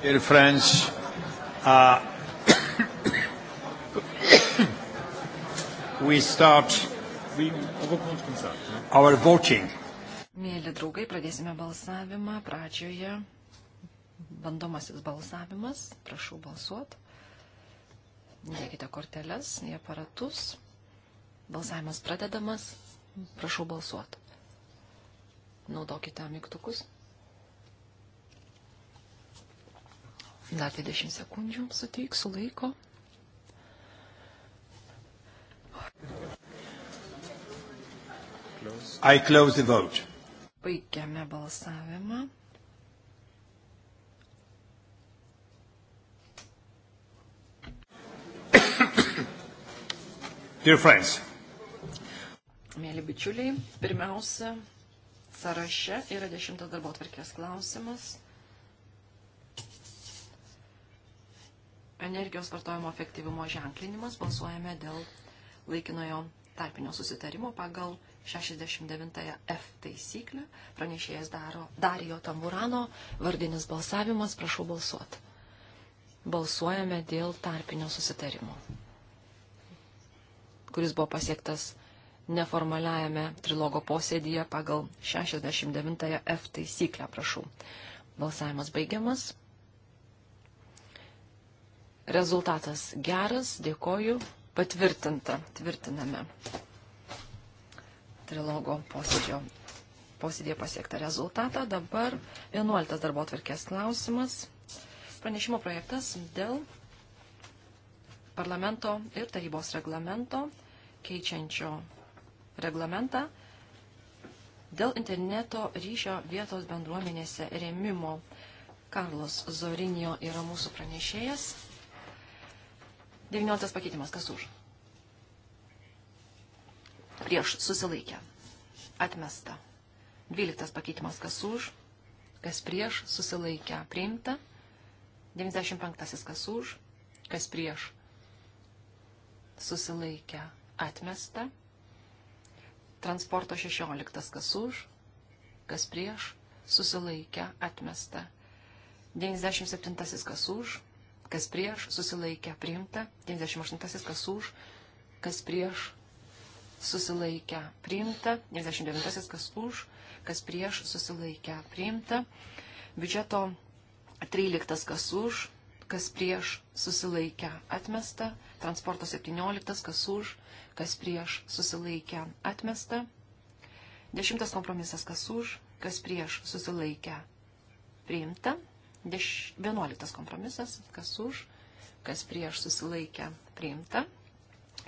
Dear friends, uh, we start our voting. Mėly draugai, pradėsime balsavimą. Pradžioje bandomasis balsavimas. Prašau balsuot. Dėkite korteles į aparatus. Balsavimas pradedamas. Prašau balsuot. Naudokite mygtukus. Dar 20 sekundžių suteiksiu laiko. I close the vote. Baigiame balsavimą. Dear friends. Mėly bičiuliai, pirmiausia, sąraše yra dešimtas darbo atvarkės klausimas. energijos vartojimo efektyvumo ženklinimas. Balsuojame dėl laikinojo tarpinio susitarimo pagal 69 F taisyklę. Pranešėjas daro Darijo Tamburano. Vardinis balsavimas. Prašau balsuoti. Balsuojame dėl tarpinio susitarimo, kuris buvo pasiektas neformaliajame trilogo posėdyje pagal 69 F taisyklę, prašau. Balsavimas baigiamas. Rezultatas geras, dėkoju, patvirtinta, tvirtiname. Trilogo posėdžio posėdėje pasiektą rezultatą. Dabar 11 darbo atvarkės klausimas. Pranešimo projektas dėl parlamento ir tarybos reglamento keičiančio reglamentą dėl interneto ryšio vietos bendruomenėse rėmimo. Karlos Zorinio yra mūsų pranešėjas. 19 pakeitimas, kas už? Prieš susilaikę. Atmesta. 12 pakeitimas, kas už? Kas prieš susilaikę. Priimta. 95 kas už? Kas prieš susilaikę. Atmesta. Transporto 16 kas už? Kas prieš susilaikę. Atmesta. 97 kas už? kas prieš, susilaikė, priimta. 98 kas už, kas prieš, susilaikė, priimta. 99 kas už, kas prieš, susilaikė, priimta. Biudžeto 13 kas už, kas prieš, susilaikė, atmesta. Transporto 17 kas už, kas prieš, susilaikė, atmesta. Dešimtas kompromisas kas už, kas prieš, susilaikė, priimta. Deš, 11 kompromisas, kas už, kas prieš susilaikę priimta.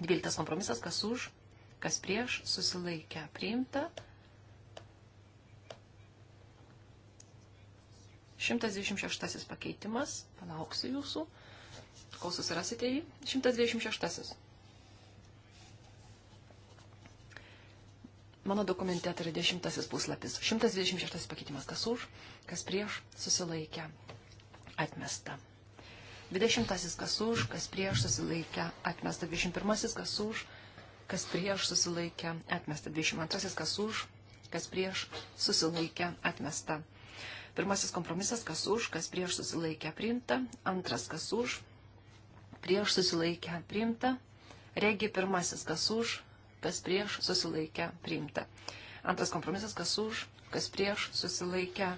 12 kompromisas, kas už, kas prieš susilaikę priimta. 126 pakeitimas, palauksiu jūsų, kol susirasite jį. 126. Mano dokumente tai yra dešimtasis puslapis. 126 pakeitimas. Kas už, kas prieš, susilaikę, atmesta. 20 kas už, kas prieš, susilaikę, atmesta. 21 kas už, kas prieš, susilaikę, atmesta. 22 kas už, kas prieš, susilaikę, atmesta. Pirmasis kompromisas, kas už, kas prieš, susilaikę, priimta. Antras, kas už, prieš, susilaikę, priimta. Regi pirmasis, kas už, kas prieš susilaikę priimta. Antras kompromisas, kas už, kas prieš susilaikę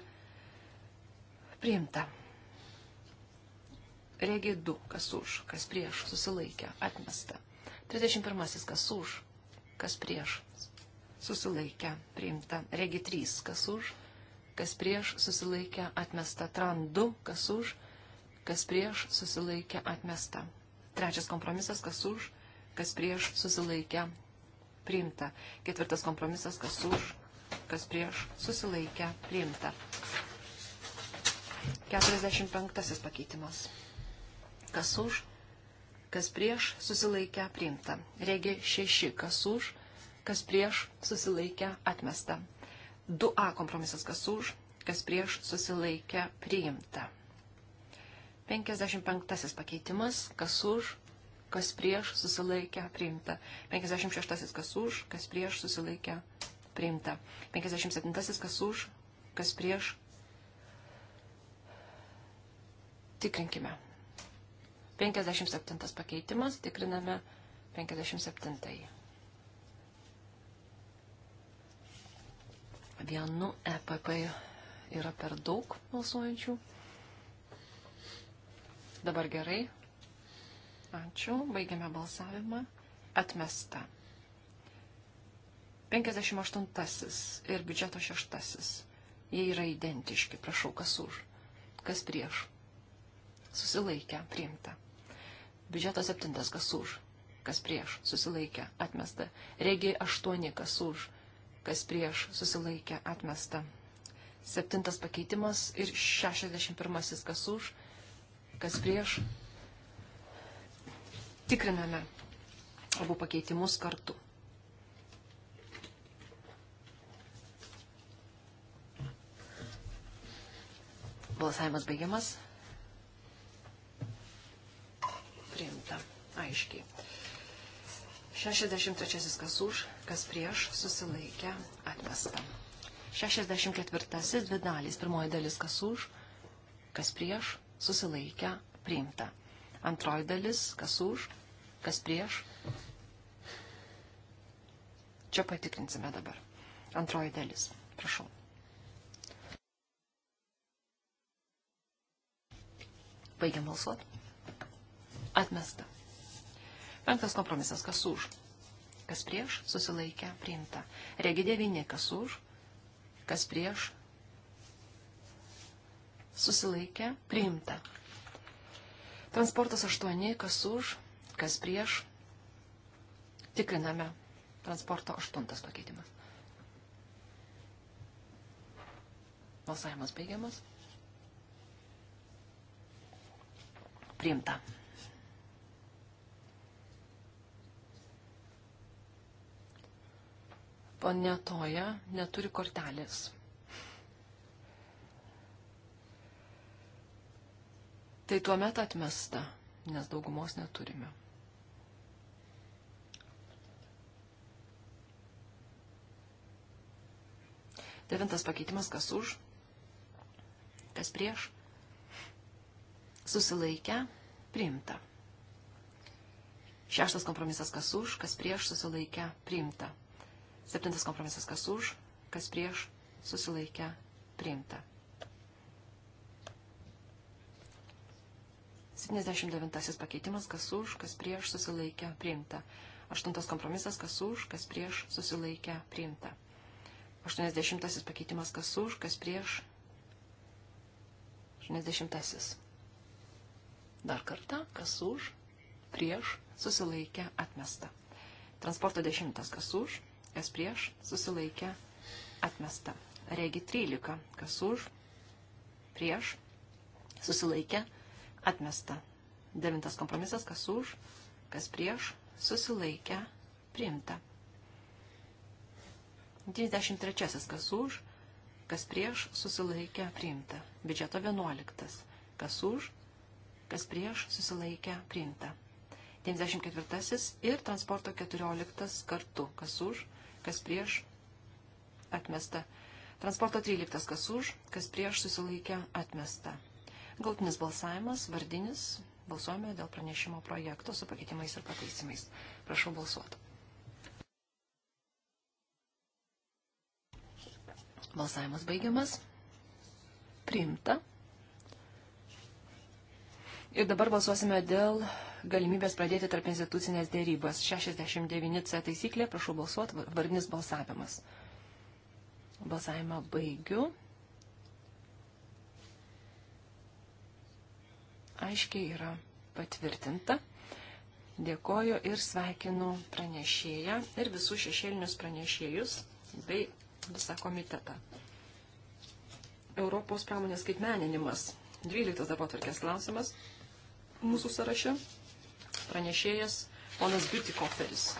priimta. Regi 2, kas už, kas prieš susilaikę atmesta. 31, kas už, kas prieš susilaikę priimta. Regi 3, kas už, kas prieš susilaikę atmesta. Tran 2, kas už, kas prieš susilaikę atmesta. Trečias kompromisas, kas už, kas prieš susilaikę priimta. Ketvirtas kompromisas, kas už, kas prieš, susilaikę, priimta. 45 pakeitimas. Kas už, kas prieš, susilaikę, priimta. Regi 6, kas už, kas prieš, susilaikę, atmesta. 2a kompromisas, kas už, kas prieš, susilaikę, priimta. 55 pakeitimas, kas už, kas prieš susilaikę priimta. 56 kas už, kas prieš susilaikę priimta. 57 kas už, kas prieš. Tikrinkime. 57 pakeitimas, tikriname 57. -ąjį. Vienu EPP yra per daug balsuojančių. Dabar gerai, Ačiū. Baigiame balsavimą. Atmesta. 58 ir biudžeto 6. Jie yra identiški. Prašau, kas už. Kas prieš. Susilaikę. Priimta. Biudžeto 7. Kas už. Kas prieš. Susilaikę. Atmesta. Regiai 8. Kas už. Kas prieš. Susilaikę. Atmesta. 7. Pakeitimas ir 61. Kas už. Kas prieš Tikriname abu pakeitimus kartu. Balsavimas baigiamas. Priimta. Aiškiai. 63 kas už, kas prieš, susilaikė, atmesta. 64 dvi dalys. Pirmoji dalis kas už, kas prieš, susilaikę, priimta. Antroji dalis, kas už, kas prieš. Čia patikrinsime dabar. Antroji dalis. Prašau. Baigiam balsuoti. Atmesta. Penktas kompromisas. Kas už? Kas prieš? Susilaikę. Priimta. Regi devyni. Kas už? Kas prieš? Susilaikę. Priimta. Transportas 8, kas už, kas prieš. Tikriname transporto 8 pakeitimas. Balsavimas baigiamas. Priimta. Pane Toja neturi kortelės. tai tuo met atmesta, nes daugumos neturime. Devintas pakeitimas, kas už, kas prieš, susilaikę, priimta. Šeštas kompromisas, kas už, kas prieš, susilaikę, priimta. Septintas kompromisas, kas už, kas prieš, susilaikę, priimta. 79 pakeitimas, kas už, kas prieš susilaikė priimta. 8 kompromisas, kas už, kas prieš susilaikė priimta. 80 pakeitimas, kas už, kas prieš. 80. Dar kartą, kas už, prieš susilaikė atmesta. Transporto 10, kas už, kas prieš susilaikė atmesta. Regi 13, kas už, prieš susilaikė atmesta Atmesta. Devintas kompromisas, kas už, kas prieš, susilaikę, priimta. 93. kas už, kas prieš, susilaikę, priimta. Biudžeto 11. kas už, kas prieš, susilaikę, priimta. 94. ir transporto 14. kartu, kas už, kas prieš, atmesta. Transporto 13. kas už, kas prieš, susilaikę, atmesta. Galtinis balsavimas, vardinis, balsuojame dėl pranešimo projekto su pakeitimais ir pataisimais. Prašau balsuoti. Balsavimas baigiamas. Priimta. Ir dabar balsuosime dėl galimybės pradėti tarp institucinės dėrybas. 69C taisyklė, prašau balsuoti, vardinis balsavimas. Balsavimą baigiu. aiškiai yra patvirtinta. Dėkoju ir sveikinu pranešėją ir visus šešėlinius pranešėjus bei visą komitetą. Europos pramonės skaitmeninimas. 12 darbo tvarkės klausimas mūsų sąraše. Pranešėjas ponas Bitikoferis.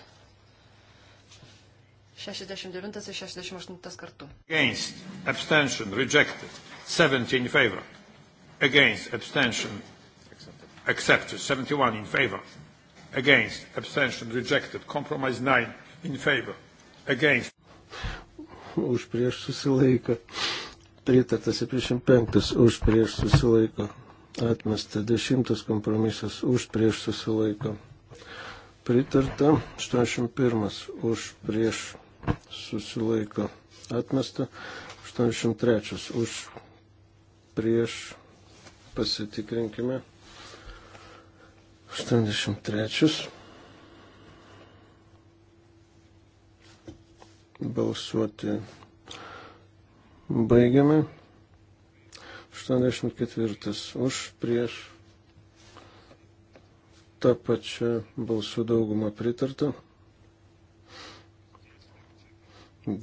69 ir 68 kartu. Against, abstention, rejected, 17 in favor. Against, abstention, accepted. 71 in favor. Against. Abstention rejected. Compromise 9 in favor. Against. Už prieš susilaiką. Pritarta 75. Už prieš susilaiką. Atmesta 10 kompromisas. Už prieš susilaiką. Pritarta 81. Už prieš susilaiko. Atmesta 83. Už prieš pasitikrinkime. 83. Balsuoti baigiame. 84. Už prieš tą pačią balsų daugumą pritarta.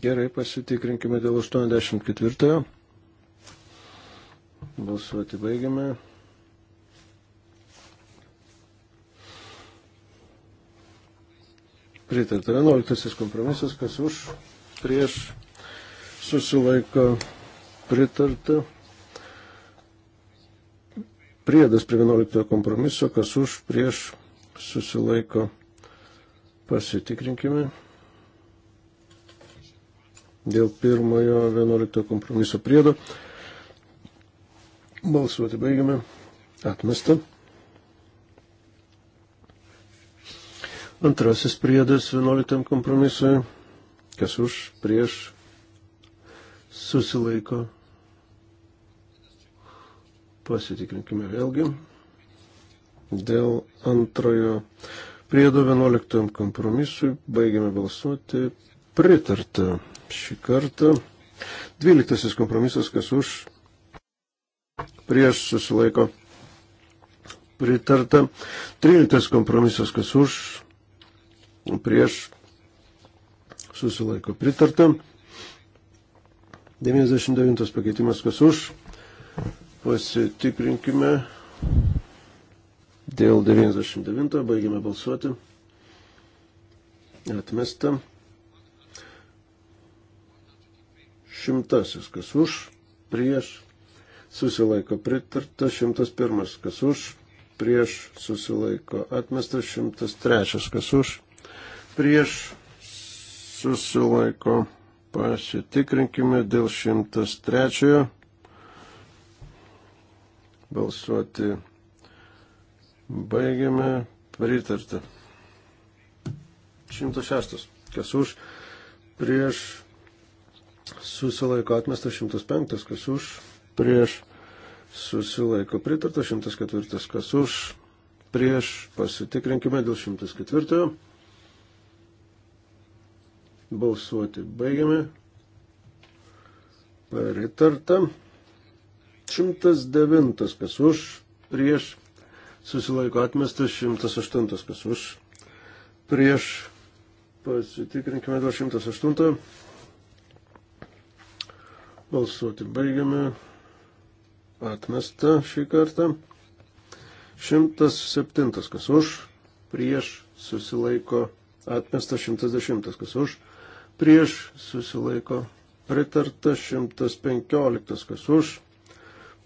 Gerai, pasitikrinkime dėl 84. Balsuoti baigiame. pritarta. 11 kompromisas, kas už, prieš, susilaiko pritarta. Priedas prie 11 kompromiso, kas už, prieš, susilaiko pasitikrinkime. Dėl pirmojo 11 kompromiso priedo. Balsuoti baigiame. Atmesta. Antrasis priedas 11 kompromisui. Kas už, prieš, susilaiko. Pasitikrinkime vėlgi. Dėl antrojo priedo 11 kompromisui baigiame balsuoti. Pritarta šį kartą. 12 kompromisas, kas už, prieš susilaiko. Pritarta. 13 kompromisas, kas už, prieš susilaiko pritarta. 99 pakeitimas kas už. Pasitikrinkime. Dėl 99 baigiame balsuoti. Atmesta. Šimtasis kas už. Prieš. Susilaiko pritarta. Šimtas pirmas kas už. Prieš susilaiko atmestas. Šimtas trečias kas už prieš susilaiko. Pasitikrinkime dėl 103. Balsuoti baigiame. Pritarta. 106. Kas už? Prieš susilaiko atmesta 105. Kas už? Prieš susilaiko pritarta 104. Kas už? Prieš pasitikrinkime dėl 104. Balsuoti baigiame. Pritarta. 109 kas už, prieš, susilaiko atmestas, 108 kas už, prieš, pasitikrinkime dėl 108. Balsuoti baigiame. Atmesta šį kartą. 107 kas už, prieš, susilaiko atmestas, 110 kas už, prieš prieš susilaiko pritarta 115, kas už,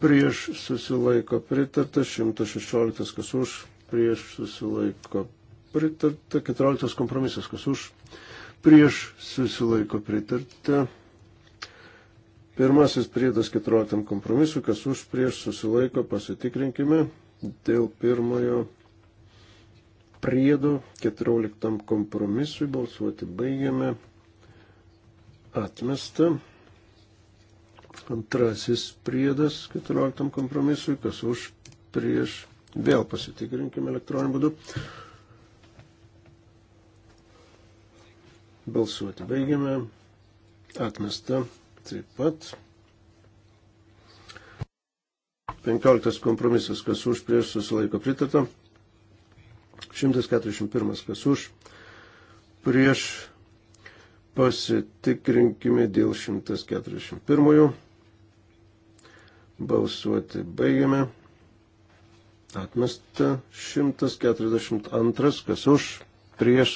prieš susilaiko pritarta 116, kas už, prieš susilaiko pritarta 14 kompromisas, kas už, prieš susilaiko pritarta. Pirmasis priedas 14 kompromisu, kas už prieš susilaiko, pasitikrinkime dėl pirmojo priedo 14 kompromisui balsuoti baigiame atmesta. Antrasis priedas 14 kompromisui, kas už prieš. Vėl pasitikrinkime elektroniniu būdu. Balsuoti baigiame. Atmesta taip pat. 15 kompromisas, kas už prieš susilaiko pritarta. 141 kas už prieš Pasitikrinkime dėl 141. Balsuoti baigiame. Atmesta 142. Kas už? Prieš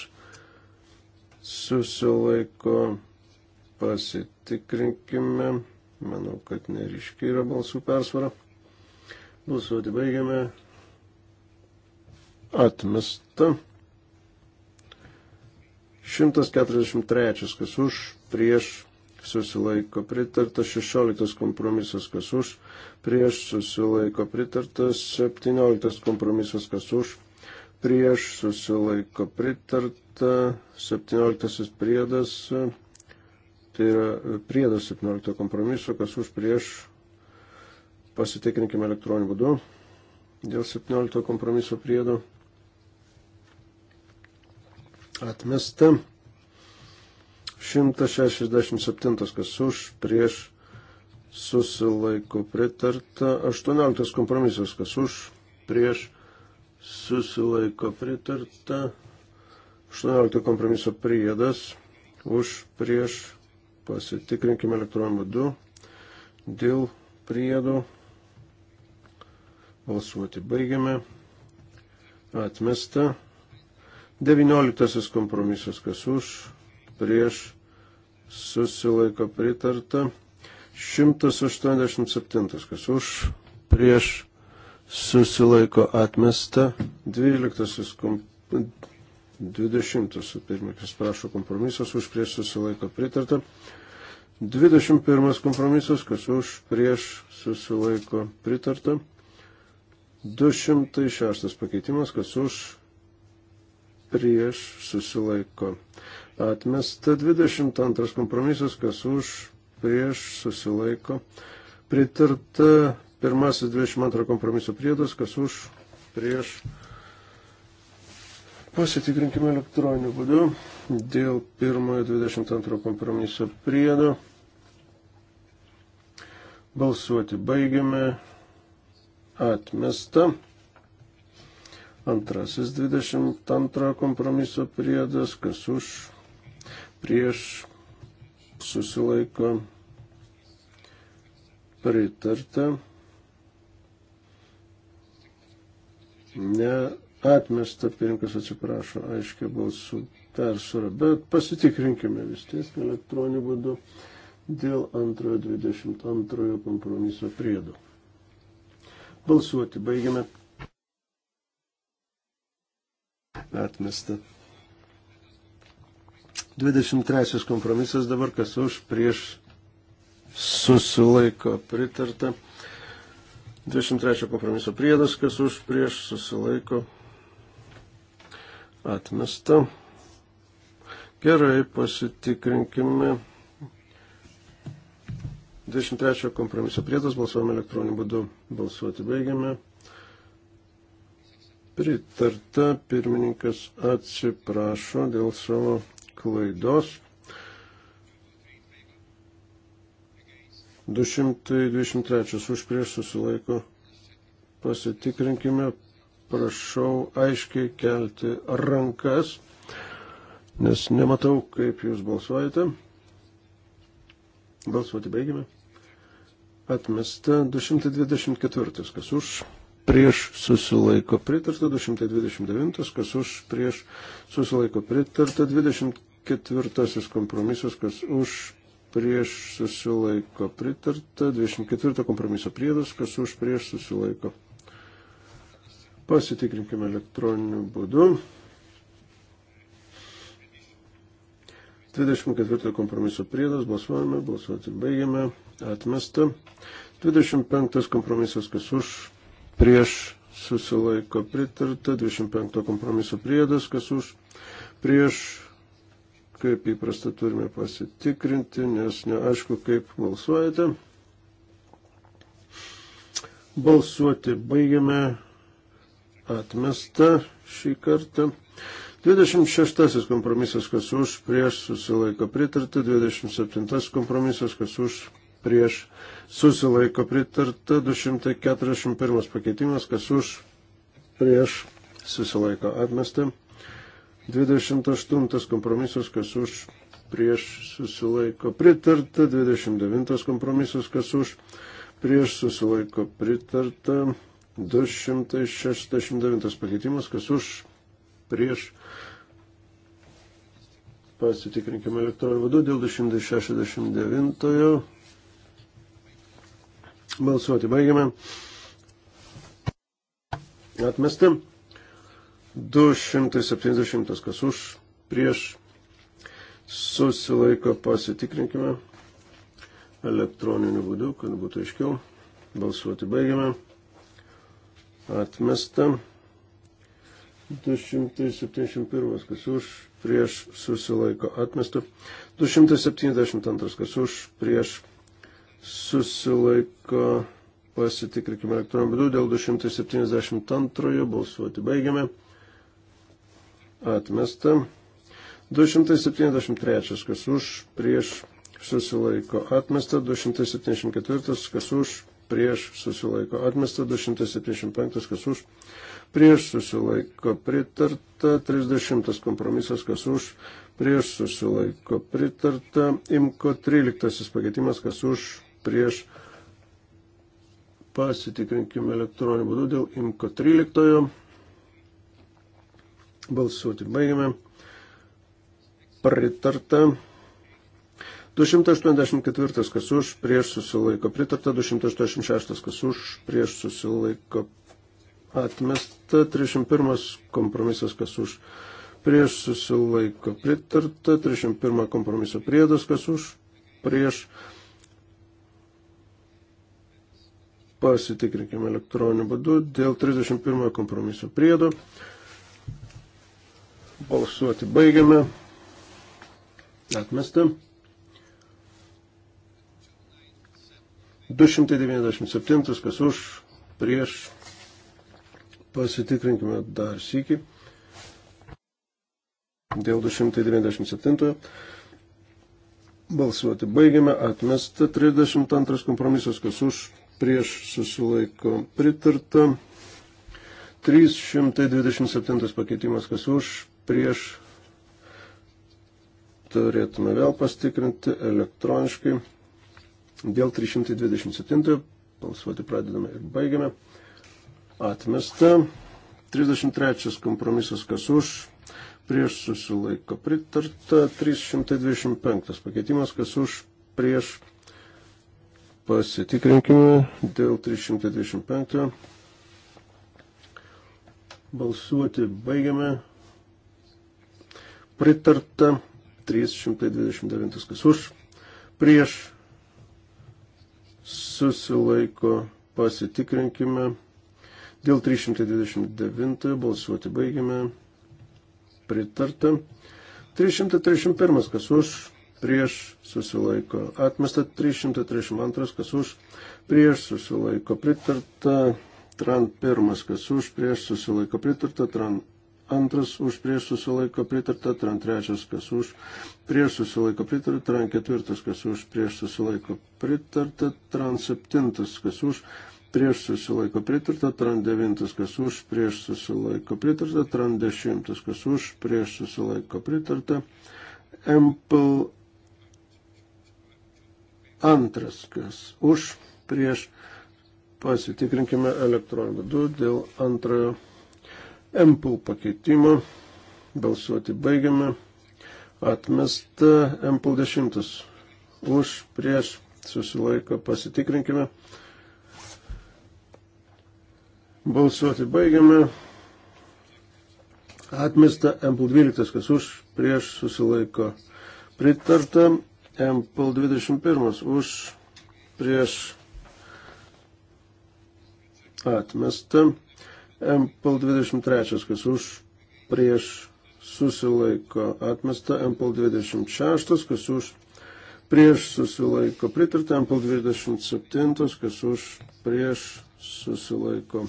susilaiko. Pasitikrinkime. Manau, kad neriškiai yra balsų persvara. Balsuoti baigiame. Atmesta. 143, kas už, prieš, susilaiko pritarta, 16 kompromisas, kas už, prieš, susilaiko pritartas, 17 kompromisas, kas už, prieš, susilaiko pritarta, 17 priedas, tai yra priedas 17 kompromiso, kas už, prieš, pasitikrinkime elektroniniu būdu dėl 17 kompromiso priedo atmesta. 167 kas už, prieš susilaiko pritarta. 18 kompromisas kas už, prieš susilaiko pritarta. 18 kompromiso priedas už, prieš pasitikrinkime elektroniniu būdu dėl priedų. Balsuoti baigiame. Atmesta. Devinioliktasis kompromisas, kas už, prieš, susilaiko pritarta. 187, kas už, prieš, susilaiko atmesta. Dvyliktasis kompromisas. 20 pirmininkas prašo kompromisas, už prieš susilaiko pritarta. 21 kompromisas, kas už prieš susilaiko pritarta. 206 pakeitimas, kas už prieš susilaiko atmesta. 22 kompromisas, kas už, prieš susilaiko pritarta. Pirmasis 22 kompromiso priedas, kas už, prieš. Pasitikrinkime elektroniniu būdu dėl pirmojo 22 kompromiso priedo. Balsuoti baigiame. Atmesta. Antrasis 22 kompromiso priedas, kas už, prieš, susilaiko, pritarta, ne atmesta, pirinkas atsiprašo, aiškiai balsų persvara, bet pasitikrinkime vis tiek elektroniniu būdu dėl antrojo 22 kompromiso priedo. Balsuoti baigiame. atmesta. 23 kompromisas dabar, kas už, prieš susilaiko pritarta. 23 kompromiso priedas, kas už, prieš susilaiko atmesta. Gerai, pasitikrinkime. 23 kompromiso priedas, balsuojame elektroniniu būdu. Balsuoti baigiame pritarta, pirmininkas atsiprašo dėl savo klaidos. 223 už prieš susilaiko. Pasitikrinkime, prašau aiškiai kelti rankas, nes nematau, kaip jūs balsuojate. Balsuoti baigime. Atmesta 224, kas už prieš susilaiko pritarta, 229, kas už prieš susilaiko pritarta, 24 kompromisas, kas už prieš susilaiko pritarta, 24 kompromiso priedas, kas už prieš susilaiko. Pasitikrinkime elektroniniu būdu. 24 kompromiso priedas, balsuojame, balsuoti baigiame, atmesta. 25 kompromisas, kas už prieš susilaiko pritarta, 25 kompromiso priedas, kas už, prieš, kaip įprasta turime pasitikrinti, nes neaišku, kaip balsuojate. Balsuoti baigiame atmesta šį kartą. 26 kompromisas, kas už, prieš susilaiko pritarta, 27 kompromisas, kas už, prieš susilaiko pritarta, 241 pakeitimas, kas už prieš susilaiko atmesta, 28 kompromisas, kas už prieš susilaiko pritarta, 29 kompromisas, kas už prieš susilaiko pritarta, 269 pakeitimas, kas už prieš pasitikrinkime elektroninį vadų dėl 269. Balsuoti baigiame. Atmesti. 270 kas už, prieš. Susilaiko pasitikrinkime elektroniniu būdu, kad būtų aiškiau. Balsuoti baigiame. Atmesta. 271 kas už, prieš susilaiko atmesta. 272 kas už, prieš susilaiko, pasitikrinkime elektroniniu būdu, dėl 272 balsuoti baigiame, atmesta. 273, kas už, prieš, susilaiko, atmesta. 274, kas už, prieš, susilaiko, atmesta. 275, kas už, prieš, susilaiko, pritarta. 30 kompromisas, kas už, prieš, susilaiko, pritarta. Imko 13 pakeitimas, kas už, prieš pasitikrinkime elektroniniu būdu dėl imko 13. Balsuoti baigiame. Pritarta. 284 kas už, prieš susilaiko pritarta, 286 kas už, prieš susilaiko atmesta, 301 kompromisas kas už, prieš susilaiko pritarta, 301 kompromiso priedas kas už, prieš susilaiko pritarta Pasitikrinkime elektroniniu būdu dėl 31 kompromiso priedo. Balsuoti baigiame. Atmesta. 297, kas už, prieš. Pasitikrinkime dar sykį. Dėl 297. Balsuoti baigiame. Atmesta 32 kompromisas, kas už, prieš susilaiko pritarta. 327 pakeitimas, kas už, prieš turėtume vėl pastikrinti elektroniškai. Dėl 327 balsuoti pradedame ir baigiame. Atmesta. 33 kompromisas, kas už, prieš susilaiko pritarta. 325 pakeitimas, kas už, prieš Pasitikrinkime dėl 325. Balsuoti baigiame. Pritarta 329 kas už. Prieš susilaiko pasitikrinkime. Dėl 329 balsuoti baigiame. Pritarta. 331 kas už prieš susilaiko atmesta, 332 kas už, prieš susilaiko pritarta, tran pirmas kas už, prieš susilaiko pritarta, tran antras už prieš susilaiko pritarta, tran trečias kas už, prieš susilaiko pritarta, tran ketvirtas kas už, prieš susilaiko pritarta, tran septintas kas už, prieš susilaiko pritarta, tran devintas kas už, prieš susilaiko pritarta, tran dešimtas kas už, prieš susilaiko pritarta, MPL Antras, kas už, prieš, pasitikrinkime elektroniniu būdu dėl antrojo MPL pakeitimo. Balsuoti baigiame. Atmesta MPL 10. Už, prieš, susilaiko, pasitikrinkime. Balsuoti baigiame. Atmesta MPL 12, kas už, prieš, susilaiko. Pritarta MPL 21 už prieš atmestą. MPL 23 kas už prieš susilaiko atmestą. MPL 26 kas už prieš susilaiko pritarta. MPL 27 kas už prieš susilaiko.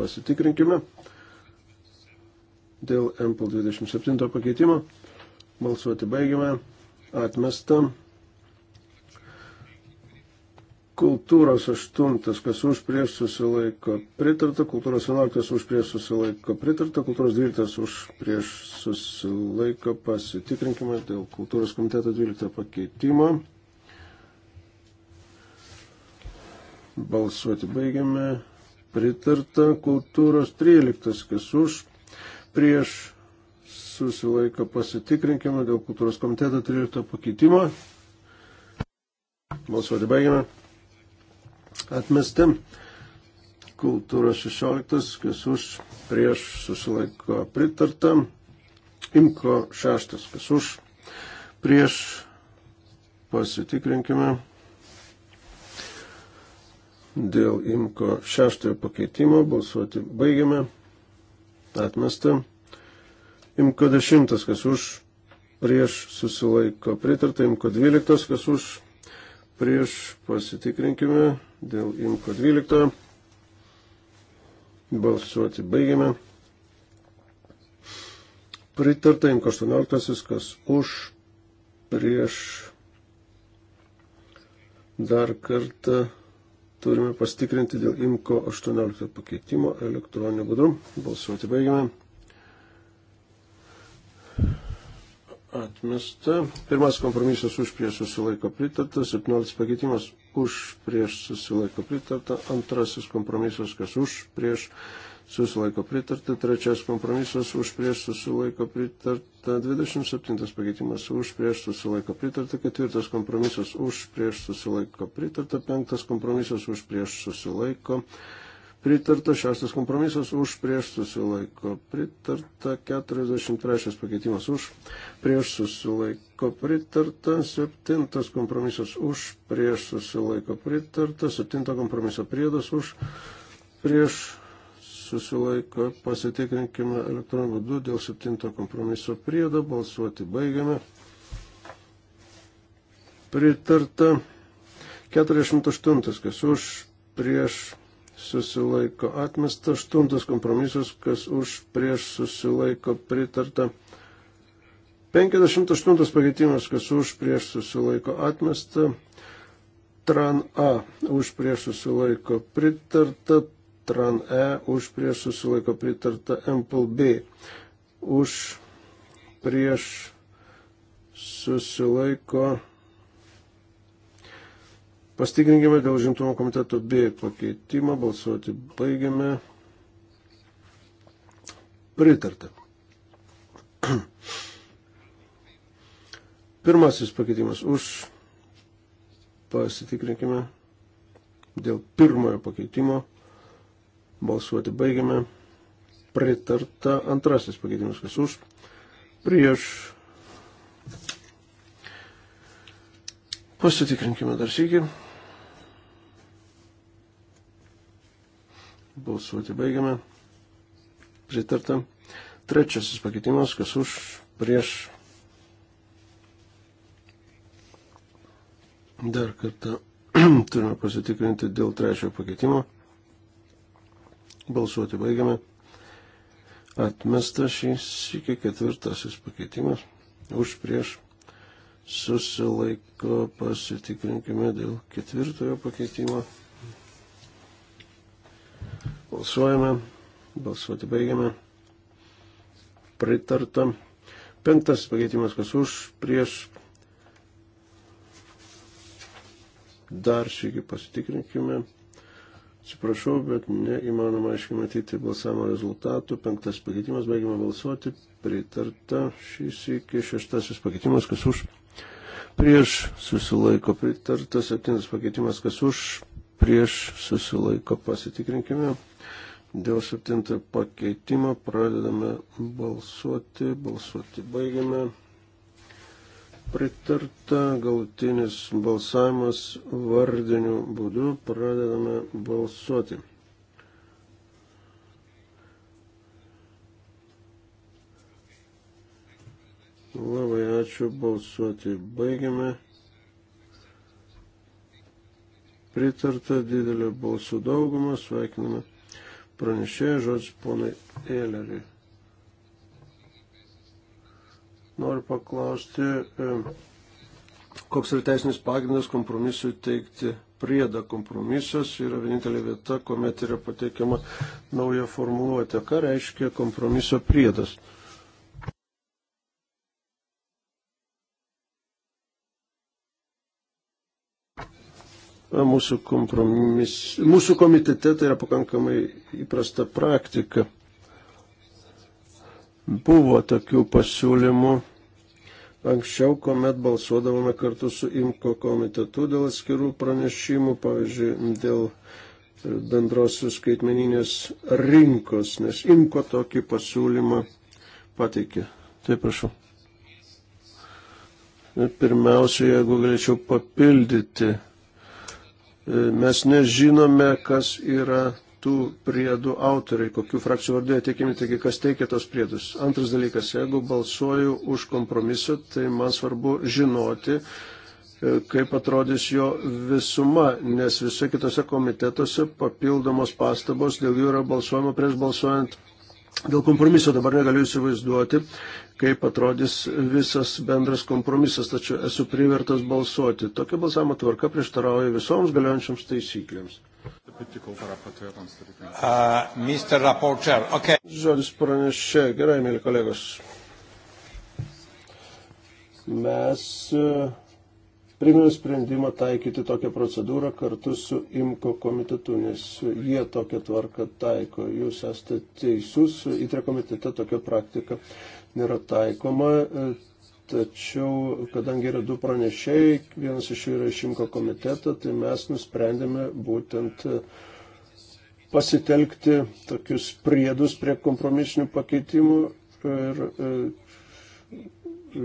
Pasitikrinkime dėl MPL 27 pakeitimo. Balsuoti baigiame atmesta. Kultūros aštuntas, kas už prieš susilaiko pritarta, kultūros vienuoliktas už prieš susilaiko pritarta, kultūros dvyliktas už prieš susilaiko pasitikrinkime dėl kultūros komiteto dvyliktą pakeitimą. Balsuoti baigiame. Pritarta kultūros 13, kas už prieš susilaiko pasitikrinkime dėl kultūros komiteto 13 pakeitimo. Balsuoti baigiame. Atmesti. Kultūros 16, kas už, prieš susilaiko pritarta. Imko 6, kas už, prieš pasitikrinkime dėl imko šeštojo pakeitimo balsuoti baigiame. Atmesta. Imko 10, kas už, prieš susilaiko pritarta. Imko 12, kas už, prieš pasitikrinkime dėl Imko 12. Balsuoti baigiame. Pritarta Imko 18, kas už, prieš dar kartą turime pastikrinti dėl IMCO 18 pakeitimo elektroniniu būdu. Balsuoti baigiame. atmesta. Pirmas kompromisas už prieš susilaiko pritarta. 17 pakeitimas už prieš susilaiko pritarta. Antrasis kompromisas, kas už prieš susilaiko pritarta. Trečias kompromisas už prieš susilaiko pritarta. 27 pakeitimas už prieš susilaiko pritarta. Ketvirtas kompromisas už prieš susilaiko pritarta. Penktas kompromisas už prieš susilaiko pritarta. Pritarta šeštas kompromisas už prieš susilaiko. Pritarta 43 pakeitimas už prieš susilaiko. Pritarta septintas kompromisas už prieš susilaiko. Pritarta septinto kompromiso priedas už prieš susilaiko. Pasitikrinkime elektroniniu būdu dėl septinto kompromiso priedo. Balsuoti baigiame. Pritarta 48 kas už prieš susilaiko atmesta, aštuntas kompromisas, kas už prieš susilaiko pritarta. 58 pakeitimas, kas už prieš susilaiko atmesta. Tran A už prieš susilaiko pritarta. Tran E už prieš susilaiko pritarta. Empl B už prieš susilaiko pritarta Pastikrinkime dėl žimtumo komiteto B pakeitimą, balsuoti baigiame. Pritarta. Pirmasis pakeitimas už. Pasitikrinkime dėl pirmojo pakeitimo. Balsuoti baigiame. Pritarta antrasis pakeitimas, kas už. Prieš. Pasitikrinkime dar sėkiu. Balsuoti baigiame. Pritarta. Trečiasis pakeitimas, kas už, prieš. Dar kartą turime pasitikrinti dėl trečiojo pakeitimo. Balsuoti baigiame. Atmestas šis iki ketvirtasis pakeitimas. Už prieš susilaiko pasitikrinkime dėl ketvirtojo pakeitimo. Balsuojame. Balsuoti baigiame. Pritarta. Penktas pakeitimas, kas už, prieš. Dar šiek tiek pasitikrinkime. Atsiprašau, bet neįmanoma aiškiai matyti balsavimo rezultatų. Penktas pakeitimas, baigiame balsuoti. Pritarta šis iki šeštasis pakeitimas, kas už. Prieš susilaiko pritarta. Septintas pakeitimas, kas už. Prieš susilaiko pasitikrinkime. Dėl septintojo pakeitimo pradedame balsuoti, balsuoti baigiame. Pritarta galutinis balsavimas vardiniu būdu, pradedame balsuoti. Labai ačiū, balsuoti baigiame. Pritarta didelė balsų dauguma, sveikiname pranešėjai, žodžiu, ponai Eileriui. Noriu paklausti, e, koks yra teisinis pagrindas kompromisui teikti priedą. Kompromisas yra vienintelė vieta, kuomet yra pateikiama nauja formuluotė. Ką reiškia kompromiso priedas? mūsų, kompromis, mūsų komitete tai yra pakankamai įprasta praktika. Buvo tokių pasiūlymų anksčiau, kuomet balsuodavome kartu su IMKO komitetu dėl atskirų pranešimų, pavyzdžiui, dėl bendros skaitmeninės rinkos, nes IMKO tokį pasiūlymą pateikė. Taip, prašau. Pirmiausia, jeigu galėčiau papildyti E, mes nežinome, kas yra tų priedų autoriai, kokių frakcijų vardai teikiami, taigi kas teikia tos priedus. Antras dalykas, jeigu balsuoju už kompromisą, tai man svarbu žinoti, e, kaip atrodys jo visuma, nes visi kitose komitetuose papildomos pastabos dėl jų yra balsuojama prieš balsuojant. Dėl kompromiso dabar negaliu įsivaizduoti, kaip atrodys visas bendras kompromisas, tačiau esu privertas balsuoti. Tokia balsavimo tvarka prieštarauja visoms galiojančiams taisyklėms. Uh, okay. Žodis pranešė. Gerai, mėly kolegos. Mes. Uh, priėmėme sprendimą taikyti tokią procedūrą kartu su IMKO komitetu, nes jie tokią tvarką taiko. Jūs esate teisus, įtre komitete tokia praktika nėra taikoma, tačiau kadangi yra du pranešėjai, vienas iš jų yra iš IMKO komiteto, tai mes nusprendėme būtent pasitelkti tokius priedus prie kompromisinių pakeitimų ir E,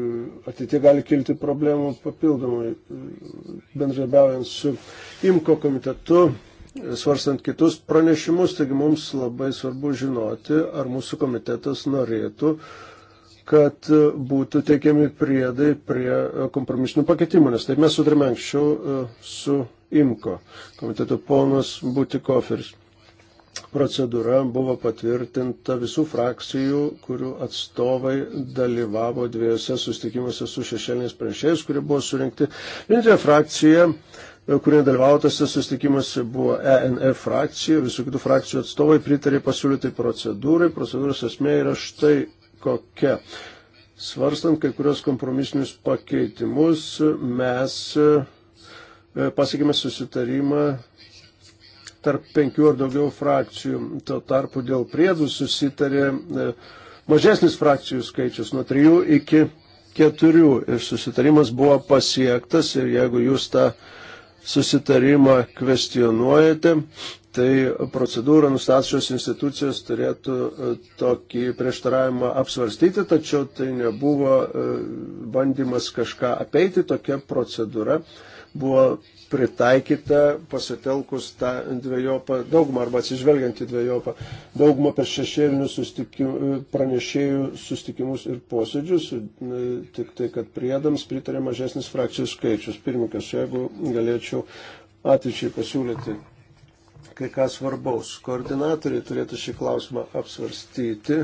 ateitie gali kilti problemų papildomai, e, bendrabiaujant su IMKO komitetu, e, svarstant kitus pranešimus, taigi mums labai svarbu žinoti, ar mūsų komitetas norėtų, kad būtų teikiami priedai prie kompromisinių pakeitimų, nes taip mes sutarėme anksčiau su IMKO komitetu ponas Būtikoferis procedūra buvo patvirtinta visų frakcijų, kurių atstovai dalyvavo dviejose sustikimuose su šešėliniais pranešėjais, kurie buvo surinkti. Vienintelė frakcija, kurie dalyvavo tose sustikimuose, buvo ENF frakcija, visų kitų frakcijų atstovai pritarė pasiūlytai procedūrai. Procedūros esmė yra štai kokia. Svarstant kai kurios kompromisinius pakeitimus, mes e, pasiekime susitarimą tarp penkių ar daugiau frakcijų. Tuo tarpu dėl priedų susitarė e, mažesnis frakcijų skaičius nuo trijų iki keturių ir susitarimas buvo pasiektas ir jeigu jūs tą susitarimą kvestionuojate, tai procedūrą nustačios institucijos turėtų e, tokį prieštaravimą apsvarstyti, tačiau tai nebuvo e, bandymas kažką apeiti, tokia procedūra buvo pritaikyta pasitelkus tą dviejopą daugumą arba atsižvelgiant į dviejopą daugumą per šešėlinius sustikim, pranešėjų sustikimus ir posėdžius, e, tik tai, kad priedams pritarė mažesnis frakcijų skaičius. Pirmininkas, jeigu galėčiau ateičiai pasiūlyti kai ką svarbaus, koordinatoriai turėtų šį klausimą apsvarstyti,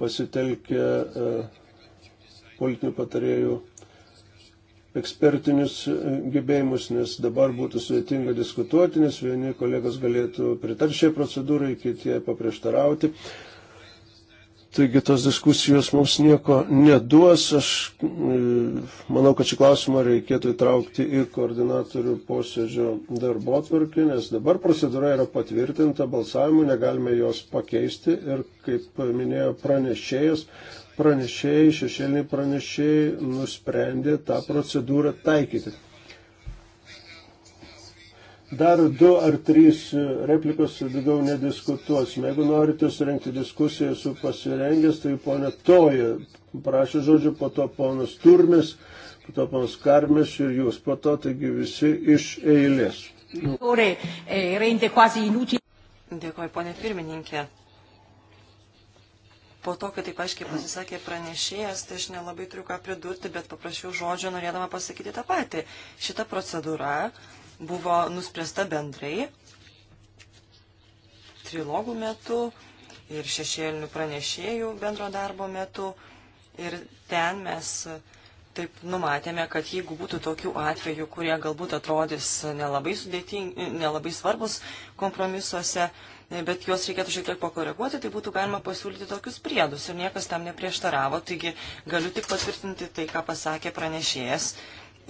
pasitelkę e, politinių patarėjų ekspertinius e, gebėjimus, nes dabar būtų sudėtinga diskutuoti, nes vieni kolegos galėtų pritarti šiai procedūrai, kiti paprieštarauti. Taigi tos diskusijos mums nieko neduos. Aš e, manau, kad šį klausimą reikėtų įtraukti į koordinatorių posėdžio darbo atvarkį, nes dabar procedūra yra patvirtinta balsavimu, negalime jos pakeisti ir, kaip minėjo pranešėjas, pranešėjai, šešėliniai pranešėjai nusprendė tą procedūrą taikyti. Dar du ar trys replikos daugiau nediskutuosime. Jeigu norite surinkti diskusiją su pasirengęs, tai ponė Toja prašė žodžiu, po to ponas Turmis, po to ponas Karmis ir jūs, po to taigi visi iš eilės. Eh, Dėkoju, ponė pirmininkė po to, kai taip aiškiai pasisakė pranešėjas, tai aš nelabai turiu ką pridurti, bet paprašiau žodžio norėdama pasakyti tą patį. Šita procedūra buvo nuspręsta bendrai trilogų metu ir šešėlinių pranešėjų bendro darbo metu. Ir ten mes taip numatėme, kad jeigu būtų tokių atvejų, kurie galbūt atrodys nelabai, nelabai svarbus kompromisuose, E, bet juos reikėtų šiek tiek pakoreguoti, tai būtų galima pasiūlyti tokius priedus ir niekas tam neprieštaravo, taigi galiu tik patvirtinti tai, ką pasakė pranešėjas.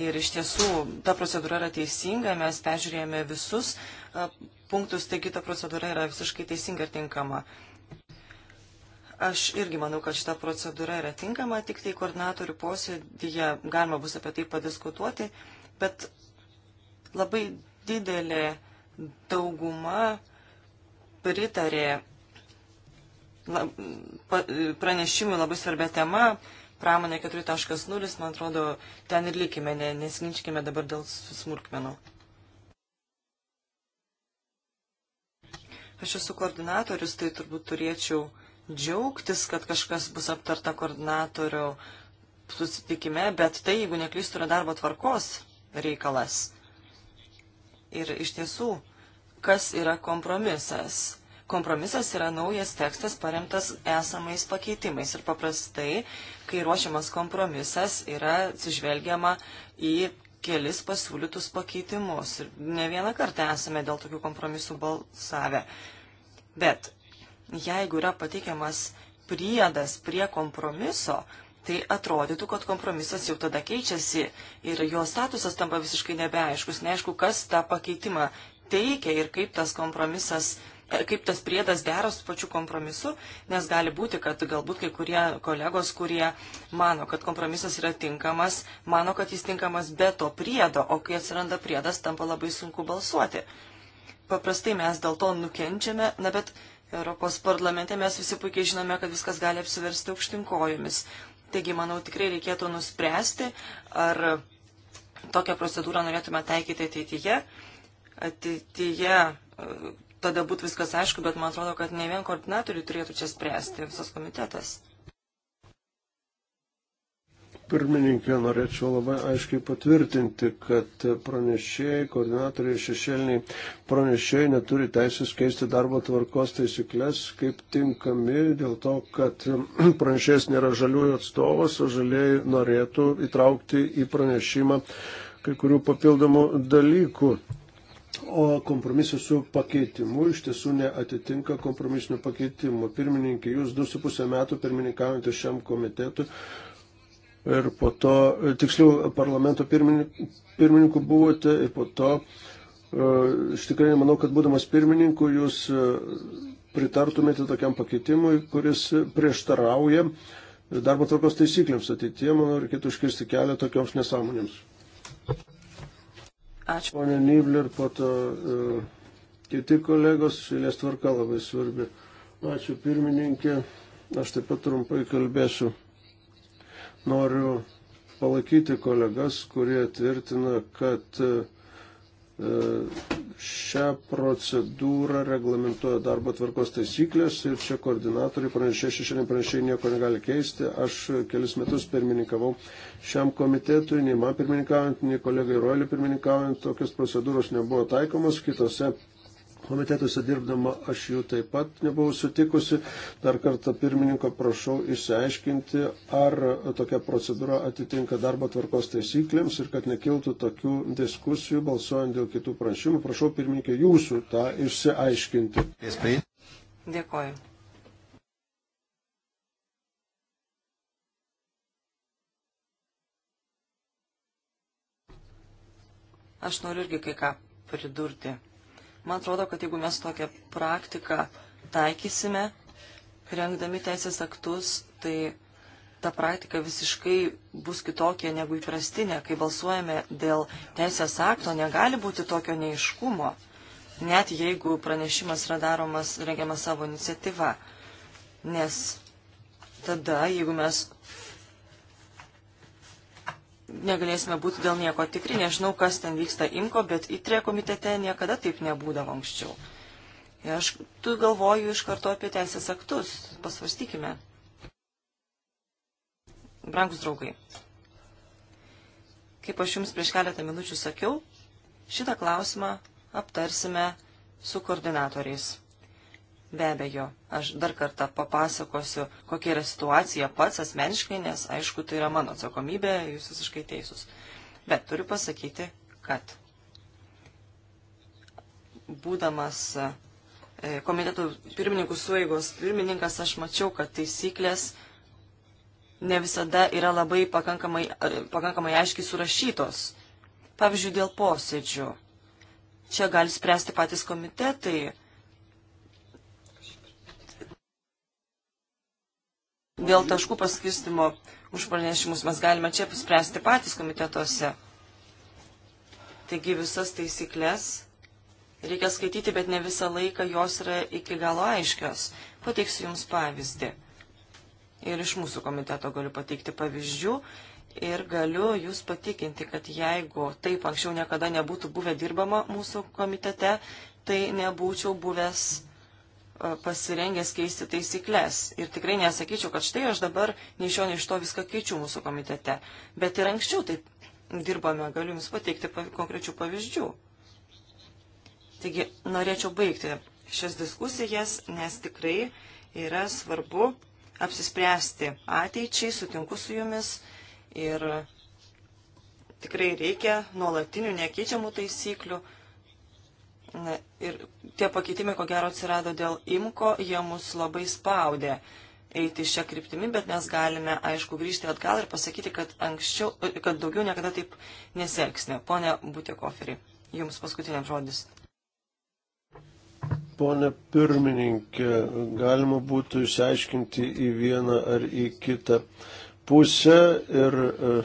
Ir iš tiesų ta procedūra yra teisinga, mes peržiūrėjome visus e, punktus, taigi ta procedūra yra visiškai teisinga ir tinkama. Aš irgi manau, kad šita procedūra yra tinkama, tik tai koordinatorių posėdėje galima bus apie tai padiskutuoti, bet labai didelė dauguma pritarė pranešimui labai svarbia tema, pramonė 4.0, man atrodo, ten ir likime, ne, nesiginčkime dabar dėl smulkmenų. Aš esu koordinatorius, tai turbūt turėčiau džiaugtis, kad kažkas bus aptarta koordinatorių susitikime, bet tai, jeigu neklystu, yra darbo tvarkos reikalas. Ir iš tiesų, kas yra kompromisas. Kompromisas yra naujas tekstas paremtas esamais pakeitimais ir paprastai, kai ruošiamas kompromisas, yra atsižvelgiama į kelis pasiūlytus pakeitimus. Ir ne vieną kartą esame dėl tokių kompromisų balsavę. Bet jeigu yra pateikiamas priedas prie kompromiso, tai atrodytų, kad kompromisas jau tada keičiasi ir jo statusas tampa visiškai nebeaiškus. Neaišku, kas tą pakeitimą teikia ir kaip tas kompromisas e, kaip tas priedas dera su pačiu kompromisu, nes gali būti, kad galbūt kai kurie kolegos, kurie mano, kad kompromisas yra tinkamas, mano, kad jis tinkamas be to priedo, o kai atsiranda priedas, tampa labai sunku balsuoti. Paprastai mes dėl to nukenčiame, na bet Europos parlamente mes visi puikiai žinome, kad viskas gali apsiversti aukštinkojomis. Taigi, manau, tikrai reikėtų nuspręsti, ar tokią procedūrą norėtume taikyti ateityje. Tai ateityje e, tada būtų viskas aišku, bet man atrodo, kad ne vien koordinatoriai turėtų čia spręsti, visas komitetas. Pirmininkė, norėčiau labai aiškiai patvirtinti, kad pranešėjai, koordinatoriai, šešėliniai pranešėjai neturi teisės keisti darbo tvarkos taisyklės, kaip tinkami, dėl to, kad pranešėjas nėra žaliųjų atstovas, o žaliai norėtų įtraukti į pranešimą kai kurių papildomų dalykų o kompromisas su pakeitimu iš tiesų neatitinka kompromisinio pakeitimo. Pirmininkė, jūs du su pusę metų pirmininkaujantys šiam komitetui ir po to, tiksliau, parlamento pirmininku buvote ir po to, iš e, tikrai manau, kad būdamas pirmininku jūs e, pritartumėte tokiam pakeitimui, kuris prieštarauja darbo tvarkos taisyklėms ateitie, manau, reikėtų iškirsti kelią tokioms nesąmonėms. Ačiū. Pone Nibler, po to uh, kiti kolegos, šilės tvarka labai svarbi. Ačiū pirmininkė, aš taip pat trumpai kalbėsiu. Noriu palaikyti kolegas, kurie tvirtina, kad uh, Šią procedūrą reglamentuoja darbo tvarkos taisyklės ir čia koordinatoriai pranešė, šiandien pranešėjai nieko negali keisti. Aš kelis metus pirmininkavau šiam komitetui, nei man pirmininkaujant, nei kolegai Roiliui pirmininkaujant, tokios procedūros nebuvo taikomos. Kitose komitetuose dirbdama aš jų taip pat nebuvau sutikusi. Dar kartą pirmininko prašau išsiaiškinti, ar tokia procedūra atitinka darbo tvarkos taisyklėms ir kad nekiltų tokių diskusijų balsuojant dėl kitų prašymų. Prašau pirmininkė jūsų tą išsiaiškinti. Dėkoju. Aš noriu irgi kai ką pridurti. Man atrodo, kad jeigu mes tokią praktiką taikysime, rengdami teisės aktus, tai ta praktika visiškai bus kitokia negu įprastinė. Kai balsuojame dėl teisės akto, negali būti tokio neiškumo, net jeigu pranešimas yra daromas, rengiamas savo iniciatyva. Nes tada, jeigu mes negalėsime būti dėl nieko tikri, nežinau, kas ten vyksta imko, bet įtrė komitete niekada taip nebūdavo anksčiau. Ir aš tu galvoju iš karto apie teisės aktus, pasvarstykime. Brangus draugai, kaip aš jums prieš keletą minučių sakiau, šitą klausimą aptarsime su koordinatoriais. Be abejo, aš dar kartą papasakosiu, kokia yra situacija pats asmeniškai, nes aišku, tai yra mano atsakomybė, jūs visiškai teisūs. Bet turiu pasakyti, kad būdamas e, komitetų pirmininkų sueigos pirmininkas, aš mačiau, kad taisyklės ne visada yra labai pakankamai, pakankamai aiškiai surašytos. Pavyzdžiui, dėl posėdžių. Čia gali spręsti patys komitetai Dėl taškų paskirstimo už pranešimus mes galime čia spręsti patys komitetuose. Taigi visas taisyklės reikia skaityti, bet ne visą laiką jos yra iki galo aiškios. Pateiksiu Jums pavyzdį. Ir iš mūsų komiteto galiu pateikti pavyzdžių ir galiu Jūs patikinti, kad jeigu taip anksčiau niekada nebūtų buvę dirbama mūsų komitete, tai nebūčiau buvęs pasirengęs keisti taisyklės. Ir tikrai nesakyčiau, kad štai aš dabar nei šio, nei iš to viską keičiu mūsų komitete. Bet ir anksčiau taip dirbame, galiu Jums pateikti konkrečių pavyzdžių. Taigi norėčiau baigti šias diskusijas, nes tikrai yra svarbu apsispręsti ateičiai, sutinku su Jumis ir tikrai reikia nuolatinių nekeičiamų taisyklių Na, ir tie pakeitimai, ko gero, atsirado dėl imko, jie mus labai spaudė eiti šią kryptimį, bet mes galime, aišku, grįžti atgal ir pasakyti, kad, anksčiau, kad daugiau niekada taip neseksime. Pone Butikoferi, jums paskutiniam žodis. Pone pirmininkė, galima būtų išsiaiškinti į vieną ar į kitą pusę ir e,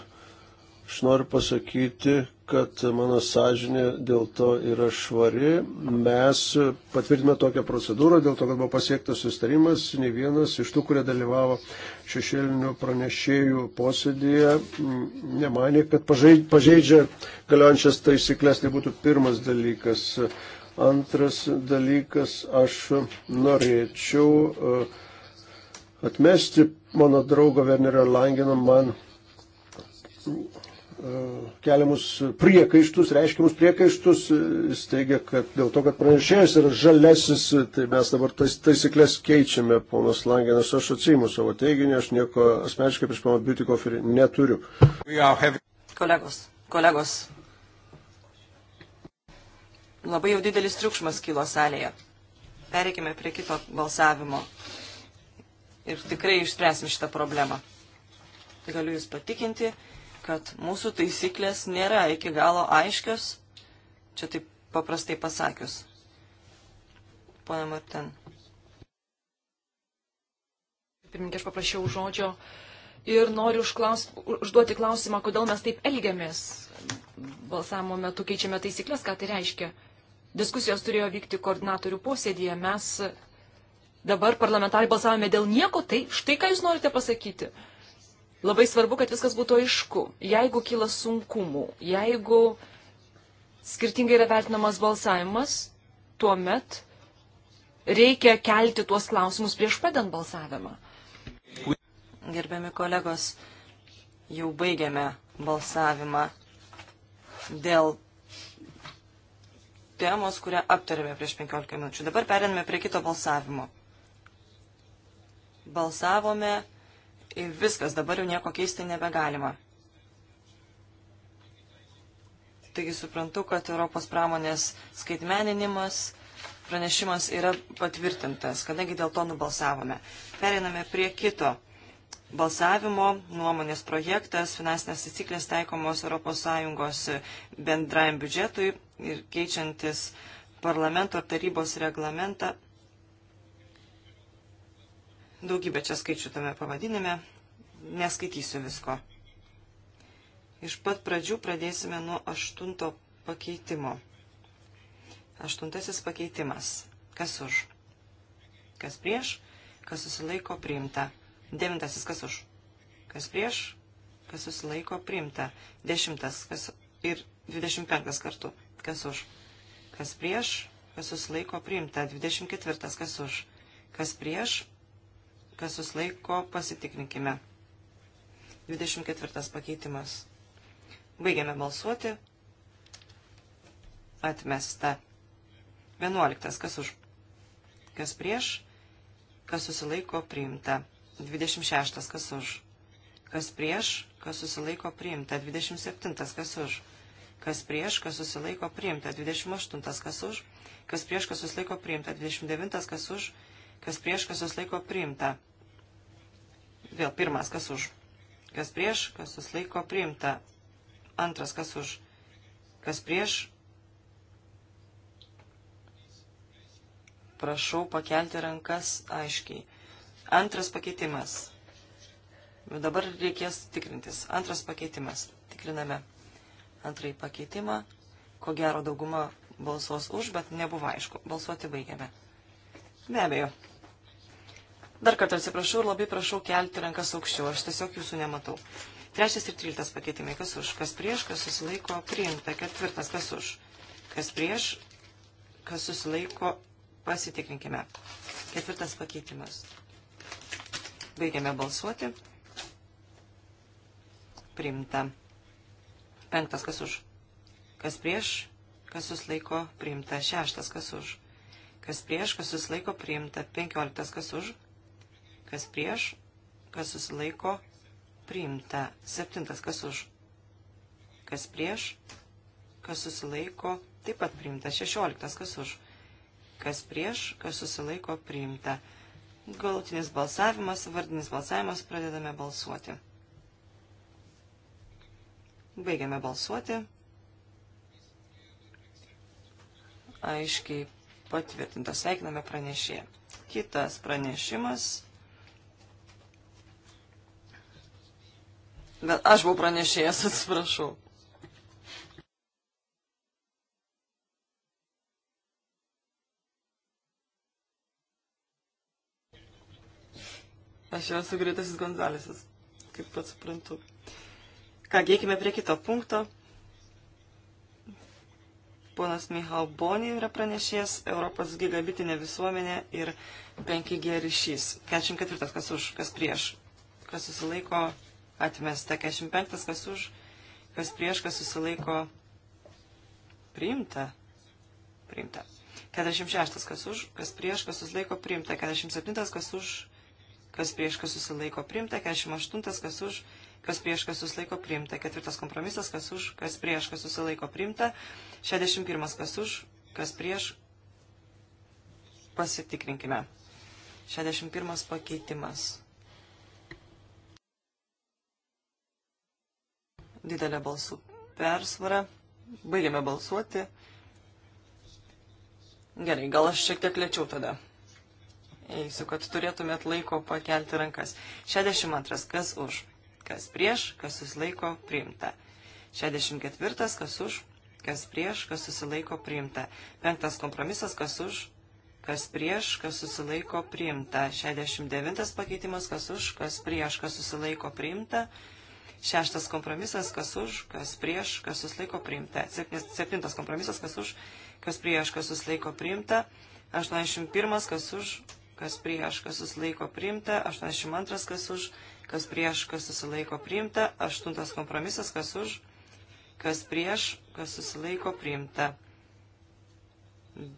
aš noriu pasakyti, kad mano sąžinė dėl to yra švari. Mes patvirtime tokią procedūrą, dėl to, kad buvo pasiektas sustarimas, ne vienas iš tų, kurie dalyvavo šešėlinių pranešėjų posėdėje, nemanė, kad pažeidžia galiojančias taisyklės, tai būtų pirmas dalykas. Antras dalykas, aš norėčiau uh, atmesti mano draugo Vernerio Langino man keliamus priekaištus, reiškiamus priekaištus, jis teigia, kad dėl to, kad pranešėjas yra žalesis, tai mes dabar tais, taisyklės keičiame, ponas Langenas, aš atsijimu savo teiginį, aš nieko asmeniškai prieš poną Biutikoferį neturiu. Kolegos, kolegos, labai jau didelis triukšmas kilo salėje. Pereikime prie kito balsavimo ir tikrai išspręsim šitą problemą. Tai galiu Jūs patikinti, kad mūsų taisyklės nėra iki galo aiškios, čia taip paprastai pasakius. Pone Martin. Pirmininkė, aš paprašiau žodžio ir noriu užklaus, užduoti klausimą, kodėl mes taip elgiamės. Balsavimo metu keičiame taisyklės, ką tai reiškia. Diskusijos turėjo vykti koordinatorių posėdėje. Mes dabar parlamentarai balsavome dėl nieko, tai štai ką jūs norite pasakyti. Uh, Labai svarbu, kad viskas būtų aišku. Jeigu kyla sunkumų, jeigu skirtingai yra vertinamas balsavimas, tuomet reikia kelti tuos klausimus prieš padant balsavimą. Gerbiami kolegos, jau baigiame balsavimą dėl temos, kurią aptarėme prieš 15 minučių. Dabar perėmėme prie kito balsavimo. Balsavome ir viskas, dabar jau nieko keisti nebegalima. Taigi suprantu, kad Europos pramonės skaitmeninimas pranešimas yra patvirtintas, kadangi dėl to nubalsavome. Pereiname prie kito balsavimo nuomonės projektas, finansinės įsiklės taikomos ES bendrajam biudžetui ir keičiantis parlamento ar tarybos reglamentą Daugybė čia skaičių tame pavadinime. Neskaitysiu visko. Iš pat pradžių pradėsime nuo aštunto pakeitimo. Aštuntasis pakeitimas. Kas už? Kas prieš? Kas susilaiko priimta? Devintasis kas už? Kas prieš? Kas susilaiko priimta? Dešimtas kas ir dvidešimt penktas kartu. Kas už? Kas prieš? Kas susilaiko priimta? Dvidešimt ketvirtas kas už? Kas prieš? kas suslaiko, pasitikrinkime. 24 pakeitimas. Baigiame balsuoti. Atmesta. 11. Kas už? Kas prieš? Kas susilaiko priimta. 26. Kas už? Kas prieš? Kas susilaiko priimta. 27. Kas už? Kas prieš? Kas susilaiko priimta. 28. Kas už? Kas prieš? Kas susilaiko priimta. 29. Kas už? kas prieš, kas susilaiko priimta. Vėl pirmas, kas už, kas prieš, kas susilaiko priimta. Antras, kas už, kas prieš. Prašau pakelti rankas aiškiai. Antras pakeitimas. Dabar reikės tikrintis. Antras pakeitimas. Tikriname antrąjį pakeitimą. Ko gero dauguma balsuos už, bet nebuvo aišku. Balsuoti baigiame. Be abejo, Dar kartą atsiprašau ir labai prašau kelti rankas aukščiau, aš tiesiog jūsų nematau. Trečias ir tryliktas pakeitimai, kas už, kas prieš, kas susilaiko, priimta. Ketvirtas, kas už, kas prieš, kas susilaiko, pasitikrinkime. Ketvirtas pakeitimas. Baigiame balsuoti. Priimta. Penktas, kas už, kas prieš, kas susilaiko, priimta. Šeštas, kas už, kas prieš, kas susilaiko, priimta. Penkioliktas, kas už, Kas prieš, kas susilaiko, priimta. Septintas, kas už, kas prieš, kas susilaiko, taip pat priimta. Šešioliktas, kas už, kas prieš, kas susilaiko, priimta. Galutinis balsavimas, vardinis balsavimas, pradedame balsuoti. Baigiame balsuoti. Aiškiai patvirtinta, sveikiname pranešėją. Kitas pranešimas Bet aš buvau pranešėjęs, atsiprašau. Aš jau esu greitasis Gonzalesas, kaip pats suprantu. Ką, gėkime prie kito punkto. Ponas Mihal Boni yra pranešėjęs Europos gigabitinė visuomenė ir 5G ryšys. 44. Kas už, kas prieš, kas susilaiko atmesta, 45 kas už, kas prieš, kas susilaiko priimta, priimta. 46 kas už, kas prieš, kas susilaiko priimta, 47 kas už, kas prieš, kas susilaiko priimta, 48 kas už, kas prieš, kas susilaiko priimta, ketvirtas kompromisas, kas už, kas prieš, kas susilaiko priimta, 61 kas už, kas prieš, pasitikrinkime. 61 pakeitimas. didelę balsų persvarą. Baigėme balsuoti. Gerai, gal aš šiek tiek lėčiau tada. Eisiu, kad turėtumėt laiko pakelti rankas. 62. Kas už? Kas prieš? Kas susilaiko? Priimta. 64. Kas už? Kas prieš? Kas susilaiko? Priimta. 5. Kompromisas. Kas už? kas prieš, kas susilaiko priimta. 69 pakeitimas, kas už, kas prieš, kas susilaiko priimta. Šeštas kompromisas, kas už, kas prieš, kas susilaiko priimta. Septintas kompromisas, kas už, kas prieš, kas susilaiko priimta. 81, kas už, kas prieš, kas susilaiko priimta. 82, kas už, kas prieš, kas susilaiko priimta. Aštuntas kompromisas, kas už, kas prieš, kas susilaiko priimta.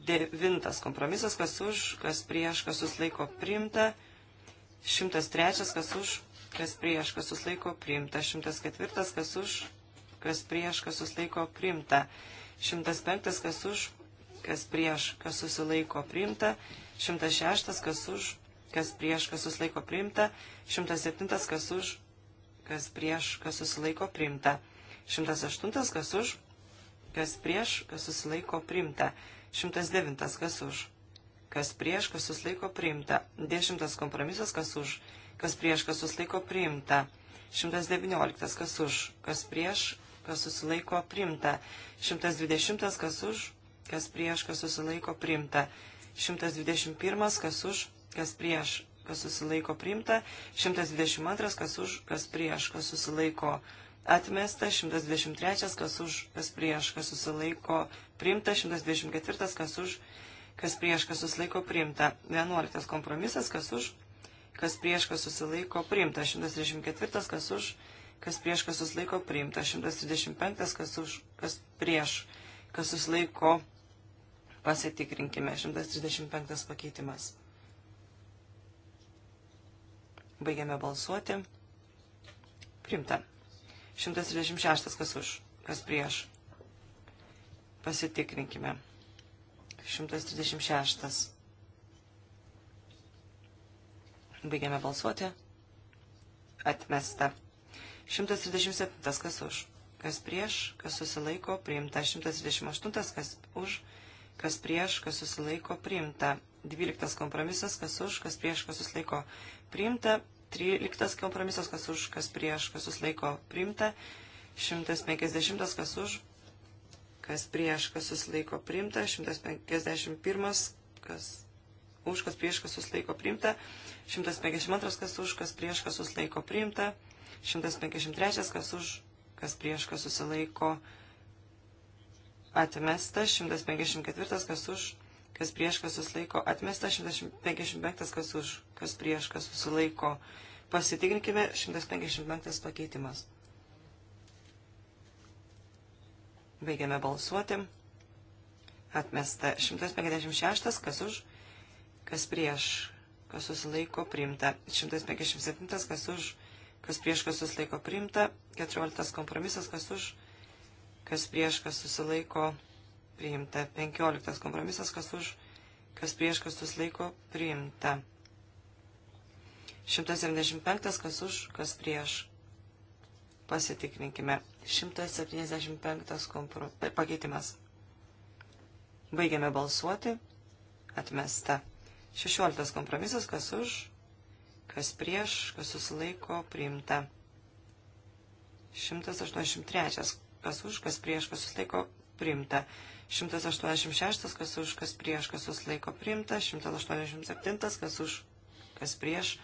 Devintas kompromisas, kas už, kas prieš, kas susilaiko priimta. 103, kas už, kas prieš, kas suslaiko priimta. 104, kas už, kas prieš, kas suslaiko priimta. 105, kas už, kas prieš, kas susilaiko priimta. 106, kas už, kas prieš, kas susilaiko priimta. 107, kas už, kas prieš, kas susilaiko priimta. 108, kas už, kas prieš, kas susilaiko priimta. 109, kas už, kas prieš, kas susilaiko priimta. 10 kompromisas, kas už kas prieš, kas susilaiko priimta. 119, kas už, kas prieš, kas susilaiko priimta. 120, kas už, kas prieš, kas susilaiko priimta. 121, kas už, kas prieš, kas susilaiko priimta. 122, kas už, kas prieš, kas susilaiko atmesta. 123, kas už, kas prieš, kas susilaiko priimta. 124, kas už, kas prieš, kas susilaiko priimta. 11 kompromisas, kas už, kas prieš, kas susilaiko, priimta 134, kas už, kas prieš, kas susilaiko, priimta 135, kas už, kas prieš, kas susilaiko, pasitikrinkime 135 pakeitimas. Baigiame balsuoti. Priimta. 136, kas už, kas prieš. Pasitikrinkime. 136. Baigiame balsuoti. Atmesta. 137. Kas už? Kas prieš? Kas susilaiko? Priimta. 128. Kas už? Kas prieš? Kas susilaiko? Priimta. 12. Kompromisas. Kas už? Kas prieš? Kas susilaiko? Priimta. 13. Kompromisas. Kas už? Kas prieš? Kas susilaiko? Priimta. 150. Kas už? Kas prieš? Kas susilaiko? Priimta. 151. Kas už, kas prieš, kas susilaiko priimta, 152, kas už, kas prieš, kas susilaiko priimta, 153, kas už, kas prieš, kas susilaiko atmesta, 154, kas už, kas prieš, kas susilaiko atmesta, 155, kas už, kas prieš, kas susilaiko. Pasitikrinkime 155 pakeitimas. Baigiame balsuoti. Atmesta 156, kas už, kas prieš, kas susilaiko priimta. 157, kas už, kas prieš, kas susilaiko priimta. 14 kompromisas, kas už, kas prieš, kas susilaiko priimta. 15 kompromisas, kas už, kas prieš, kas susilaiko priimta. 175, kas už, kas prieš. Pasitikrinkime. 175 kompro... pakeitimas. Baigiame balsuoti. Atmesta. 16 kompromisas, kas už, kas prieš, kas susilaiko, priimta. 183, kas už, kas prieš, kas susilaiko, priimta. 186, kas už, kas prieš, kas susilaiko, priimta. 187, kas už, kas prieš,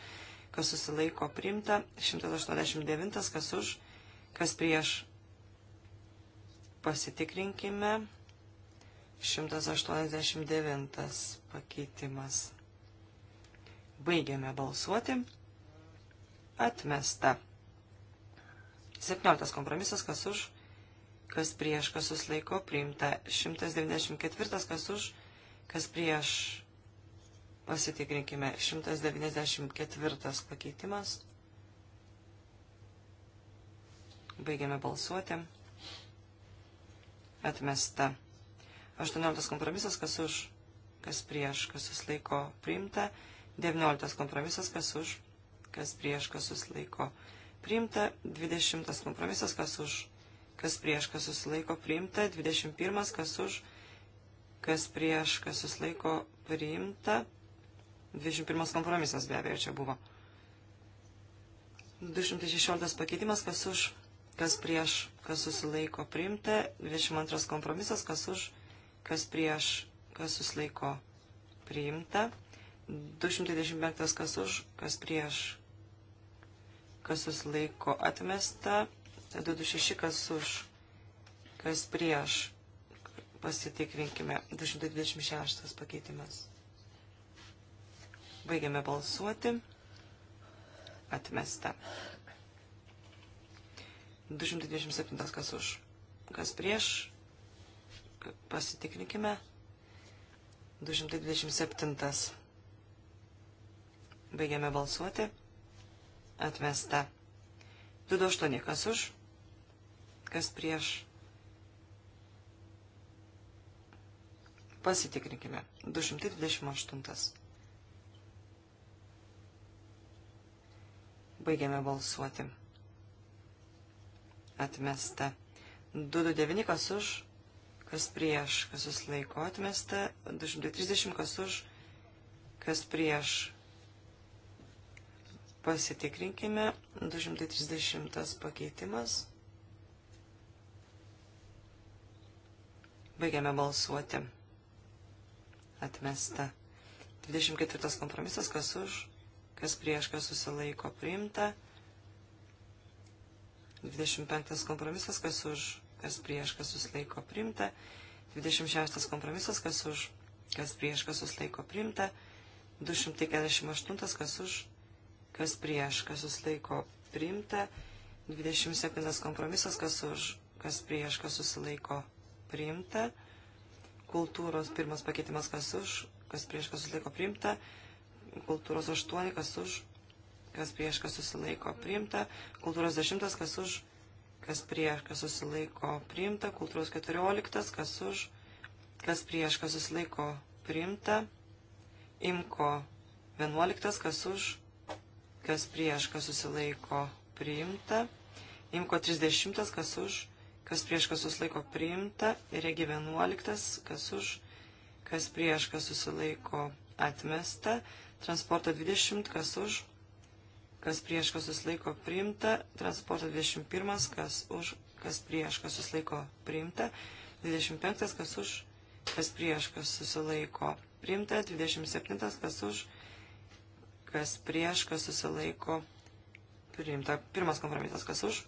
kas susilaiko, priimta. 189, kas už, kas prieš. Pasitikrinkime. 189 pakeitimas. Baigiame balsuoti. Atmesta. 17 kompromisas, kas už, kas prieš, kas susilaiko, priimta. 194, kas už, kas prieš. Pasitikrinkime. 194 pakeitimas. Baigiame balsuoti. Atmesta. 18 kompromisas, kas už, kas prieš, kas susilaiko, priimta. 19 kompromisas, kas už, kas prieš, kas susilaiko. Priimta 20 kompromisas, kas už, kas prieš, kas susilaiko. Priimta 21, kas už, kas prieš, kas susilaiko. Priimta 21 kompromisas, be abejo, čia buvo. 216 pakeitimas, kas už, kas prieš, kas susilaiko. Priimta 22 kompromisas, kas už, kas prieš, kas susilaiko. Priimta 225 kas už, kas prieš, kas susilaiko atmesta, 226 kas už, kas prieš, pasitikrinkime, 226 pakeitimas. Baigiame balsuoti, atmesta. 227 kas už, kas prieš, pasitikrinkime, 227. Baigiame balsuoti. Atmesta. 28. Kas už? Kas prieš? Pasitikrinkime. 228. Baigiame balsuoti. Atmesta. 229. Kas už? Kas prieš? Kas susilaiko? Atmesta. 230. Kas už? Kas prieš? Pasitikrinkime 230 pakeitimas. Baigiame balsuoti. Atmesta. 24 kompromisas, kas už, kas prieš, kas susilaiko priimta. 25 kompromisas, kas už, kas prieš, kas susilaiko priimta. 26 kompromisas, kas už, kas prieš, kas susilaiko priimta. 248, kas už, kas prieš, kas susilaiko priimta, 27 kompromisas, kas už, kas prieš, kas susilaiko priimta, kultūros pirmas pakeitimas, kas už, kas prieš, kas susilaiko priimta, kultūros 8, kas už, kas prieš, kas susilaiko priimta, kultūros 10, kas už, kas prieš, kas susilaiko priimta, kultūros 14, kas už, kas prieš, kas susilaiko priimta, imko 11, kas už, kas prieš, kas susilaiko priimta. Imko 30, kas už, kas prieš, kas susilaiko priimta. Regi 11, kas už, kas prieš, kas susilaiko atmesta. Transporto 20, kas už, kas prieš, kas susilaiko priimta. Transporto 21, kas už, kas prieš, kas susilaiko priimta. 25, kas už, kas prieš, kas susilaiko priimta. 27, kas už, kas prieš, kas susilaiko priimta. Pirmas kompromisas, kas už,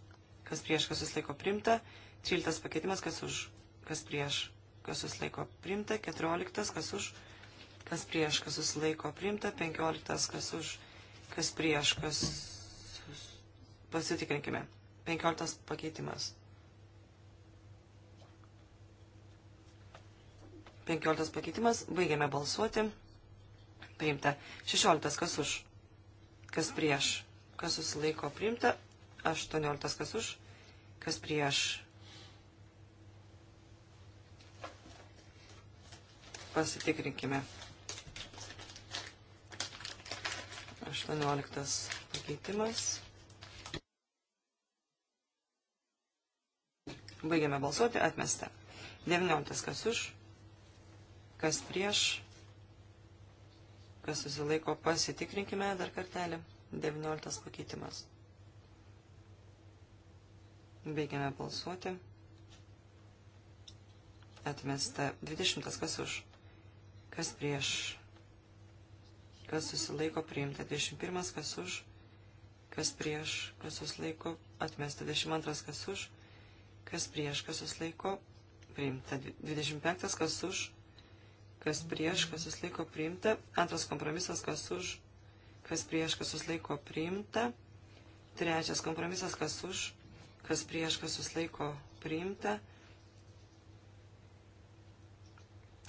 kas prieš, kas susilaiko priimta. Tryliktas pakeitimas, kas už, kas prieš, kas susilaiko priimta. Keturioliktas, kas už, kas prieš, kas susilaiko priimta. Penkioliktas, kas už, kas prieš, kas pasitikrinkime. Penkioliktas pakeitimas. Penkioliktas pakeitimas, baigiame balsuoti priimta. 16 kas už, kas prieš, kas susilaiko priimta. 18 kas už, kas prieš. Pasitikrinkime. 18 pakeitimas. Baigiame balsuoti, atmesta. 19 kas už, kas prieš, kas susilaiko, pasitikrinkime dar kartelį. 19 pakeitimas. Baigiame balsuoti. Atmesta 20. Kas už? Kas prieš? Kas susilaiko priimta? 21. Kas už? Kas prieš? Kas susilaiko? Atmesta 22. Kas už? Kas prieš? Kas susilaiko? Priimta 25. Kas už? kas prieš, kas susilaiko priimta. Antras kompromisas, kas už, kas prieš, kas susilaiko priimta. Trečias kompromisas, kas už, kas prieš, kas susilaiko priimta.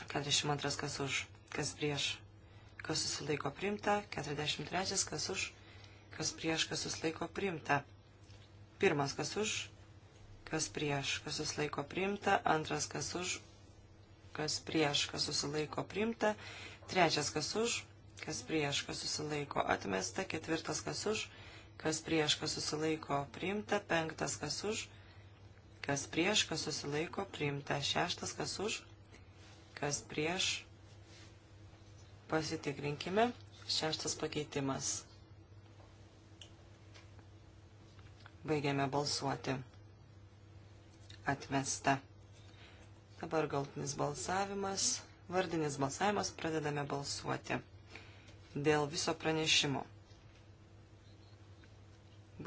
42, kas už, kas prieš, kas susilaiko priimta. 43, kas už, kas prieš, kas susilaiko priimta. Pirmas, kas už, kas prieš, kas susilaiko priimta. Antras, kas už, kas prieš, kas susilaiko priimta, trečias kas už, kas prieš, kas susilaiko atmesta, ketvirtas kas už, kas prieš, kas susilaiko priimta, penktas kas už, kas prieš, kas susilaiko priimta, šeštas kas už, kas prieš, pasitikrinkime, šeštas pakeitimas. Baigiame balsuoti. Atmesta. Dabar galtinis balsavimas, vardinis balsavimas, pradedame balsuoti dėl viso pranešimo.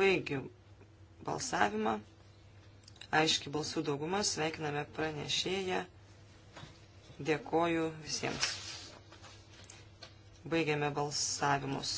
Baigiu balsavimą. Aiški balsų dauguma, sveikiname pranešėją. Dėkoju visiems. Baigiame balsavimus.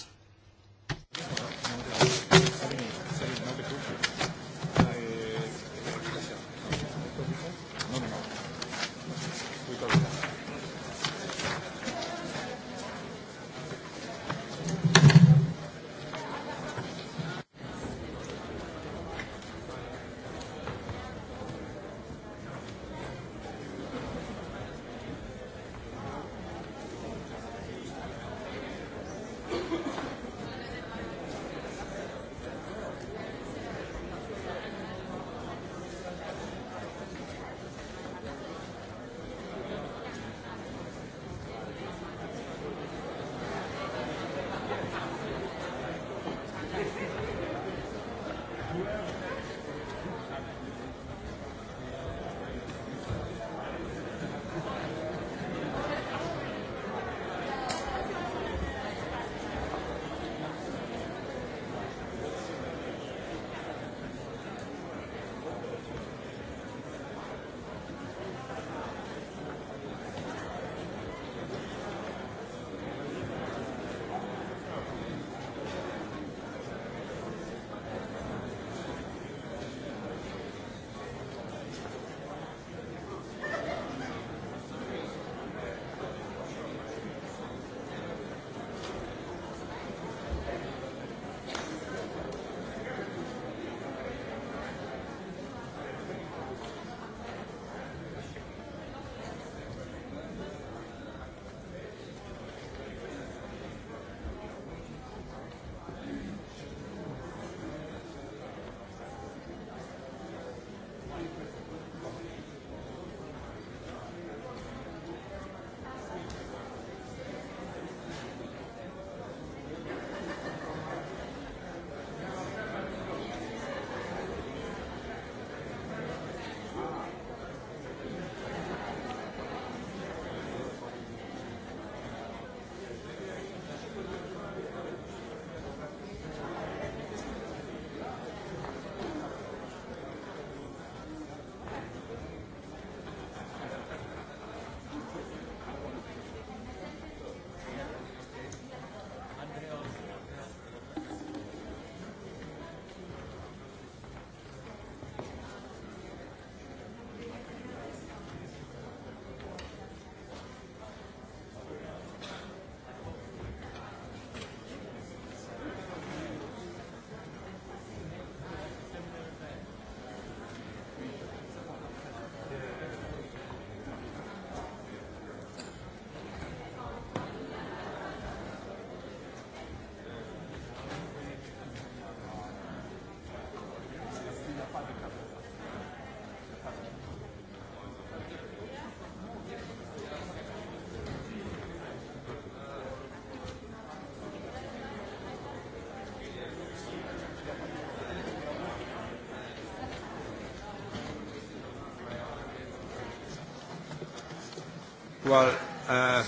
Well, uh,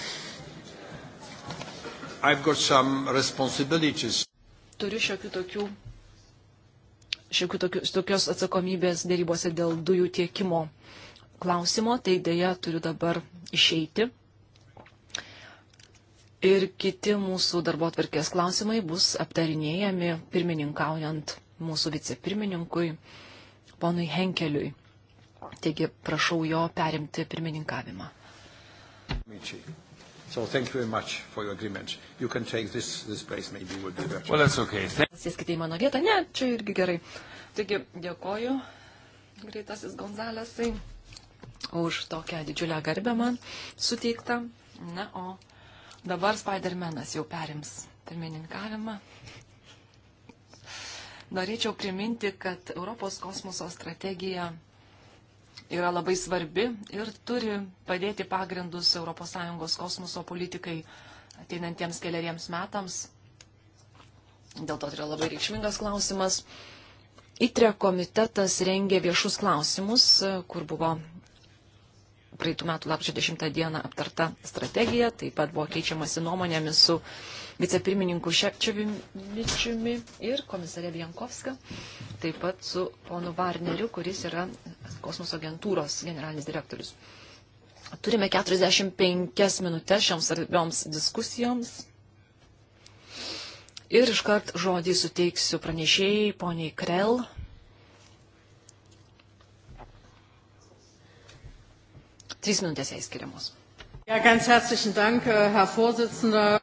I've got some responsibilities. Turiu šiokių tokių, šiokių tokių, tokios atsakomybės dėrybose dėl dujų tiekimo klausimo, tai dėja turiu dabar išeiti. Ir kiti mūsų darbo atvarkės klausimai bus aptarinėjami pirmininkaujant mūsų vicepirmininkui, ponui Henkeliui. Taigi prašau jo perimti pirmininkavimą. Committee. So thank you very much for your agreement. You can take this, this place, maybe will be better. Well, that's okay. Sėskite į mano vietą. Ne, čia irgi gerai. Taigi, dėkoju, greitasis Gonzalesai, už tokią didžiulę garbę man suteiktą. Na, o dabar Spidermanas jau perims pirmininkavimą. Norėčiau priminti, kad Europos kosmoso strategija 2030 yra labai svarbi ir turi padėti pagrindus ES kosmoso politikai ateinantiems keliariems metams. Dėl to tai yra labai reikšmingas klausimas. ITRE komitetas rengė viešus klausimus, kur buvo praeitų metų lapčio 10 dieną aptarta strategija, taip pat buvo keičiamasi nuomonėmis su vicepirmininku Šepčiovičiumi ir komisarė Bienkovska, taip pat su ponu Varneriu, kuris yra kosmoso agentūros generalinis direktorius. Turime 45 minutės šioms svarbioms diskusijoms. Ir iškart žodį suteiksiu pranešėjai poniai Krell. Trys minutės jai skiriamos. Ja, ganz herzlichen Dank, äh, Herr Vorsitzender.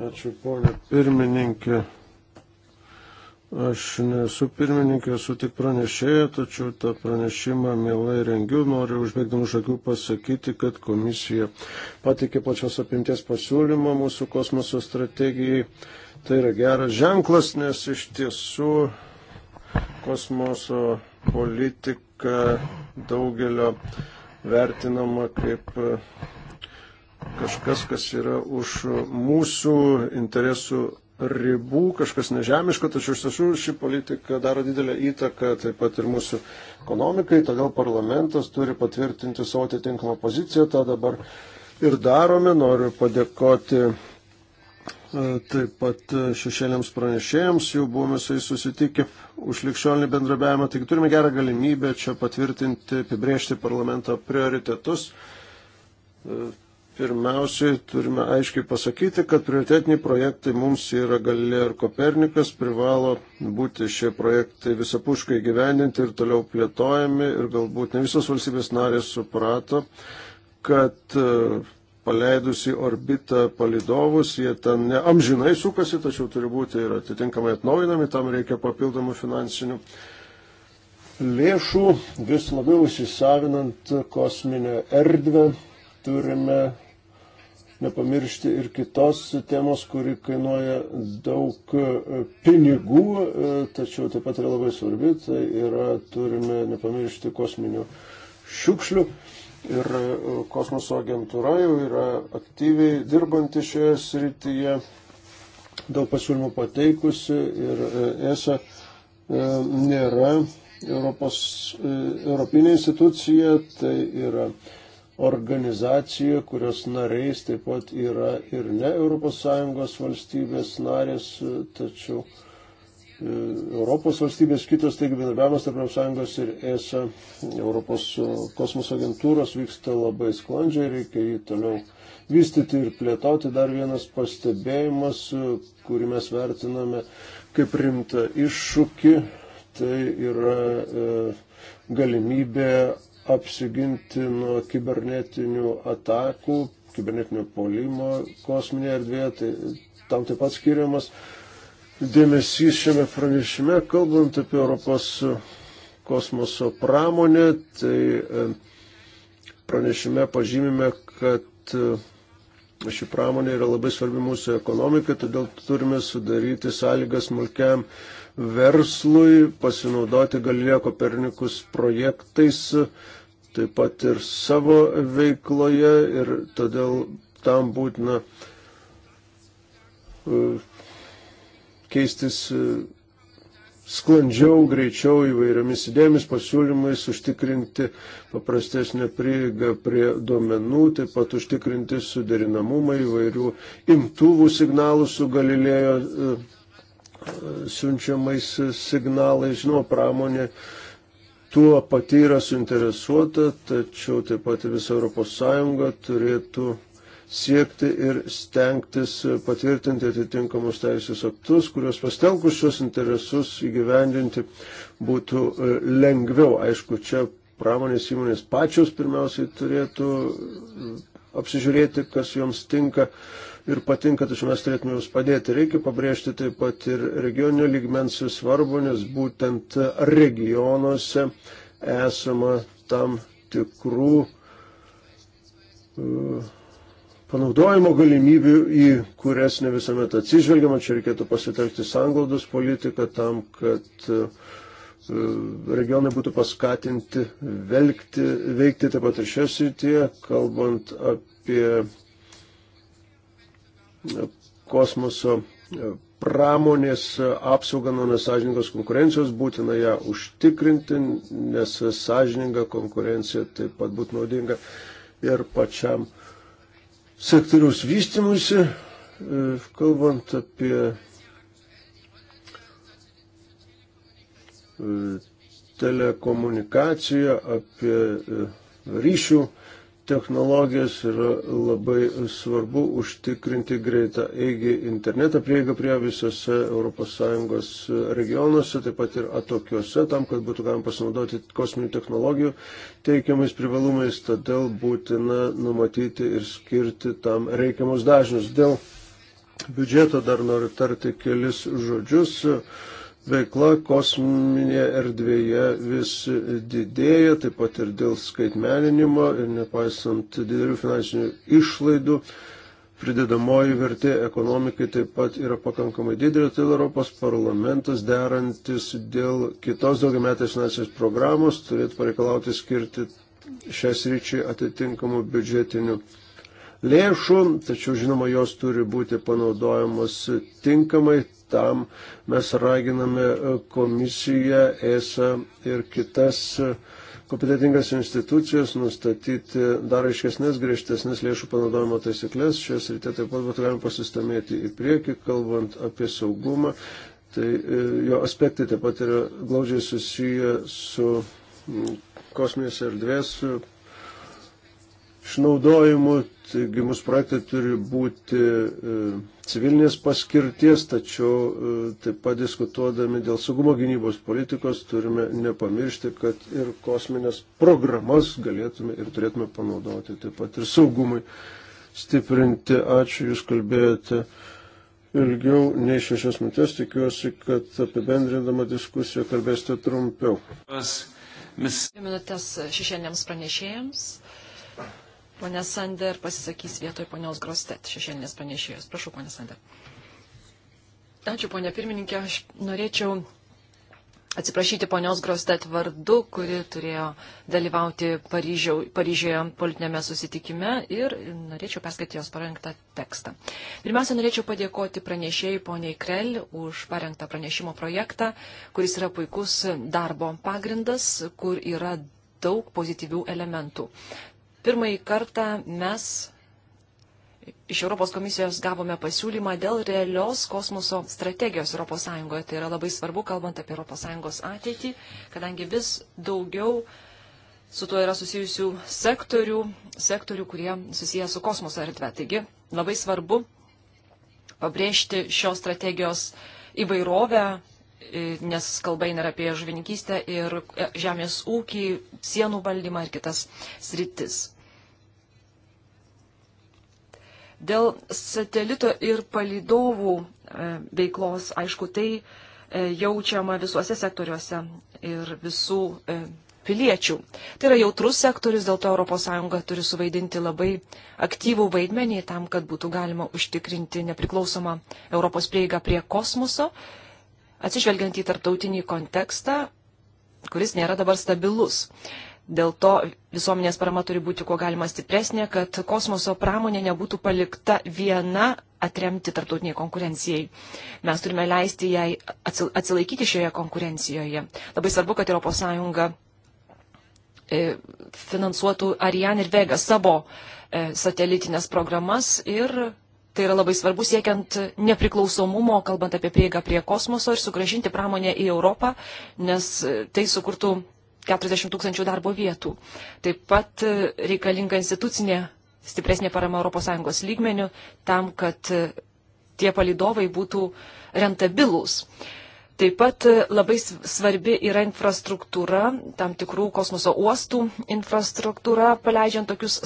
Ačiū, ponė pirmininkė. Aš nesu pirmininkė, esu tik pranešėja, tačiau tą pranešimą mielai rengiu. Noriu užbėgdami už akių pasakyti, kad komisija patikė pačios apimties pasiūlymą mūsų kosmoso strategijai. Tai yra geras ženklas, nes iš tiesų kosmoso politika daugelio vertinama kaip kažkas, kas yra už mūsų interesų ribų, kažkas nežemiško, tačiau iš tiesų ši politika daro didelę įtaką taip pat ir mūsų ekonomikai, todėl parlamentas turi patvirtinti savo atitinkamą poziciją, tą dabar ir darome. Noriu padėkoti e, taip pat šešėliams pranešėjams, jau buvome su jais susitikę už likščionį bendrabiavimą, taigi turime gerą galimybę čia patvirtinti, apibriežti parlamento prioritetus e, Pirmiausiai turime aiškiai pasakyti, kad prioritetiniai projektai mums yra Galilė ir Kopernikas, privalo būti šie projektai visapuškai gyveninti ir toliau plėtojami ir galbūt ne visos valstybės narės suprato, kad e, paleidus į orbitą palidovus, jie ten ne amžinai sukasi, tačiau turi būti ir atitinkamai atnaujinami, tam reikia papildomų finansinių lėšų, vis labiau įsisavinant kosminę erdvę turime nepamiršti ir kitos temos, kuri kainuoja daug e, pinigų, e, tačiau taip pat yra labai svarbi, tai yra turime nepamiršti kosminių šiukšlių. Ir e, kosmoso agentūra jau yra aktyviai dirbanti šioje srityje, daug pasiūlymų pateikusi ir ESA nėra Europos, Europinė institucija, tai yra organizacija, kurios nariais taip pat yra ir ne ES valstybės narės, tačiau e, Europos valstybės kitos, taigi bendrabiavimas tarp ES ir ESA, Europos e, kosmoso agentūros vyksta labai sklandžiai, reikia jį toliau vystyti ir plėtoti. Dar vienas pastebėjimas, e, kurį mes vertiname kaip rimtą iššūkį, tai yra galimybė apsiginti nuo kibernetinių atakų, kibernetinio polimo kosminėje erdvėje, tai tam taip pat skiriamas dėmesys šiame pranešime, kalbant apie Europos kosmoso pramonę, tai e, pranešime pažymime, kad e, ši pramonė yra labai svarbi mūsų ekonomikai, todėl turime sudaryti sąlygas smulkiam verslui pasinaudoti Galilėjo Kopernikus projektais, taip pat ir savo veikloje ir todėl tam būtina e, keistis e, sklandžiau, greičiau įvairiomis idėjomis, pasiūlymais, užtikrinti paprastesnę prieigą prie duomenų, taip pat užtikrinti suderinamumą įvairių imtuvų signalų su Galilėjo e, siunčiamais signalais. Žinoma, pramonė tuo pati yra suinteresuota, tačiau taip pat ir visa ES turėtų siekti ir stengtis patvirtinti atitinkamus teisės aktus, kuriuos pastelkus šios interesus įgyvendinti būtų e, lengviau. Aišku, čia pramonės įmonės pačios pirmiausiai turėtų apsižiūrėti, kas joms tinka ir patinka, tačiau mes turėtume jums padėti. Reikia pabrėžti taip pat ir regioninio lygmens svarbu, nes būtent regionuose esama tam tikrų uh, panaudojimo galimybių, į kurias ne visuomet atsižvelgiama. Čia reikėtų pasitelkti sanglaudos politiką tam, kad e, regionai būtų paskatinti velkti, veikti taip pat ir šią srityje, kalbant apie kosmoso e, pramonės e, apsaugą nuo nesažiningos konkurencijos, būtina ją užtikrinti, nes sažininga konkurencija taip pat būtų naudinga ir pačiam sektoriaus vystimuisi, e, kalbant apie telekomunikaciją, apie ryšių technologijas yra labai svarbu užtikrinti greitą eigį internetą prieigą prie visose ES regionuose, taip pat ir atokiuose, tam, kad būtų galima pasinaudoti kosminių technologijų teikiamais privalumais, todėl būtina numatyti ir skirti tam reikiamus dažnius. Dėl biudžeto dar noriu tarti kelis žodžius veikla kosminėje erdvėje vis didėja, taip pat ir dėl skaitmeninimo ir nepaisant didelių finansinių išlaidų. Pridedamoji vertė ekonomikai taip pat yra pakankamai didelė, tai Europos parlamentas derantis dėl kitos daugiametės finansinės programos turėtų pareikalauti skirti šias ryčiai atitinkamų biudžetinių lėšų, tačiau žinoma, jos turi būti panaudojamos tinkamai. Tam mes raginame komisiją, ESA ir kitas kompetitingas institucijas nustatyti dar aiškesnės, griežtesnės lėšų panaudojimo taisyklės. Šias rytė taip pat būtų galima pasistumėti į priekį, kalbant apie saugumą. Tai e, jo aspektai taip pat yra glaudžiai susiję su kosminės erdvės išnaudojimu. Taigi mūsų projektai turi būti e, civilinės paskirties, tačiau e, taip pat diskutuodami dėl saugumo gynybos politikos turime nepamiršti, kad ir kosminės programas galėtume ir turėtume panaudoti taip pat ir saugumui stiprinti. Ačiū, jūs kalbėjote ilgiau nei šešias minutės, tikiuosi, kad apibendrindama diskusiją kalbėsite trumpiau. Minutės šešieniams pranešėjams. Pone Sander pasisakys vietoj ponios Grostet, šešėlinės pranešėjos. Prašau, pone Sander. Ačiū, ponė pirmininkė. Aš norėčiau atsiprašyti ponios Grostet vardu, kuri turėjo dalyvauti Paryžiau, Paryžioje politinėme susitikime ir norėčiau perskaityti jos parengtą tekstą. Pirmiausia, norėčiau padėkoti pranešėjai poniai Krell už parengtą pranešimo projektą, kuris yra puikus darbo pagrindas, kur yra daug pozityvių elementų. Pirmąjį kartą mes iš Europos komisijos gavome pasiūlymą dėl realios kosmoso strategijos ES. Tai yra labai svarbu, kalbant apie ES ateitį, kadangi vis daugiau su tuo yra susijusių sektorių, sektorių, kurie susiję su kosmoso erdve. Taigi labai svarbu pabrėžti šios strategijos įvairovę, nes kalba eina apie žuvininkystę ir e, žemės ūkį, sienų valdymą ir kitas sritis. Dėl satelito ir palydovų e, veiklos, aišku, tai e, jaučiama visuose sektoriuose ir visų e, piliečių. Tai yra jautrus sektorius, dėl to ES turi suvaidinti labai aktyvų vaidmenį tam, kad būtų galima užtikrinti nepriklausomą Europos prieigą prie kosmoso, atsižvelgiant į tarptautinį kontekstą, kuris nėra dabar stabilus. Uh, Dėl to visuomenės parama turi būti kuo galima stipresnė, kad kosmoso pramonė nebūtų palikta viena atremti tarptautiniai konkurencijai. Mes turime leisti jai atsilaikyti šioje konkurencijoje. Labai svarbu, kad ES e, finansuotų Ariane ir Vega savo e, satelitinės programas ir tai yra labai svarbu siekiant nepriklausomumo, kalbant apie prieigą prie kosmoso ir sugražinti pramonę į Europą, nes e, tai sukurtų 40 tūkstančių darbo vietų. Taip pat e, reikalinga institucinė stipresnė parama ES lygmenių tam, kad e, tie palidovai būtų rentabilūs. Taip pat e, labai svarbi yra infrastruktūra, tam tikrų kosmoso uostų infrastruktūra, paleidžiant tokius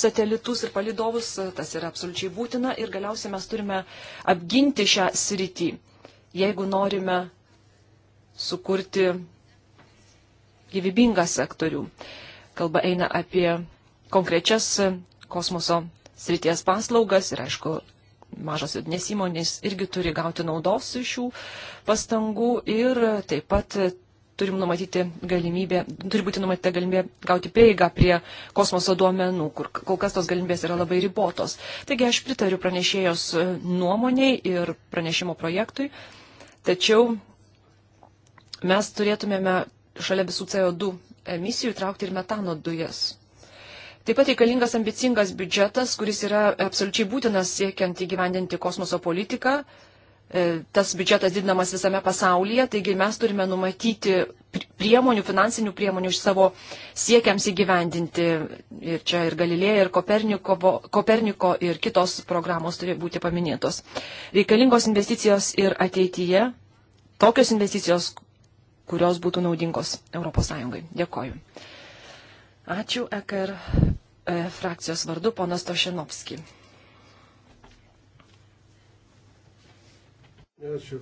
satelitus ir palidovus, tas yra absoliučiai būtina ir galiausiai mes turime apginti šią sritį, jeigu norime sukurti gyvybingą sektorių. Kalba eina apie konkrečias kosmoso srities paslaugas ir, aišku, mažos vidinės įmonės irgi turi gauti naudos iš šių pastangų ir taip pat turim numatyti galimybę, turi būti numatyta galimybė gauti prieigą prie kosmoso duomenų, kur kol kas tos galimybės yra labai ribotos. Taigi aš pritariu pranešėjos nuomoniai ir pranešimo projektui, tačiau mes turėtumėme šalia visų CO2 emisijų įtraukti ir metano dujas. Taip pat reikalingas ambicingas biudžetas, kuris yra absoliučiai būtinas siekiant įgyvendinti kosmoso politiką. E, tas biudžetas didinamas visame pasaulyje, taigi mes turime numatyti priemonių, finansinių priemonių iš savo siekiams įgyvendinti. Ir čia ir Galilėja, ir Koperniko, Koperniko, ir kitos programos turi būti paminėtos. Reikalingos investicijos ir ateityje. Tokios investicijos, kurios būtų naudingos ES. Dėkoju. Ačiū EKR e, frakcijos vardu, ponas Tošenovski. Ačiū.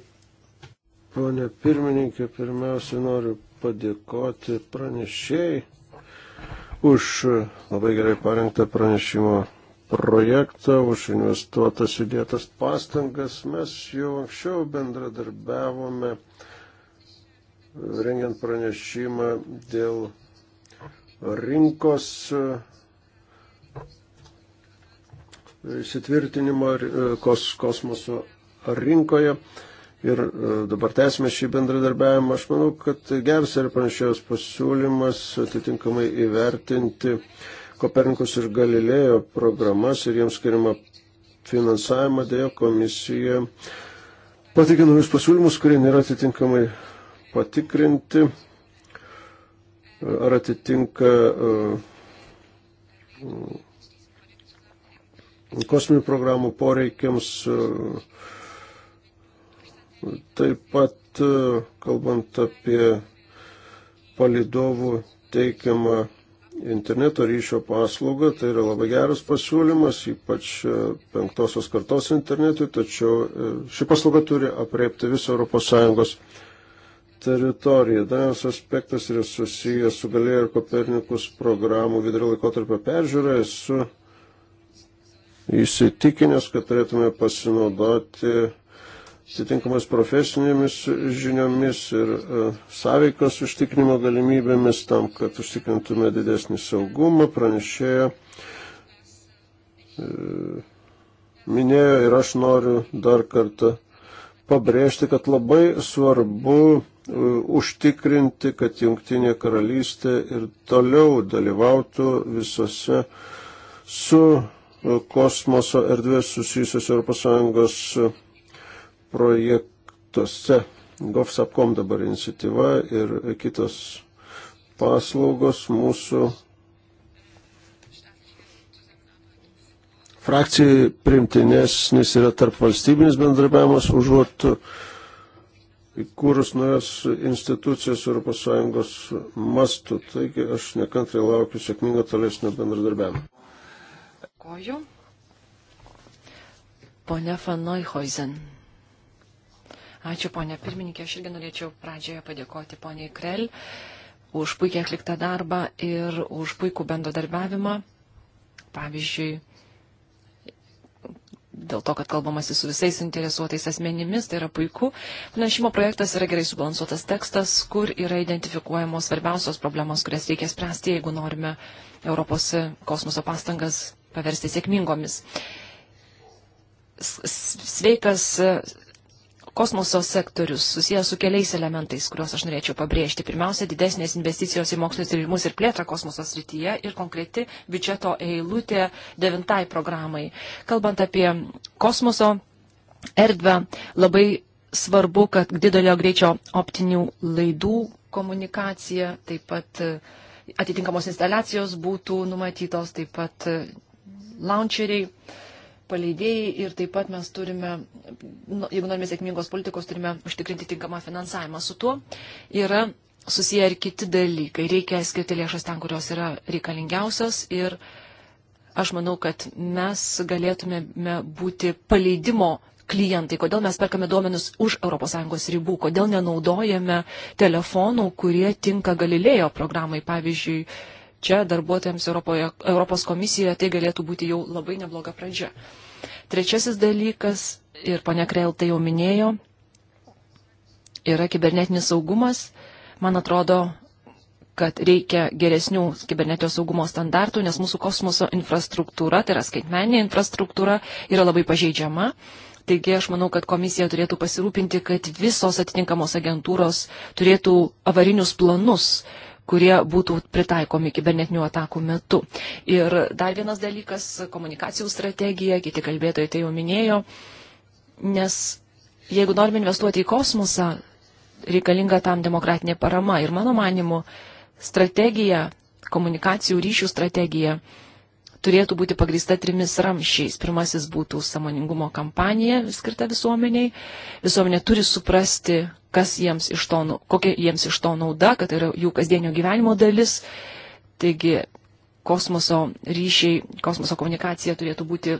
Pone pirmininkė, pirmiausia noriu padėkoti pranešėjai už labai gerai parengtą pranešimo projektą, už investuotas įdėtas pastangas. Mes jau anksčiau bendradarbiavome rengiant pranešimą dėl rinkos e, įsitvirtinimo e, kos, kosmoso rinkoje. Ir e, dabar tęsime šį bendradarbiavimą. Aš manau, kad geras yra panašios pasiūlymas atitinkamai įvertinti Kopernikus ir Galilėjo programas ir jiems skiriamą finansavimą. Dėjo komisija pateikė naujus pasiūlymus, kurie nėra atitinkamai patikrinti, ar atitinka e, kosminių programų poreikiams. E, taip pat, e, kalbant apie palidovų teikiamą interneto ryšio paslaugą, tai yra labai geras pasiūlymas, ypač penktosios kartos internetui, tačiau ši paslauga turi apriepti visą ES teritoriją. Danas aspektas yra susijęs su Galėjo ir Kopernikus programų vidurio laikotarpio peržiūra. Esu įsitikinęs, kad turėtume pasinaudoti atitinkamas profesinėmis žiniomis ir e, sąveikos užtikrinimo galimybėmis tam, kad užtikrintume didesnį saugumą, pranešėjo. E, minėjo ir aš noriu dar kartą pabrėžti, kad labai svarbu užtikrinti, kad Junktinė karalystė ir toliau dalyvautų visose su e, kosmoso erdvės susijusios ES e, projektuose. GovSapcom dabar iniciatyva ir kitos paslaugos mūsų frakcijai primtinesnis yra tarp valstybinis bendrabiavimas užuot įkūrus naujas institucijas ES mastu. Taigi aš nekantrai laukiu sėkmingo tolesnio bendradarbiavimo. Koju. Pone Fanoihoizen. Ačiū, ponė pirmininkė. Aš irgi norėčiau pradžioje padėkoti poniai Krell už puikiai atliktą darbą ir už puikų bendradarbiavimą. Pavyzdžiui, dėl to, kad kalbamasi su visais interesuotais asmenimis, tai yra puiku. Pranešimo projektas yra gerai subalansuotas tekstas, kur yra identifikuojamos svarbiausios problemos, kurias reikia spręsti, jeigu norime Europos kosmoso pastangas paversti sėkmingomis. Sveikas kosmoso sektorius susijęs su keliais elementais, kuriuos aš norėčiau pabrėžti. Pirmiausia, didesnės investicijos į mokslinius tyrimus ir plėtrą kosmoso srityje ir konkreti biudžeto eilutė devintai programai. Kalbant apie kosmoso erdvę, labai svarbu, kad didelio greičio optinių laidų komunikacija, taip pat e, atitinkamos instaliacijos būtų numatytos, taip pat e, launcheriai paleidėjai ir taip pat mes turime, nu, jeigu norime sėkmingos politikos, turime užtikrinti tinkamą finansavimą. Su tuo yra susiję ir kiti dalykai. Reikia skirti lėšas ten, kurios yra reikalingiausios ir aš manau, kad mes galėtume būti paleidimo klientai, kodėl mes perkame duomenis už ES ribų, kodėl nenaudojame telefonų, kurie tinka Galilėjo programai, pavyzdžiui, čia darbuotojams Europoje, Europos komisijoje tai galėtų būti jau labai nebloga pradžia. Trečiasis dalykas, ir ponia Krell tai jau minėjo, yra kibernetinis saugumas. Man atrodo, kad reikia geresnių kibernetinio saugumo standartų, nes mūsų kosmoso infrastruktūra, tai yra skaitmeninė infrastruktūra, yra labai pažeidžiama. Taigi aš manau, kad komisija turėtų pasirūpinti, kad visos atitinkamos agentūros turėtų avarinius planus, kurie būtų pritaikomi kibernetinių atakų metu. Ir dar vienas dalykas - komunikacijų strategija, kiti kalbėtojai tai jau minėjo, nes jeigu norim investuoti į kosmosą, reikalinga tam demokratinė parama. Ir mano manimu, strategija, komunikacijų ryšių strategija, turėtų būti pagrįsta trimis ramšiais. Pirmasis būtų samoningumo kampanija skirta visuomeniai. Visuomenė turi suprasti, kas jiems iš to, kokia jiems iš to nauda, kad tai yra jų kasdienio gyvenimo dalis. Taigi kosmoso ryšiai, kosmoso komunikacija turėtų būti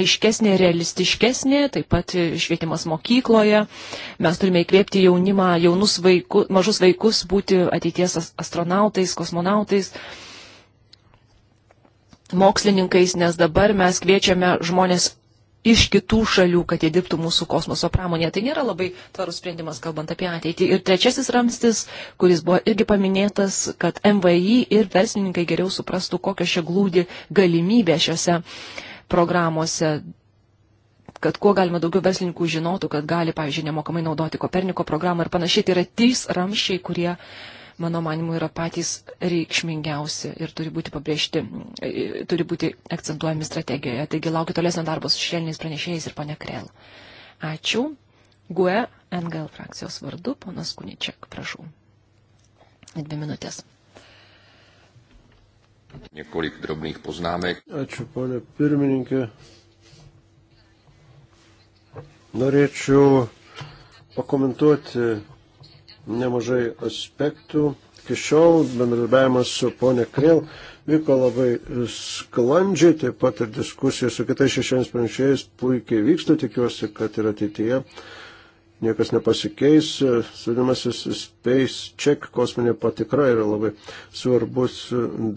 aiškesnė, realistiškesnė, taip pat švietimas mokykloje. Mes turime įkvėpti jaunimą, jaunus vaikus, mažus vaikus būti ateities astronautais, kosmonautais, mokslininkais, nes dabar mes kviečiame žmonės iš kitų šalių, kad jie dirbtų mūsų kosmoso pramonėje. Tai nėra labai tvarus sprendimas, kalbant apie ateitį. Ir trečiasis ramstis, kuris buvo irgi paminėtas, kad MVI ir verslininkai geriau suprastų, kokios čia glūdi galimybė šiuose programuose kad kuo galima daugiau verslininkų žinotų, kad gali, pavyzdžiui, nemokamai naudoti Koperniko programą ir panašiai. Tai yra trys ramščiai, kurie uh, mano manimu, yra patys reikšmingiausi ir turi būti pabrėžti, e, turi būti akcentuojami strategijoje. Taigi laukiu tolesnio darbo su šelniais pranešėjais ir ponia Krell. Ačiū. GUE NGL frakcijos vardu, ponas Kuničiak, prašau. Dvi minutės. Několik drobných poznámek. Ačiū, ponia pirmininkė. Norėčiau pakomentuoti nemažai aspektų. Iki šiol bendradarbiavimas su ponė Krėl vyko labai sklandžiai, taip pat ir diskusija su kitais šešiems pranešėjais puikiai vyksta, tikiuosi, kad ir ateityje niekas nepasikeis. Svadimasis Space Check kosminė patikra yra labai svarbus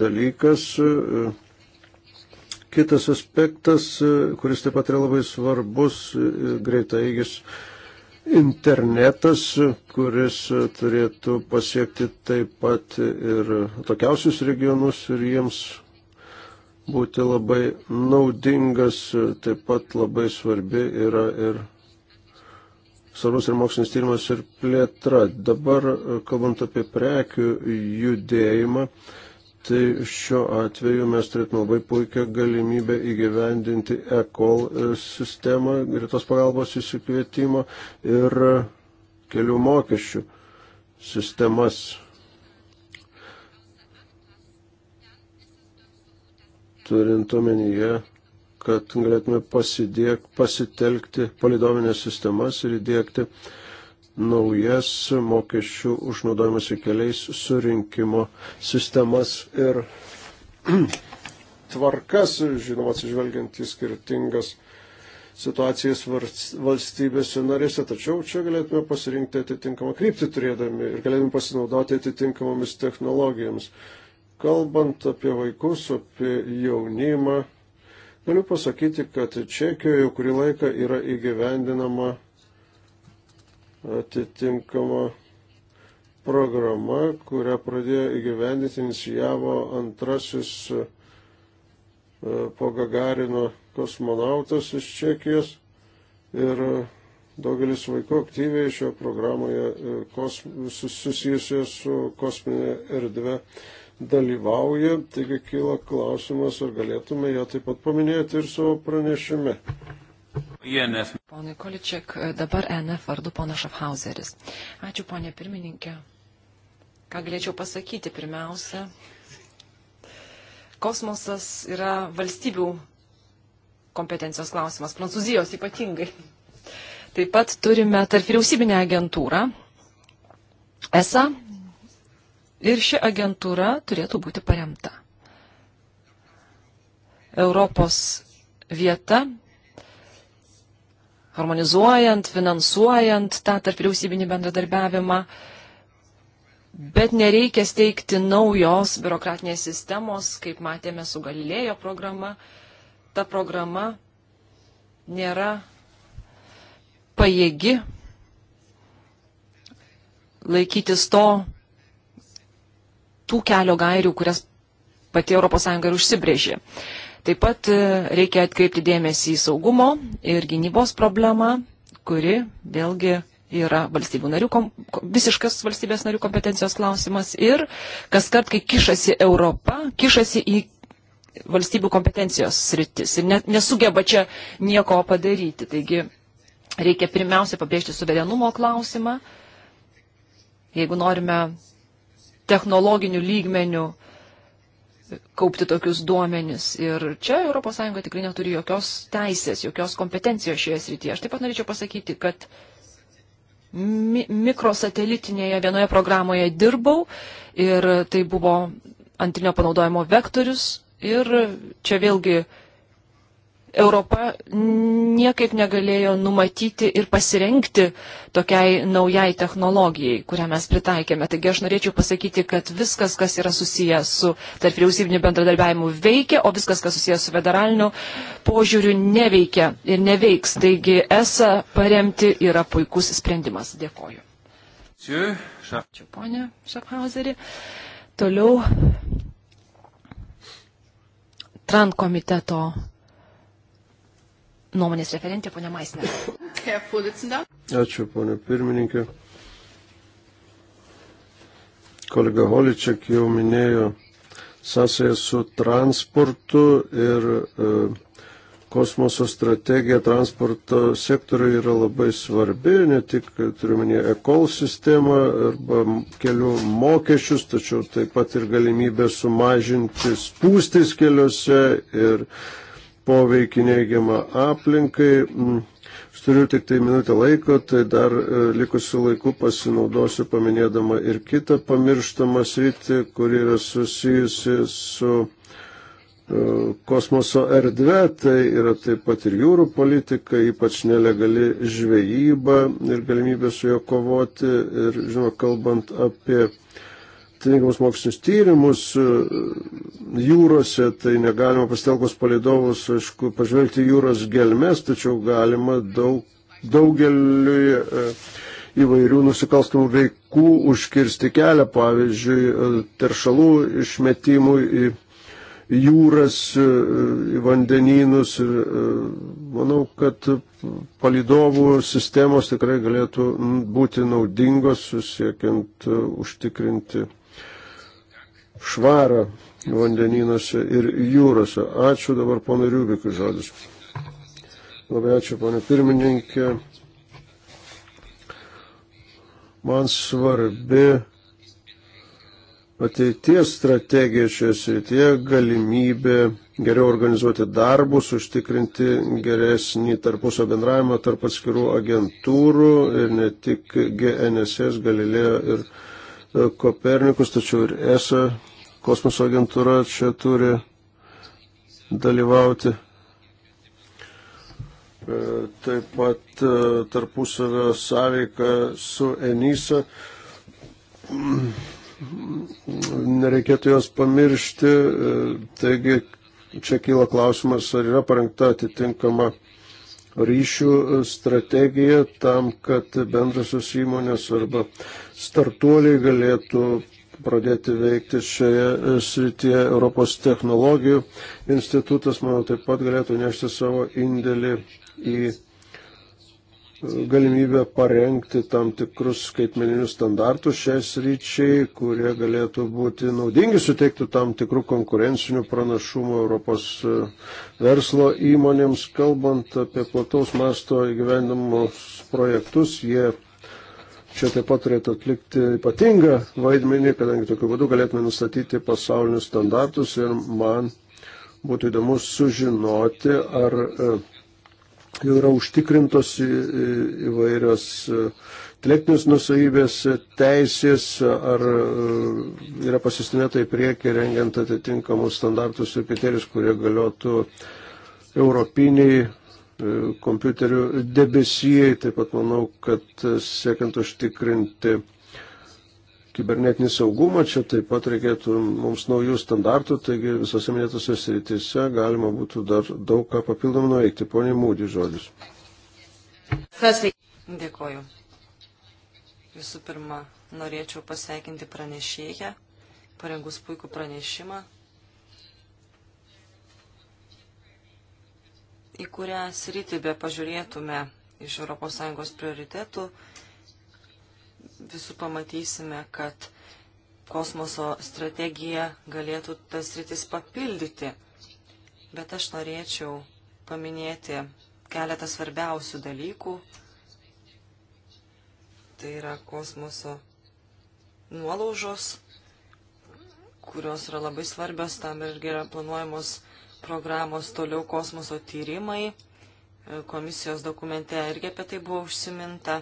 dalykas. Kitas aspektas, kuris taip pat yra labai svarbus, greitaigis. eigis internetas, kuris turėtų pasiekti taip pat ir tokiausius regionus ir jiems būti labai naudingas, taip pat labai svarbi yra ir svarbus ir mokslinis tyrimas ir plėtra. Dabar, kalbant apie prekių judėjimą, Tai šiuo atveju mes turėtume labai puikią galimybę įgyvendinti e-call e, sistemą, greitos pagalbos įsikvietimo ir e, kelių mokesčių sistemas. Turint omenyje, kad galėtume pasidėk, pasitelkti palidovinės sistemas ir įdėkti uh, naujas mokesčių užnaudojimas į keliais surinkimo sistemas ir tvarkas, žinoma, atsižvelgiant į skirtingas situacijas valstybėse narėse, tačiau čia galėtume pasirinkti atitinkamą kryptį turėdami ir galėtume pasinaudoti atitinkamomis technologijomis. Kalbant apie vaikus, apie jaunimą, galiu pasakyti, kad Čekijoje jau kurį laiką yra įgyvendinama atitinkama programa, kurią pradėjo įgyvendinti, inicijavo antrasis e, po Gagarino kosmonautas iš Čekijos ir e, daugelis vaikų aktyviai šio programoje e, kos, susijusioje su kosminė erdve dalyvauja, taigi kyla klausimas, ar galėtume ją taip pat paminėti ir savo pranešime. INF. Ponai Količiak, dabar NF vardu ponas Šafhauseris. Ačiū, ponė pirmininkė. Ką galėčiau pasakyti pirmiausia? Kosmosas yra valstybių kompetencijos klausimas, Prancūzijos ypatingai. Taip pat turime tarp vyriausybinę agentūrą, ESA, ir ši agentūra turėtų būti paremta. Europos vieta harmonizuojant, finansuojant tą tarp vyriausybinį bendradarbiavimą, bet nereikia steigti naujos biurokratinės sistemos, kaip matėme su Galilėjo programa. Ta programa nėra pajėgi laikytis to, tų kelio gairių, kurias pati ES ir užsibrėžė. Taip pat e, reikia atkreipti dėmesį į saugumo ir gynybos problemą, kuri vėlgi yra valstybių narių, kom, visiškas valstybės narių kompetencijos klausimas. Ir kas kart, kai kišasi Europa, kišasi į valstybių kompetencijos sritis ir net nesugeba čia nieko padaryti. Taigi reikia pirmiausia pabrėžti suverenumo klausimą. Jeigu norime technologinių lygmenių kaupti tokius duomenis. Ir čia ES tikrai neturi jokios teisės, jokios kompetencijos šioje srityje. Aš taip pat norėčiau pasakyti, kad mi mikrosatelitinėje vienoje programoje dirbau ir tai buvo antrinio panaudojimo vektorius. Ir čia vėlgi Europa niekaip negalėjo numatyti ir pasirenkti tokiai naujai technologijai, kurią mes pritaikėme. Taigi aš norėčiau pasakyti, kad viskas, kas yra susijęs su tarp vyriausybiniu bendradarbiavimu, veikia, o viskas, kas susijęs su federaliniu požiūriu, neveikia ir neveiks. Taigi ESA paremti yra puikus sprendimas. Dėkoju. Ačiū, ponė Šafhauserį. Toliau TRAN komiteto nuomonės referentė, ponia Maisne. Ačiū, ponia pirmininkė. Kolega Holičiak jau minėjo sąsąją su transportu ir e, kosmoso strategija transporto sektoriui yra labai svarbi, ne tik turiuomenė ekol sistema arba kelių mokesčius, tačiau taip pat ir galimybė sumažinti spūstis keliuose ir poveikį neigiamą aplinkai. Mm. Aš turiu tik tai minutę laiko, tai dar e, likusiu laiku pasinaudosiu paminėdama ir kitą pamirštamą sritį, kuri yra susijusi su e, kosmoso erdvė, tai yra taip pat ir jūrų politika, ypač nelegali žvejyba ir galimybė su jo kovoti. Ir, žinoma, kalbant apie uh, atitinkamus mokslinius tyrimus e, jūrose, tai negalima pastelkus palidovus, aišku, pažvelgti jūros gelmes, tačiau galima daug, daugeliu e, įvairių nusikalstamų veikų užkirsti kelią, pavyzdžiui, e, teršalų išmetimui į jūras, į vandenynus. Manau, kad palidovų sistemos tikrai galėtų būti naudingos, siekiant užtikrinti švarą vandenynuose ir jūrose. Ačiū dabar ponui Riubikui žodis. Labai ačiū, ponė pirmininkė. Man svarbi ateities strategija šioje srityje, galimybė geriau organizuoti darbus, užtikrinti geresnį tarpusio bendravimą tarp atskirų agentūrų ir ne tik GNSS, Galilėjo ir e, Kopernikus, tačiau ir ESA kosmoso agentūra čia turi dalyvauti. E, taip pat e, tarpusavio sąveika su Enisa. Nereikėtų jos pamiršti. E, taigi čia kyla klausimas, ar yra parengta atitinkama ryšių strategija tam, kad bendrasios įmonės arba startuoliai galėtų pradėti veikti šioje e, srityje. Europos technologijų institutas, manau, taip pat galėtų nešti savo indėlį į e, galimybę parengti tam tikrus skaitmeninius standartus šiais ryčiai, kurie galėtų būti naudingi, suteikti tam tikrų konkurencinių pranašumų Europos e, verslo įmonėms, kalbant apie plataus masto įgyvendamus projektus, jie čia taip pat turėtų atlikti ypatingą vaidmenį, kadangi tokiu būdu galėtume nustatyti pasaulinius standartus ir man būtų įdomu sužinoti, ar e, jau yra užtikrintos įvairios e, intelektinės nusavybės e, teisės, ar yra pasistumėta į priekį rengiant atitinkamus standartus ir kriterijus, kurie galėtų europiniai E, kompiuterių debesijai. Taip pat manau, kad e, siekiant užtikrinti kibernetinį saugumą, čia taip pat reikėtų mums naujų standartų, taigi visose minėtose srityse galima būtų dar daug ką papildomai nuveikti. Pone Mūdį žodis. Dėkoju. Visų pirma, norėčiau pasveikinti pranešėją, parengus puikų pranešimą. į kurią sritį be pažiūrėtume iš ES prioritetų, visų pamatysime, kad kosmoso strategija galėtų tas rytis papildyti. Bet aš norėčiau paminėti keletą svarbiausių dalykų. Tai yra kosmoso nuolaužos, kurios yra labai svarbios, tam irgi yra planuojamos programos toliau kosmoso tyrimai. E, komisijos dokumente irgi apie tai buvo užsiminta.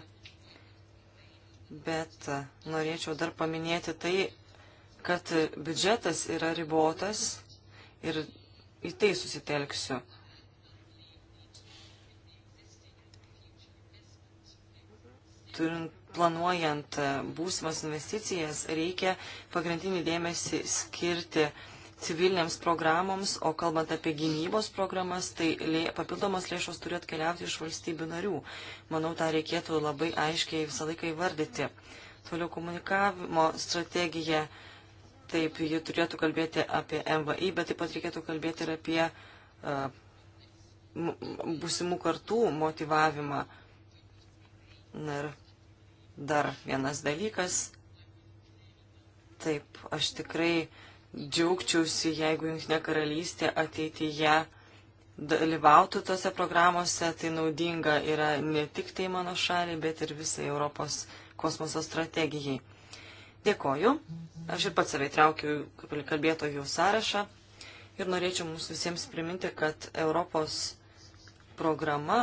Bet e, norėčiau dar paminėti tai, kad biudžetas yra ribotas ir į tai susitelksiu. Turint planuojant e, būsimas investicijas, reikia pagrindinį dėmesį skirti uh, civiliniams programoms, o kalbant apie gynybos programas, tai lė, papildomas lėšos turi atkeliauti iš valstybių narių. Manau, tą reikėtų labai aiškiai visą laiką įvardyti. Toliau komunikavimo strategija, taip, ji turėtų kalbėti apie MVI, bet taip pat reikėtų kalbėti ir apie uh, būsimų kartų motivavimą. Na ir dar vienas dalykas. Taip, aš tikrai uh, džiaugčiausi, jeigu Junktinė karalystė ateityje dalyvautų tose programuose, tai naudinga yra ne tik tai mano šaliai, bet ir visai Europos kosmoso strategijai. Dėkoju. Aš ir pats save įtraukiu kaip kalbėtojų sąrašą ir norėčiau mums visiems priminti, kad Europos programa,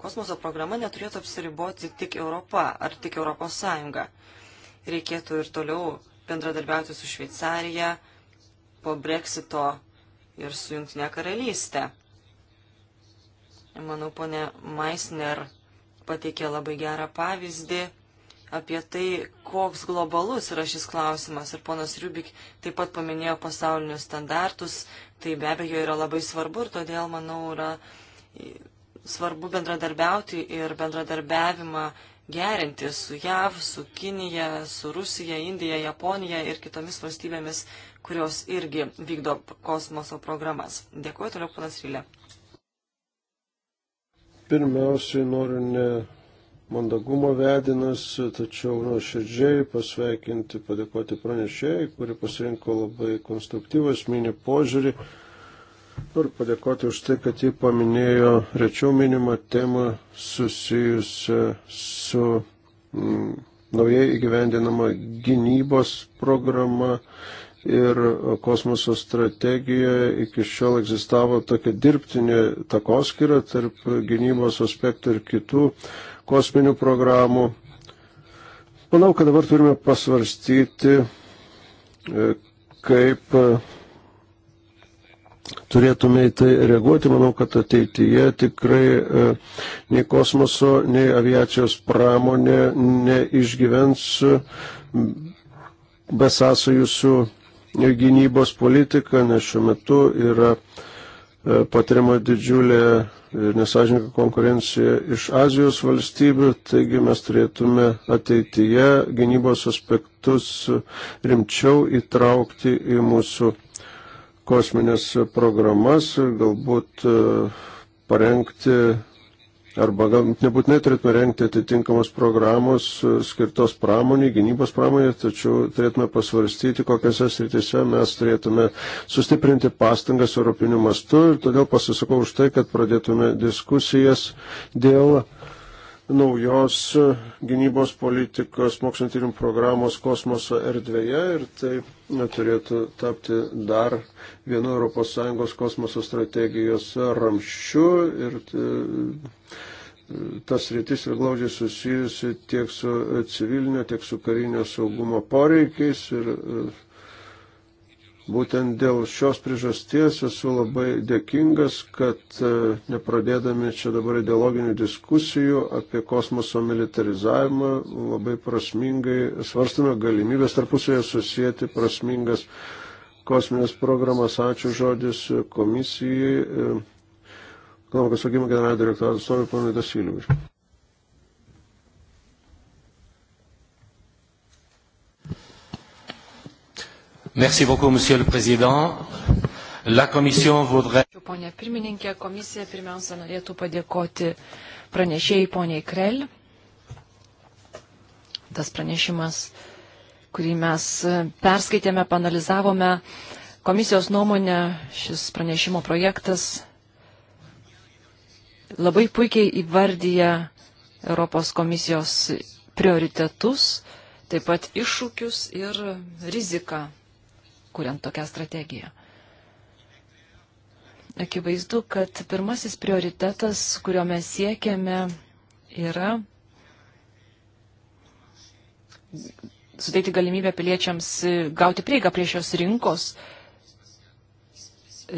kosmoso programa neturėtų apsiriboti tik Europą ar tik Europos Sąjungą. Reikėtų ir toliau bendradarbiauti su Šveicarija, po breksito ir su Junktinė karalystė. Manau, ponė Maisner pateikė labai gerą pavyzdį apie tai, koks globalus yra šis klausimas. Ir ponas Riubik taip pat paminėjo pasaulinius standartus. Tai be abejo yra labai svarbu ir todėl, manau, yra svarbu bendradarbiauti ir bendradarbiavimą gerinti su JAV, su Kinija, su Rusija, Indija, Japonija ir kitomis valstybėmis kurios irgi vykdo kosmoso programas. Dėkuoju toliau, panas Rylė. Pirmiausiai noriu ne mandagumo vedinas, tačiau nuoširdžiai pasveikinti, padėkoti pranešėjai, kuri pasirinko labai konstruktyvą asmenį požiūrį. Noriu padėkoti už tai, kad jį paminėjo rečiau minimą temą susijusią su mm, naujai įgyvendinama gynybos programa. Mm, ir kosmoso strategijoje iki šiol egzistavo tokia dirbtinė takoskyra tarp gynybos aspektų ir kitų kosminių programų. Manau, kad dabar turime pasvarstyti, e, kaip e, turėtume į tai reaguoti. Manau, kad ateityje tikrai e, nei kosmoso, nei aviacijos pramonė neišgyvens be sąsajų su gynybos politiką, nes šiuo metu yra e, patiriama didžiulė ir nesažininka konkurencija iš Azijos valstybių, taigi mes turėtume ateityje gynybos aspektus rimčiau įtraukti į mūsų kosminės programas ir galbūt e, parengti Arba gal nebūtinai turėtume renkti atitinkamos programos e, skirtos pramonį, gynybos pramonį, tačiau turėtume pasvarstyti, kokiose srityse mes turėtume sustiprinti pastangas europiniu mastu ir todėl pasisakau už tai, kad pradėtume diskusijas dėl uh, naujos gynybos politikos mokslinio tyrimų programos kosmoso erdvėje ir tai turėtų tapti dar vienu ES kosmoso strategijos ramščiu ir e, tas rytis yra glaudžiai susijusi tiek su civilinio, tiek su karinio saugumo poreikiais ir e, Būtent dėl šios priežasties esu labai dėkingas, kad e, nepradėdami čia dabar ideologinių diskusijų apie kosmoso militarizavimą labai prasmingai svarstame galimybės tarpusėje susijęti prasmingas kosminės programas. Ačiū žodis komisijai. E, ekonomikos augimo generalinio direktorio atstovui ponui Dasiliui. Merci beaucoup, Monsieur le Président. La Commission voudrait. Pone pirmininkė, komisija pirmiausia norėtų padėkoti pranešėjai poniai Krell. Tas pranešimas, kurį mes perskaitėme, panalizavome, komisijos nuomonė, šis pranešimo projektas labai puikiai įvardyja Europos komisijos prioritetus, taip pat iššūkius ir riziką kuriant tokią strategiją. Akivaizdu, kad pirmasis prioritetas, kurio mes siekiame, yra suteikti galimybę piliečiams gauti prieigą prie šios rinkos,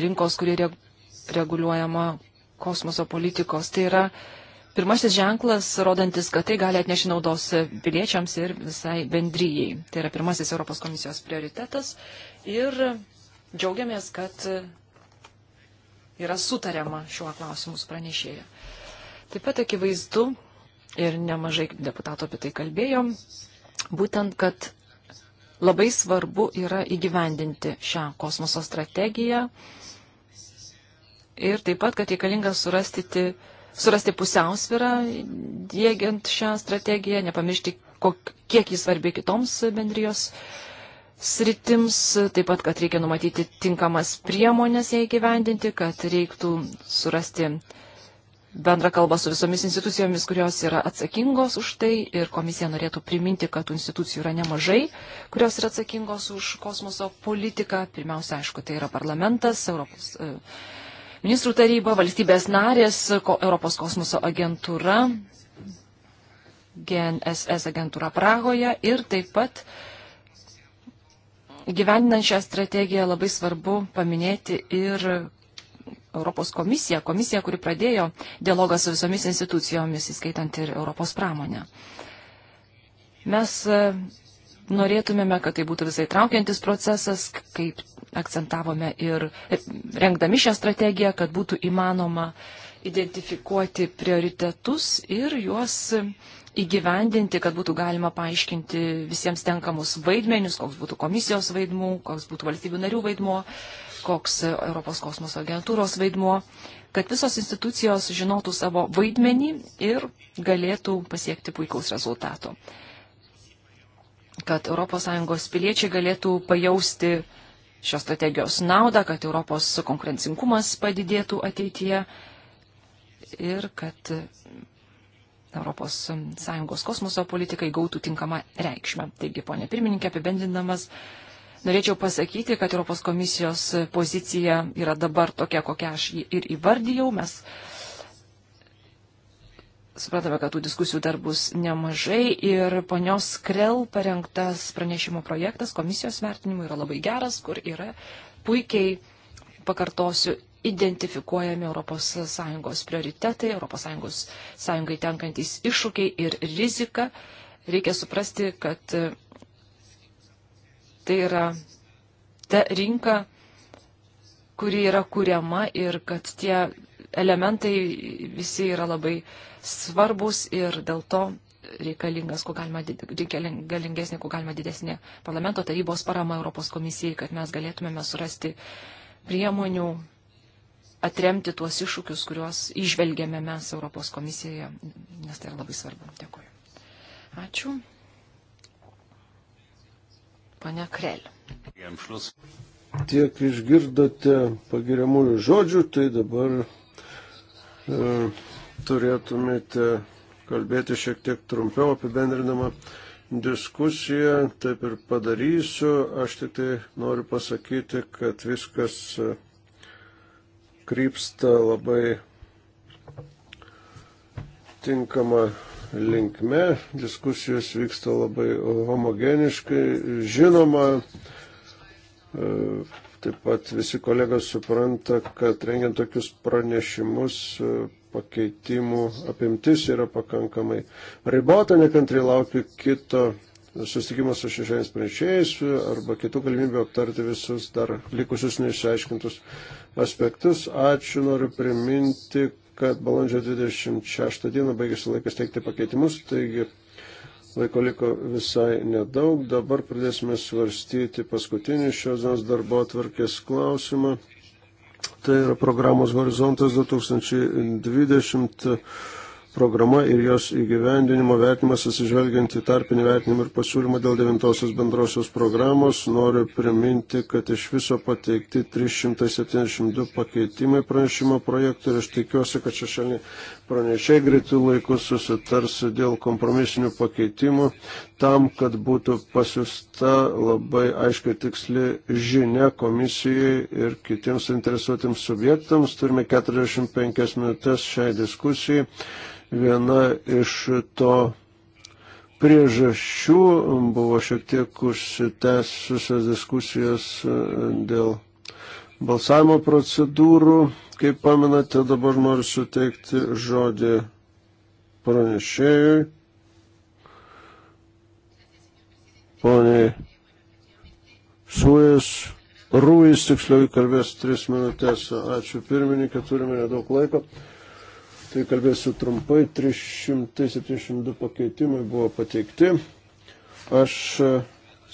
rinkos, kuri reguliuojama kosmoso politikos. Tai yra pirmasis ženklas, rodantis, kad tai gali atnešti naudos piliečiams ir visai bendryjai. Tai yra pirmasis Europos komisijos prioritetas ir džiaugiamės, kad yra sutariama šiuo klausimu su pranešėja. Taip pat akivaizdu ir nemažai deputato apie tai kalbėjom, būtent, kad labai svarbu yra įgyvendinti šią kosmoso strategiją ir taip pat, kad reikalinga surastyti surasti pusiausvirą, dėgiant šią strategiją, nepamiršti, kok, kiek jis svarbi kitoms bendrijos sritims, taip pat, kad reikia numatyti tinkamas priemonės ją įgyvendinti, kad reiktų surasti bendrą kalbą su visomis institucijomis, kurios yra atsakingos už tai ir komisija norėtų priminti, kad tų institucijų yra nemažai, kurios yra atsakingos už kosmoso politiką. Pirmiausia, aišku, tai yra parlamentas, Europos. E, ministrų taryba, valstybės narės, Europos kosmoso agentūra, GNSS agentūra Prahoje ir taip pat gyvendinant šią strategiją labai svarbu paminėti ir Europos komisiją, komisiją, kuri pradėjo dialogą su visomis institucijomis, įskaitant ir Europos pramonę. Mes e, norėtumėme, kad tai būtų visai traukiantis procesas, kaip akcentavome ir rengdami šią strategiją, kad būtų įmanoma identifikuoti prioritetus ir juos įgyvendinti, kad būtų galima paaiškinti visiems tenkamus vaidmenius, koks būtų komisijos vaidmuo, koks būtų valstybių narių vaidmuo, koks Europos kosmoso agentūros vaidmuo, kad visos institucijos žinotų savo vaidmenį ir galėtų pasiekti puikaus rezultato. Kad ES piliečiai galėtų pajausti šios strategijos naudą, kad Europos konkurencingumas padidėtų ateityje ir kad ES kosmoso politikai gautų tinkamą reikšmę. Taigi, ponė pirmininkė, apibendinamas, norėčiau pasakyti, kad Europos komisijos pozicija yra dabar tokia, kokią aš ir įvardijau. Mes Supratome, kad tų diskusijų dar bus nemažai ir ponios Krell parengtas pranešimo projektas komisijos vertinimui yra labai geras, kur yra puikiai, pakartosiu, identifikuojami ES prioritetai, ES sąjungai tenkantys iššūkiai ir rizika. Reikia suprasti, kad e, tai yra ta rinka, kuri yra kuriama ir kad tie elementai visi yra labai uh, svarbus ir dėl to reikalingas, kuo galima, reikalingesnė, kuo galima didesnė parlamento tarybos parama Europos komisijai, kad mes galėtumėme surasti priemonių atremti tuos iššūkius, kuriuos išvelgėme mes Europos komisijoje, nes tai yra labai svarbu. Dėkuoju. Ačiū. Pane Krel. Tiek išgirdote pagiriamųjų žodžių, tai dabar. Uh, e, turėtumėte kalbėti šiek tiek trumpiau apibendrinamą diskusiją, taip ir padarysiu. Aš tik tai noriu pasakyti, kad viskas e, krypsta labai tinkama linkme, diskusijos vyksta labai homogeniškai. Žinoma, e, Taip pat visi kolegos supranta, kad rengiant tokius pranešimus e, pakeitimų apimtis yra pakankamai ribota, nekantriai laukiu kito susitikimo su šešėjais pranešėjais e, arba kitų galimybių aptarti visus dar likusius neišaiškintus aspektus. Ačiū, noriu priminti, kad balandžio 26 dieną baigėsi laikas teikti pakeitimus, taigi Laiko liko visai nedaug. Dabar pradėsime svarstyti paskutinį šios dienos darbo atvarkės klausimą. Tai yra programos Horizontas 2020 programa ir jos įgyvendinimo vertinimas atsižvelgiant į tarpinį vertinimą ir pasiūlymą dėl devintosios bendrosios programos. Noriu priminti, kad iš viso pateikti 372 pakeitimai pranešimo projektų ir aš tikiuosi, kad šešėlį pranešiai greitų laikų susitars dėl kompromisinių pakeitimų tam, kad būtų pasiusta labai aiškiai tiksli žinia komisijai ir kitiems interesuotiems subjektams. Turime 45 minutės šiai diskusijai. Viena iš to priežasčių buvo šiek tiek užsitęsusios diskusijos e, dėl balsavimo procedūrų. Kaip pamenate, dabar noriu suteikti žodį pranešėjui. Pone Suės, Rūjas tiksliau kalbės tris minutės. Ačiū pirmininkė, turime nedaug laiko tai kalbėsiu trumpai, 372 pakeitimai buvo pateikti. Aš e,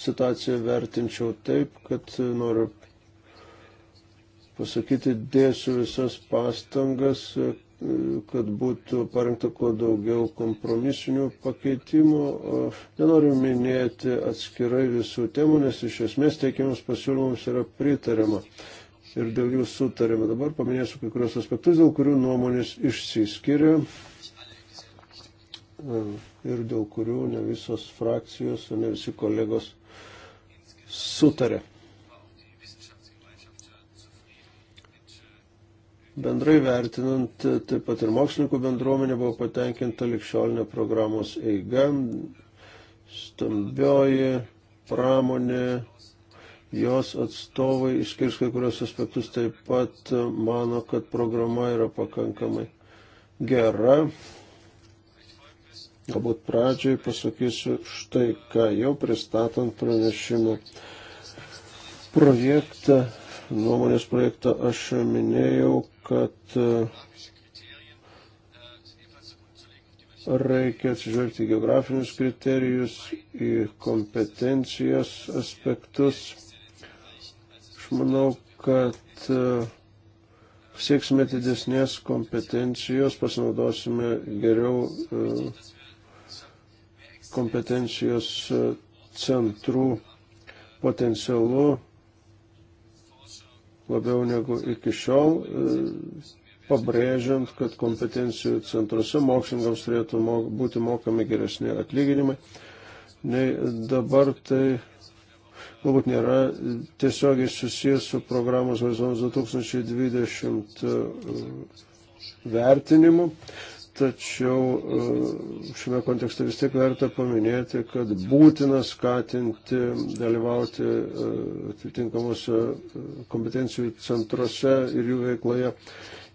situaciją vertinčiau taip, kad e, noriu pasakyti, dėsiu visas pastangas, e, kad būtų parengta kuo daugiau kompromisinių pakeitimų. Nenoriu minėti atskirai visų temų, nes iš esmės teikiamus pasiūlymus yra pritarima ir dėl jų sutarėme. Dabar paminėsiu kai kurios aspektus, dėl kurių nuomonės išsiskiria e, ir dėl kurių ne visos frakcijos, ne visi kolegos sutarė. Bendrai vertinant, taip pat ir mokslininkų bendruomenė buvo patenkinta likščiolinė programos eiga, stambioji pramonė, jos atstovai iškirs kai kurios aspektus taip pat mano, kad programa yra pakankamai gera. Galbūt pradžiai pasakysiu štai ką jau pristatant pranešimą projektą, nuomonės projektą aš minėjau, kad reikia atsižvelgti geografinius kriterijus, į kompetencijos aspektus manau, kad e, sieksime didesnės kompetencijos, pasinaudosime geriau e, kompetencijos e, centrų potencialu labiau negu iki šiol, pabrėžiant, kad kompetencijų centruose mokslininkams turėtų būti mokami geresni atlyginimai. Nei dabar tai galbūt nėra tiesiogiai susijęs su programos Horizontas 2020 e, vertinimu, tačiau e, šiame kontekste vis tiek verta paminėti, kad būtina skatinti dalyvauti e, atitinkamuose kompetencijų centruose ir jų veikloje,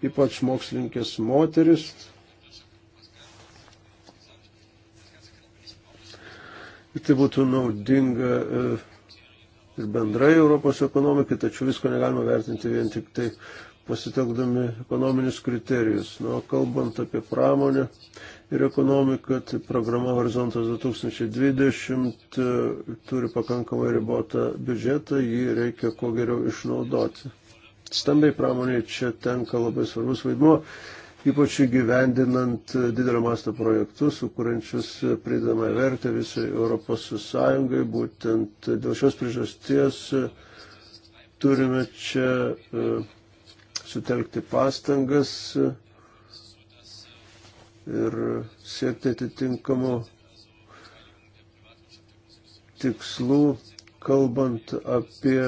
ypač mokslininkės moteris. Ir tai būtų naudinga ir bendrai Europos ekonomikai, tačiau visko negalima vertinti vien tik tai pasitelkdami ekonominius kriterijus. Na, nu, kalbant apie pramonę ir ekonomiką, tai programa Horizontas 2020 e, turi pakankamai ribotą biudžetą, jį reikia kuo geriau išnaudoti. Stambiai pramoniai čia tenka labai svarbus vaidmuo ypač įgyvendinant didelio masto projektus, sukūrančius pridamą vertę visai Europos Sąjungai. Būtent dėl šios priežasties turime čia e, sutelkti pastangas ir siekti atitinkamų tikslų, kalbant apie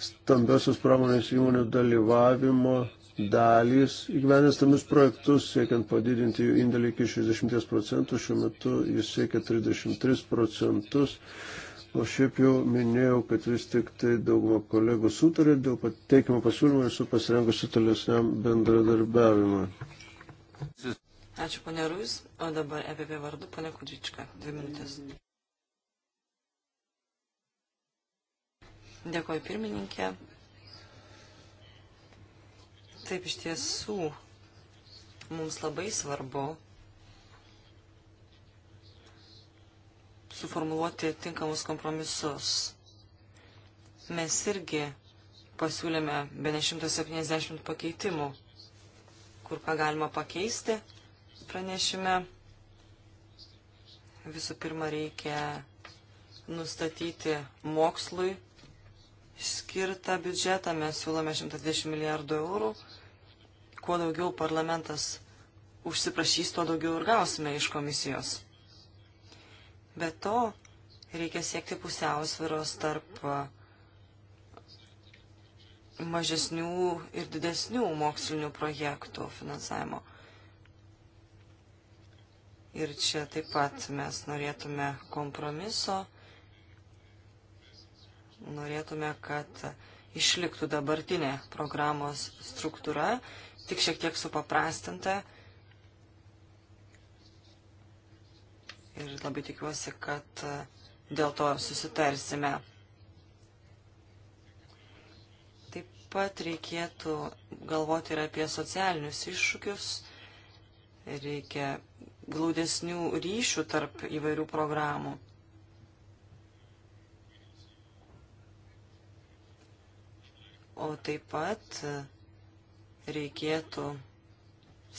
stambiosios pramonės įmonių dalyvavimo dalys įgyvenęs tamis projektus, siekiant padidinti jų indėlį iki 60 procentų, šiuo metu jis siekia 33 procentus. O šiaip jau minėjau, kad vis tik tai dauguma kolegų sutarė dėl pateikimo pasiūlymo ir su pasirengusi tolesniam bendradarbiavimui. Ačiū, ponė Rūs, o dabar EPP vardu, ponė Kudžička, dvi minutės. Dėkoju pirmininkė, Taip iš tiesų mums labai svarbu suformuluoti tinkamus kompromisus. Mes irgi pasiūlėme be ne 170 pakeitimų, kur ką galima pakeisti pranešime. Visų pirma, reikia nustatyti mokslui skirtą biudžetą. Mes siūlome 120 milijardų eurų kuo daugiau parlamentas užsiprašys, tuo daugiau ir gausime iš komisijos. Be to, reikia siekti pusiausviros tarp mažesnių ir didesnių mokslinių projektų finansavimo. Ir čia taip pat mes norėtume kompromiso, norėtume, kad išliktų dabartinė programos struktūra tik šiek tiek supaprastinta. Ir labai tikiuosi, kad e, dėl to susitarsime. Taip pat reikėtų galvoti ir apie socialinius iššūkius. Reikia glaudesnių ryšių tarp įvairių programų. O taip pat e, reikėtų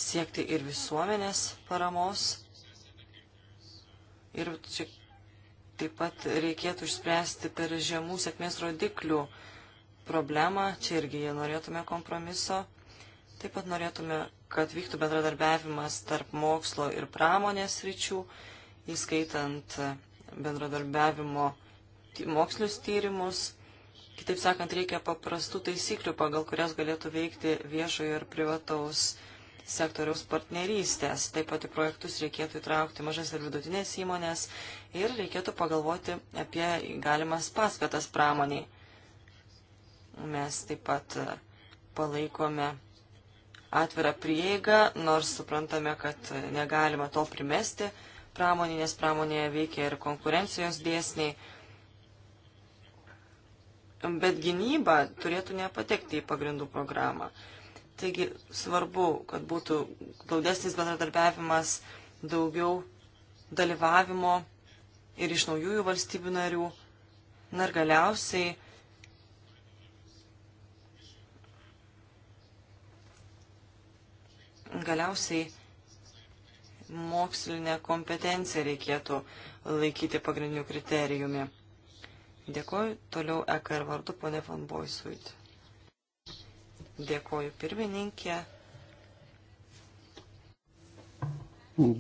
siekti ir visuomenės paramos. Ir čia taip pat reikėtų išspręsti per žemų sėkmės rodiklių problemą. Čia irgi jie norėtume kompromiso. Taip pat norėtume, kad vyktų bendradarbiavimas tarp mokslo ir pramonės ryčių, įskaitant bendradarbiavimo mokslinius tyrimus Kitaip sakant, reikia paprastų taisyklių, pagal kurias galėtų veikti viešojo ir privataus sektoriaus partnerystės. Taip pat į projektus reikėtų įtraukti mažas ir vidutinės įmonės ir reikėtų pagalvoti apie galimas paskatas pramoniai. Mes taip pat e, palaikome atvirą prieigą, nors suprantame, kad negalima to primesti pramonį, nes pramonėje veikia ir konkurencijos dėsniai bet gynyba turėtų nepatekti į pagrindų programą. Taigi svarbu, kad būtų glaudesnis bendradarbiavimas, daugiau dalyvavimo ir iš naujųjų valstybių narių. Na ir galiausiai galiausiai mokslinę kompetenciją reikėtų laikyti pagrindiniu kriterijumi. Dėkoju toliau EKR vardu ponė Van Boisuit. Dėkoju pirmininkė.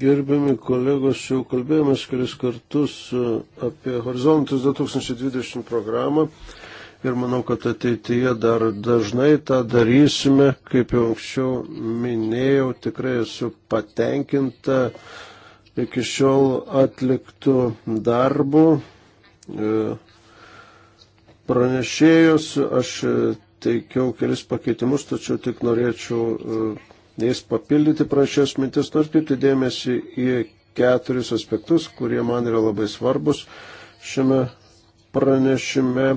Gerbiami kolegos, jau kalbėjomės kelis kartus e, apie Horizontas 2020 programą ir manau, kad ateityje dar dažnai tą darysime. Kaip jau anksčiau minėjau, tikrai esu patenkinta iki šiol atliktų darbų. E, pranešėjus. Aš e, teikiau kelis pakeitimus, tačiau tik norėčiau e, jais papildyti pranešėjus mintis, nors kaip dėmesį į keturis aspektus, kurie man yra labai svarbus šiame pranešime.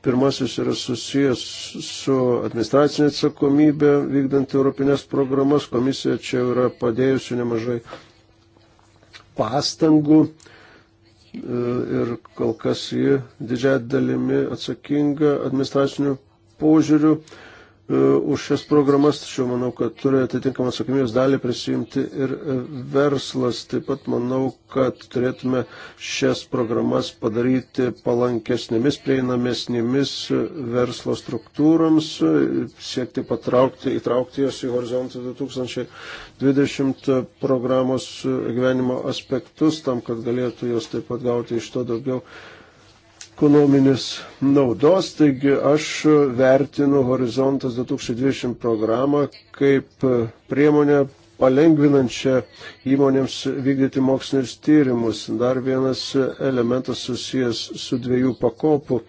Pirmasis yra susijęs su administracinė atsakomybė vykdant europinės programas. Komisija čia yra padėjusi nemažai pastangų uh, E, ir kol kas ji didžiai dalimi atsakinga administracinių požiūrių E, už šias programas, tačiau manau, kad turi atitinkamą atsakomybės dalį prisijimti ir e, verslas. Taip pat manau, kad turėtume šias programas padaryti palankesnėmis, prieinamesnėmis e, verslo struktūrams, siekti patraukti, įtraukti jas į horizontą 2020 programos gyvenimo aspektus, tam, kad galėtų jos taip pat gauti iš to daugiau ekonominės naudos, taigi aš vertinu Horizontas 2020 programą kaip priemonę palengvinančią įmonėms vykdyti mokslinius tyrimus. Dar vienas elementas susijęs su dviejų pakopų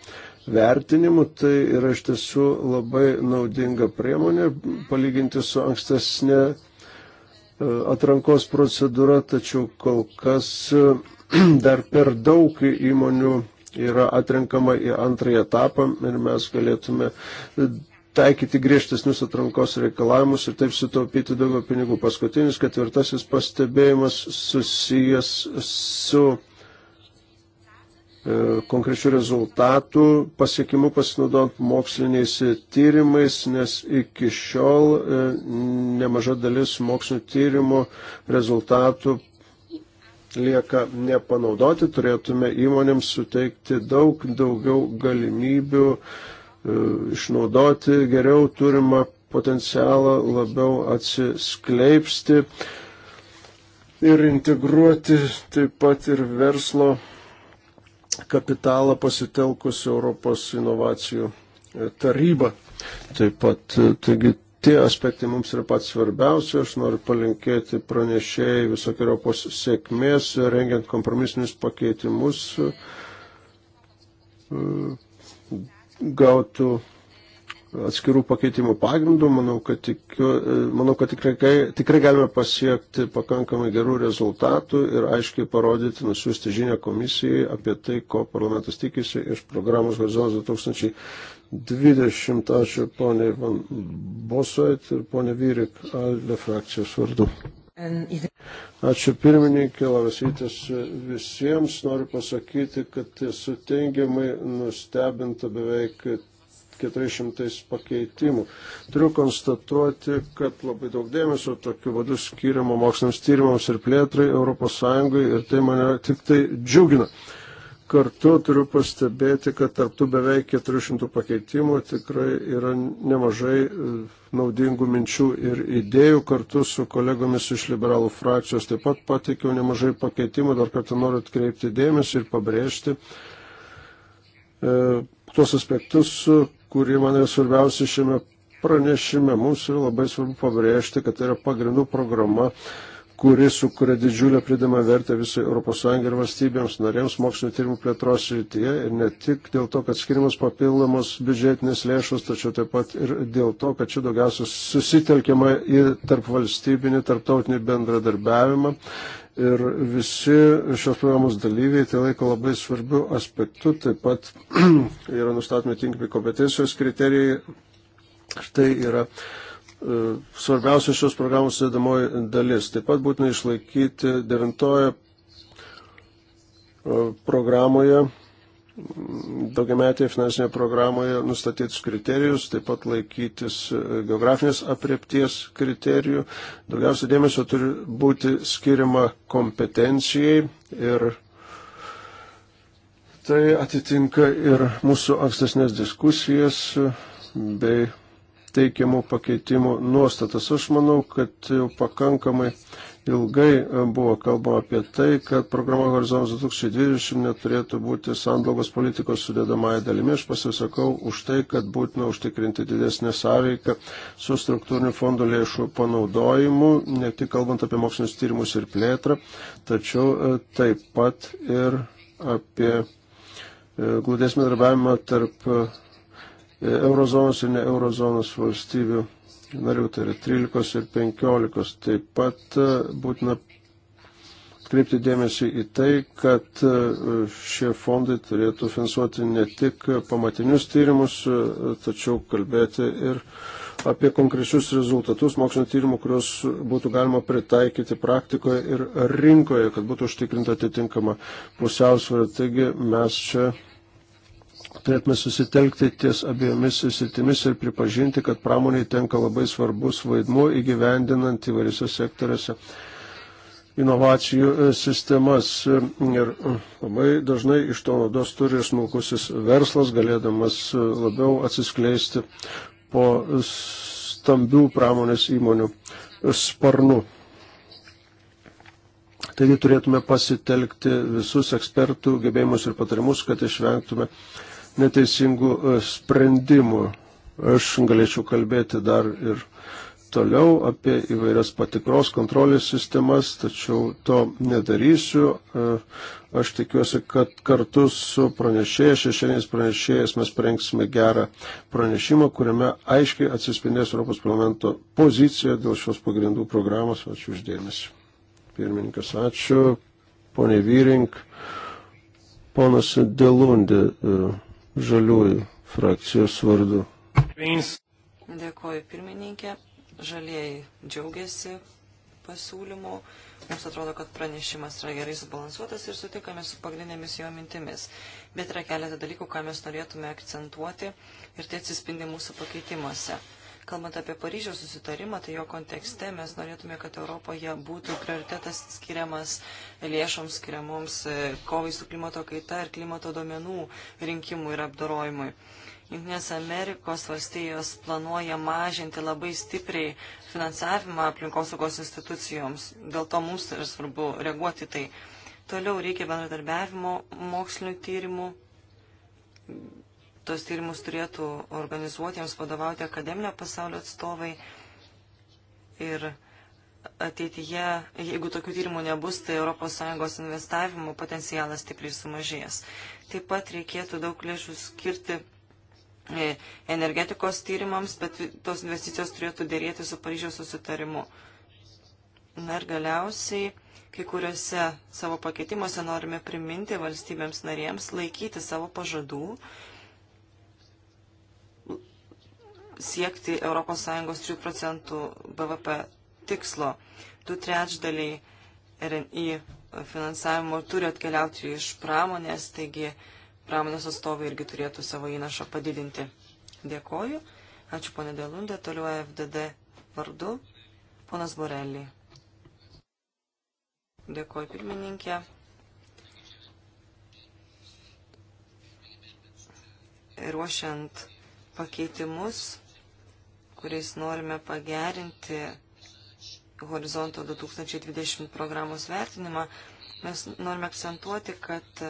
vertinimu, tai yra iš tiesų labai naudinga priemonė palyginti su ankstesnė e, atrankos procedūra, tačiau kol kas dar per daug įmonių yra atrenkama į antrąjį etapą ir mes galėtume taikyti griežtesnius atrankos reikalavimus ir taip sutaupyti daugiau pinigų. Paskutinis ketvirtasis pastebėjimas susijęs su e, konkrečių rezultatų pasiekimu pasinaudojant moksliniais tyrimais, nes iki šiol e, nemaža dalis mokslinio tyrimo rezultatų lieka nepanaudoti, turėtume įmonėms suteikti daug daugiau galimybių e, išnaudoti geriau turimą potencialą, labiau atsiskleipsti ir integruoti taip pat ir verslo kapitalą pasitelkus Europos inovacijų e, tarybą. Taip pat, e, taigi tie aspektai mums yra pats svarbiausi. Aš noriu palinkėti pranešėjai visokiojopos sėkmės, rengiant kompromisinius pakeitimus, gautų atskirų pakeitimų pagrindų. Manau, kad, tikiu, manau, kad tikrai, tikrai galime pasiekti pakankamai gerų rezultatų ir aiškiai parodyti, nusiųsti žinę komisijai apie tai, ko parlamentas tikisi iš programos Horizontas 2000. 20. Ačiū ponė Van Bosait ir ponė Vyrik Alde frakcijos vardu. Ačiū pirmininkė, labas rytas visiems. Noriu pasakyti, kad esu teigiamai nustebinta beveik 400 pakeitimų. Turiu konstatuoti, kad labai daug dėmesio tokiu vadu skiriama moksliniams tyrimams ir plėtrai ES ir tai mane tik tai džiugina. Kartu turiu pastebėti, kad tarptų beveik 400 pakeitimų tikrai yra nemažai e, naudingų minčių ir idėjų. Kartu su kolegomis iš liberalų frakcijos taip pat pateikiau nemažai pakeitimų. Dar kartą noriu atkreipti dėmesį ir pabrėžti e, tuos aspektus, kurie man yra svarbiausi šiame pranešime. Mums yra labai svarbu pabrėžti, kad tai yra pagrindų programa kuris sukuria didžiulę pridamą vertę visai ES ir valstybėms narėms mokslinio tyrimų plėtros srityje ir ne tik dėl to, kad skirimas papildomos biudžetinės lėšos, tačiau taip pat ir dėl to, kad čia daugiausia susitelkiama į tarp valstybinį, tarptautinį bendradarbiavimą. Ir visi šios programos dalyviai tai laiko labai svarbiu aspektu, taip pat yra nustatomi tinkami kompetencijos kriterijai. Štai yra uh, E, svarbiausia šios programos sėdamoji dalis. Taip pat būtina išlaikyti devintoje e, programoje, daugiametėje finansinėje programoje nustatytus kriterijus, taip pat laikytis e, geografinės apriepties kriterijų. Daugiausia dėmesio turi būti skiriama kompetencijai ir tai atitinka ir mūsų ankstesnės diskusijas bei teikiamų pakeitimų nuostatas. Aš manau, kad jau pakankamai ilgai e, buvo kalbama apie tai, kad programa Horizontas 2020 neturėtų būti sandalgos politikos sudėdamąją dalimi. Aš pasisakau už tai, kad būtina užtikrinti didesnę sąveiką su struktūrinių fondų lėšų panaudojimu, ne tik kalbant apie mokslinius tyrimus ir plėtrą, tačiau e, taip pat ir apie e, glūdės medarbiavimą tarp eurozonos ir ne eurozonos valstybių narių, tai yra 13 ir 15. Taip pat e, būtina kreipti dėmesį į tai, kad e, šie fondai turėtų finansuoti ne tik pamatinius tyrimus, e, tačiau kalbėti ir apie konkrečius rezultatus mokslinio tyrimų, kuriuos būtų galima pritaikyti praktikoje ir rinkoje, kad būtų užtikrinta atitinkama pusiausvėra. Taigi mes čia turėtume susitelkti ties abiejomis sritimis ir pripažinti, kad pramoniai tenka labai svarbus vaidmuo įgyvendinant įvairiose sektoriuose inovacijų e, sistemas. Ir e, labai dažnai iš to naudos turi smulkusis verslas, galėdamas e, labiau atsiskleisti po stambių pramonės įmonių sparnų. Taigi turėtume pasitelkti visus ekspertų gebėjimus ir patarimus, kad išvengtume uh, neteisingų e, sprendimų. Aš galėčiau kalbėti dar ir toliau apie įvairias patikros kontrolės sistemas, tačiau to nedarysiu. E, aš tikiuosi, kad kartu su pranešėjais, šešėniais pranešėjais mes prengsime gerą pranešimą, kuriame aiškiai atsispindės Europos parlamento pozicija dėl šios pagrindų programos. Ačiū uždėmesi. Pirmininkas, ačiū. Pone Vyrink, ponas Delundė. Uh, žaliųjų frakcijos vardu. Dėkoju pirmininkė. Žalieji džiaugiasi pasiūlymu. Mums atrodo, kad pranešimas yra gerai subalansuotas ir sutikame su pagrindinėmis jo mintimis. Bet yra keletą dalykų, ką mes norėtume akcentuoti ir tai atsispindi mūsų pakeitimuose. Kalbant apie Paryžiaus susitarimą, tai jo kontekste mes norėtume, kad Europoje būtų prioritetas skiriamas lėšoms skiriamoms e, kovai su klimato kaita ir klimato domenų rinkimui ir apdorojimui. Junktinės Amerikos valstijos planuoja mažinti labai stipriai finansavimą aplinkosaugos institucijoms. Dėl to mums yra svarbu reaguoti tai. Toliau reikia bendradarbiavimo, mokslinių tyrimų, tos tyrimus turėtų organizuoti, jiems vadovauti akademinio pasaulio atstovai. Ir ateityje, jeigu tokių tyrimų nebus, tai ES investavimo potencialas stipriai sumažės. Taip pat reikėtų daug lėšų skirti e, energetikos tyrimams, bet tos investicijos turėtų dėrėti su Paryžiaus susitarimu. Na ir galiausiai, kai kuriuose savo pakeitimuose norime priminti valstybėms narėms laikyti savo pažadų siekti ES 3 procentų BVP tikslo. Du trečdaliai RNI finansavimo turi atkeliauti iš pramonės, taigi pramonės atstovai irgi turėtų savo įnašą padidinti. Dėkoju. Ačiū ponė Delundė, toliau FDD vardu, ponas Borelį. Dėkoju pirmininkė. Ruošiant pakeitimus kuriais norime pagerinti Horizonto 2020 programos vertinimą, mes norime akcentuoti, kad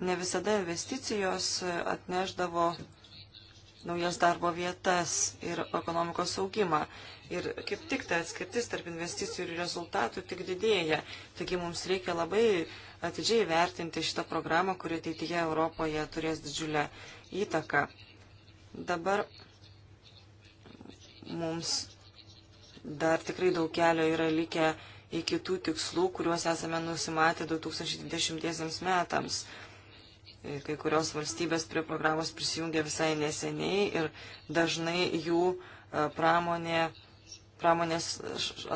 ne visada investicijos atneždavo naujas darbo vietas ir ekonomikos augimą. Ir kaip tik ta atskirtis tarp investicijų ir rezultatų tik didėja. Taigi mums reikia labai atidžiai vertinti šitą programą, kuri ateityje Europoje turės didžiulę įtaką. Dabar mums dar tikrai daug kelio yra likę iki tų tikslų, kuriuos esame nusimatę 2020 metams. Kai kurios valstybės prie programos prisijungia visai neseniai ir dažnai jų e, pramonė, pramonės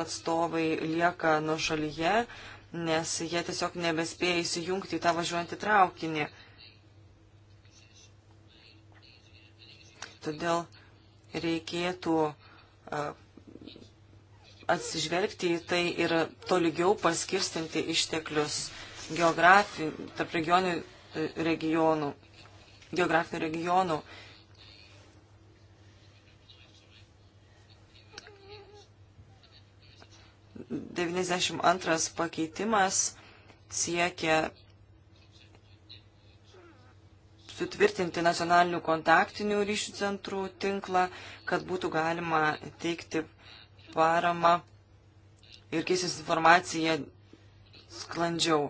atstovai lieka nuo šalyje, nes jie tiesiog nebespėja įsijungti į tą važiuojantį traukinį. Todėl reikėtų atsižvelgti į tai ir tolygiau paskirstinti išteklius geografi, tarp regionių e, regionų, geografinių regionų. Devyniasdešimt antras pakeitimas siekia sutvirtinti nacionalinių kontaktinių ryšių centrų tinklą, kad būtų galima teikti paramą ir keistis informaciją sklandžiau.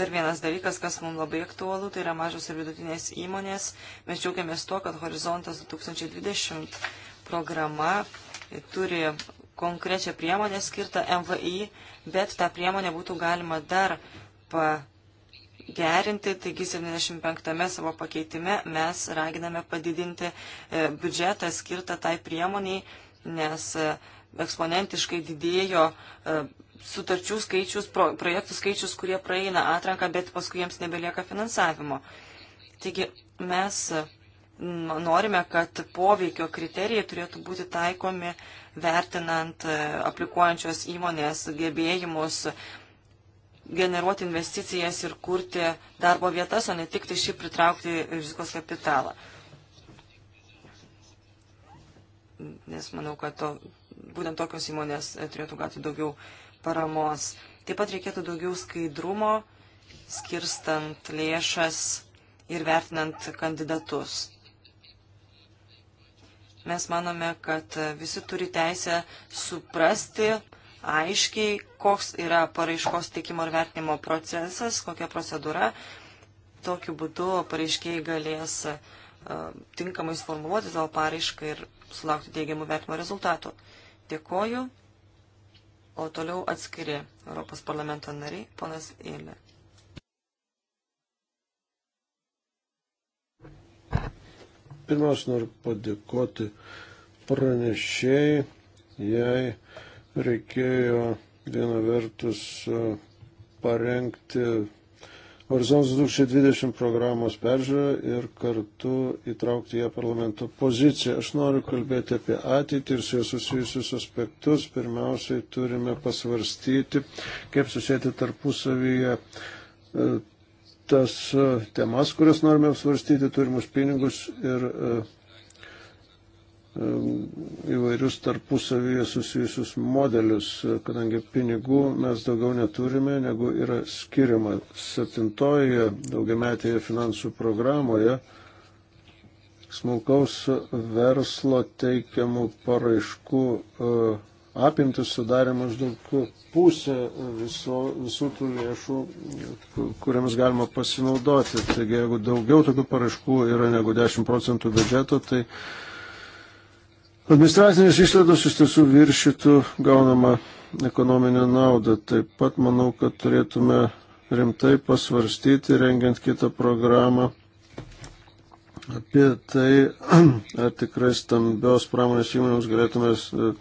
Dar vienas dalykas, kas mums labai aktualu, tai yra mažos ir vidutinės įmonės. Mes džiaugiamės tuo, kad Horizontas 2020 programa turi konkrečią priemonę skirtą MVI, bet tą priemonę būtų galima dar pa gerinti, taigi 75-ame savo pakeitime mes raginame padidinti e, biudžetą skirtą tai priemoniai, nes e, eksponentiškai didėjo e, sutarčių skaičius, projektų skaičius, kurie praeina atranką, bet paskui jiems nebelieka finansavimo. Taigi mes norime, kad poveikio kriterijai turėtų būti taikomi vertinant aplikuojančios įmonės gebėjimus generuoti investicijas ir kurti darbo vietas, o ne tik tai šiaip pritraukti rizikos kapitalą. Nes manau, kad to, būtent tokios įmonės e, turėtų gauti daugiau paramos. Taip pat reikėtų daugiau skaidrumo, skirstant lėšas ir vertinant kandidatus. Mes manome, kad e, visi turi teisę suprasti, aiškiai, koks yra paraiškos teikimo ir vertinimo procesas, kokia procedūra. Tokiu būdu pareiškiai galės e, tinkamai sformuluoti savo paraišką ir sulaukti teigiamų vertimo rezultatų. Dėkoju. O toliau atskiri Europos parlamento nariai, ponas Eilė. Pirmiausia, noriu padėkoti pranešėjai, jai reikėjo viena vertus e, parengti Horizontas 2020 programos peržiūrą ir kartu įtraukti ją parlamento poziciją. Aš noriu kalbėti apie ateitį ir su jais susijusius aspektus. Pirmiausiai turime pasvarstyti, kaip susėti tarpusavyje e, tas e, temas, kurias norime apsvarstyti, turimus pinigus ir uh, įvairius tarpusavyje susijusius modelius, kadangi pinigų mes daugiau neturime, negu yra skiriama. Septintoje daugiametėje finansų programoje smulkaus verslo teikiamų paraiškų e, apimtis sudarė maždaug pusę viso, visų tų lėšų, kuriams galima pasinaudoti. Taigi, jeigu daugiau tokių paraiškų yra negu 10 procentų biudžeto, tai administracinės išlaidos iš tiesų viršytų gaunamą ekonominę naudą. Taip pat manau, kad turėtume rimtai pasvarstyti, rengiant kitą programą apie tai, ar tikrai stambios pramonės įmonėms galėtume e,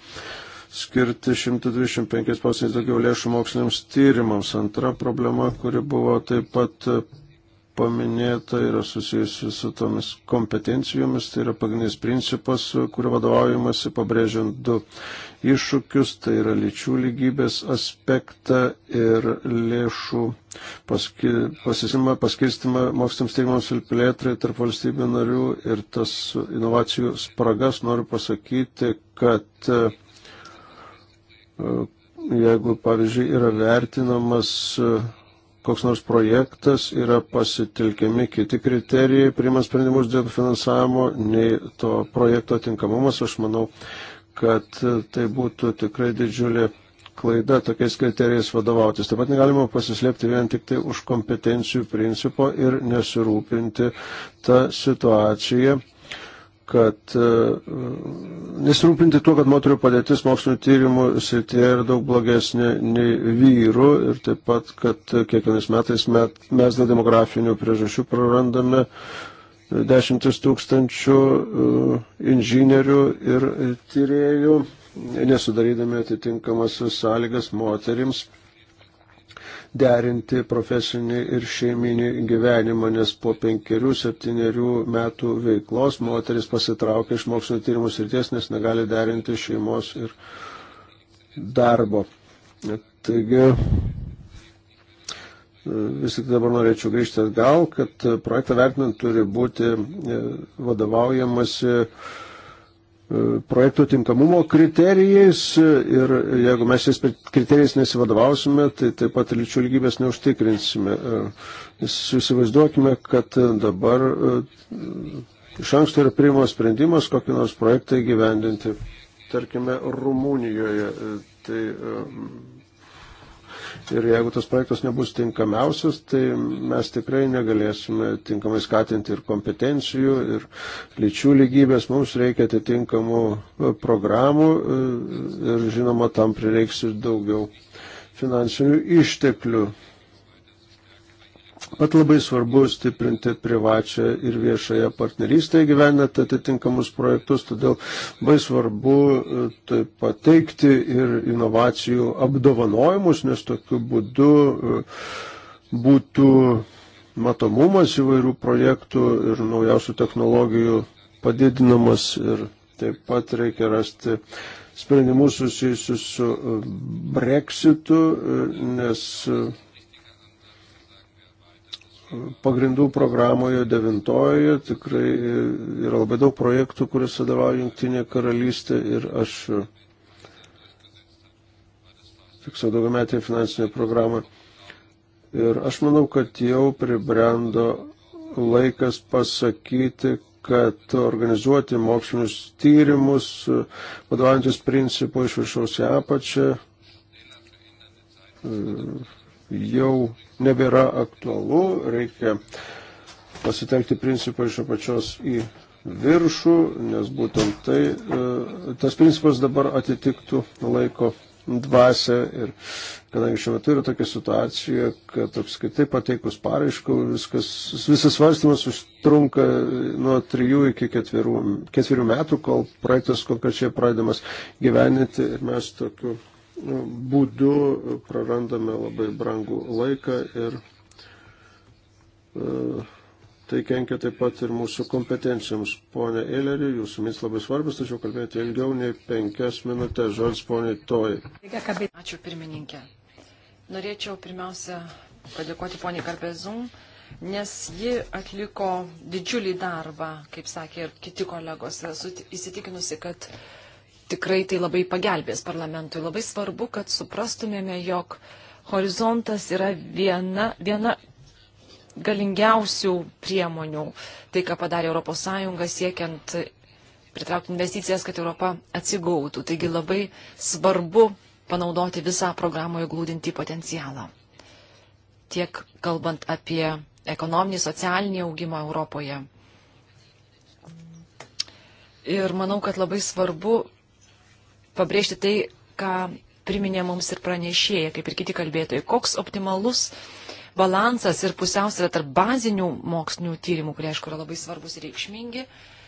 skirti 125 procentus daugiau lėšų moksliniams tyrimams. Antra problema, kuri buvo taip pat e, paminėta yra susijusi su tomis kompetencijomis, tai yra pagrindinis principas, kurio vadovaujamasi pabrėžiant du iššūkius, tai yra lyčių lygybės aspektą ir lėšų paski, pasisimą, paskirstimą mokslams tyrimams ir plėtrai tarp valstybių narių ir tas inovacijų spragas noriu pasakyti, kad e, jeigu, pavyzdžiui, yra vertinamas koks nors projektas, yra pasitelkiami kiti kriterijai, priimant sprendimus dėl finansavimo, nei to projekto tinkamumas. Aš manau, kad tai būtų tikrai didžiulė klaida tokiais kriterijais vadovautis. Taip pat negalima pasislėpti vien tik tai už kompetencijų principo ir nesirūpinti tą situaciją, kad e, nesirūpinti tuo, kad moterių padėtis mokslinio tyrimų srityje yra daug blogesnė nei vyrų ir taip pat, kad kiekvienais metais met, mes dėl demografinių priežasčių prarandame dešimtis tūkstančių e, inžinierių ir tyriejų, nesudarydami atitinkamas sąlygas moterims derinti profesinį ir šeiminį gyvenimą, nes po penkerių, septyniarių metų veiklos moteris pasitraukia iš mokslinio tyrimų srities, nes negali derinti šeimos ir darbo. Taigi, vis tik dabar norėčiau grįžti atgal, kad projektą vertinant turi būti e, vadovaujamasi projektų tinkamumo kriterijais ir jeigu mes jais kriterijais nesivadovausime, tai taip pat lyčių lygybės neužtikrinsime. Įsivaizduokime, kad dabar e, iš anksto yra priimamas sprendimas kokį nors projektą įgyvendinti, tarkime, Rumunijoje. E, tai e, Ir jeigu tas projektas nebus tinkamiausias, tai mes tikrai negalėsime tinkamai skatinti ir kompetencijų, ir lyčių lygybės. Mums reikia atitinkamų e, programų e, ir žinoma, tam prireiks ir daugiau finansinių išteklių. Pat labai svarbu stiprinti privačią ir viešąją partnerystę įgyvenant atitinkamus projektus, todėl labai svarbu tai pateikti ir inovacijų apdovanojimus, nes tokiu būdu e, būtų matomumas įvairių projektų ir naujausių technologijų padidinamas ir taip pat reikia rasti sprendimus susijusius su e, breksitu, nes pagrindų programoje devintojoje tikrai yra labai daug projektų, kuris sadavauja Junktinė karalystė ir aš tiksliau daugiametį finansinę programą. Ir aš manau, kad jau pribrendo laikas pasakyti, kad organizuoti mokslinius tyrimus, vadovantis principu iš viršaus į apačią, jau nebėra aktualu, reikia pasitelkti principą iš apačios į viršų, nes būtent tai, e, tas principas dabar atitiktų laiko dvasę ir kadangi šiuo metu yra tokia situacija, kad apskaitai pateikus paraiškų, viskas, visas svarstymas užtrunka nuo trijų iki ketverių, ketverių metų, kol projektas konkrečiai pradedamas gyveninti ir mes tokiu būdu prarandame labai brangų laiką ir e, tai kenkia taip pat ir mūsų kompetencijoms. Pone Eileri, jūsų mintis labai svarbus, tačiau kalbėti ilgiau nei penkias minutės. Žodis poniai Toji. Ačiū pirmininkė. Norėčiau pirmiausia padėkoti poniai Karpezum, nes ji atliko didžiulį darbą, kaip sakė ir kiti kolegos. Esu įsitikinusi, kad uh, tikrai tai labai pagelbės parlamentui. Labai svarbu, kad suprastumėme, jog horizontas yra viena, viena galingiausių priemonių. Tai, ką padarė ES siekiant pritraukti investicijas, kad Europa atsigautų. Taigi labai svarbu panaudoti visą programoje glūdinti potencialą. Tiek kalbant apie ekonominį, socialinį augimą Europoje. Ir manau, kad labai svarbu pabrėžti tai, ką priminė mums ir pranešėja, kaip ir kiti kalbėtojai, koks optimalus balansas ir pusiausvė tarp bazinių mokslinių tyrimų, kurie aišku yra labai svarbus ir reikšmingi, uh,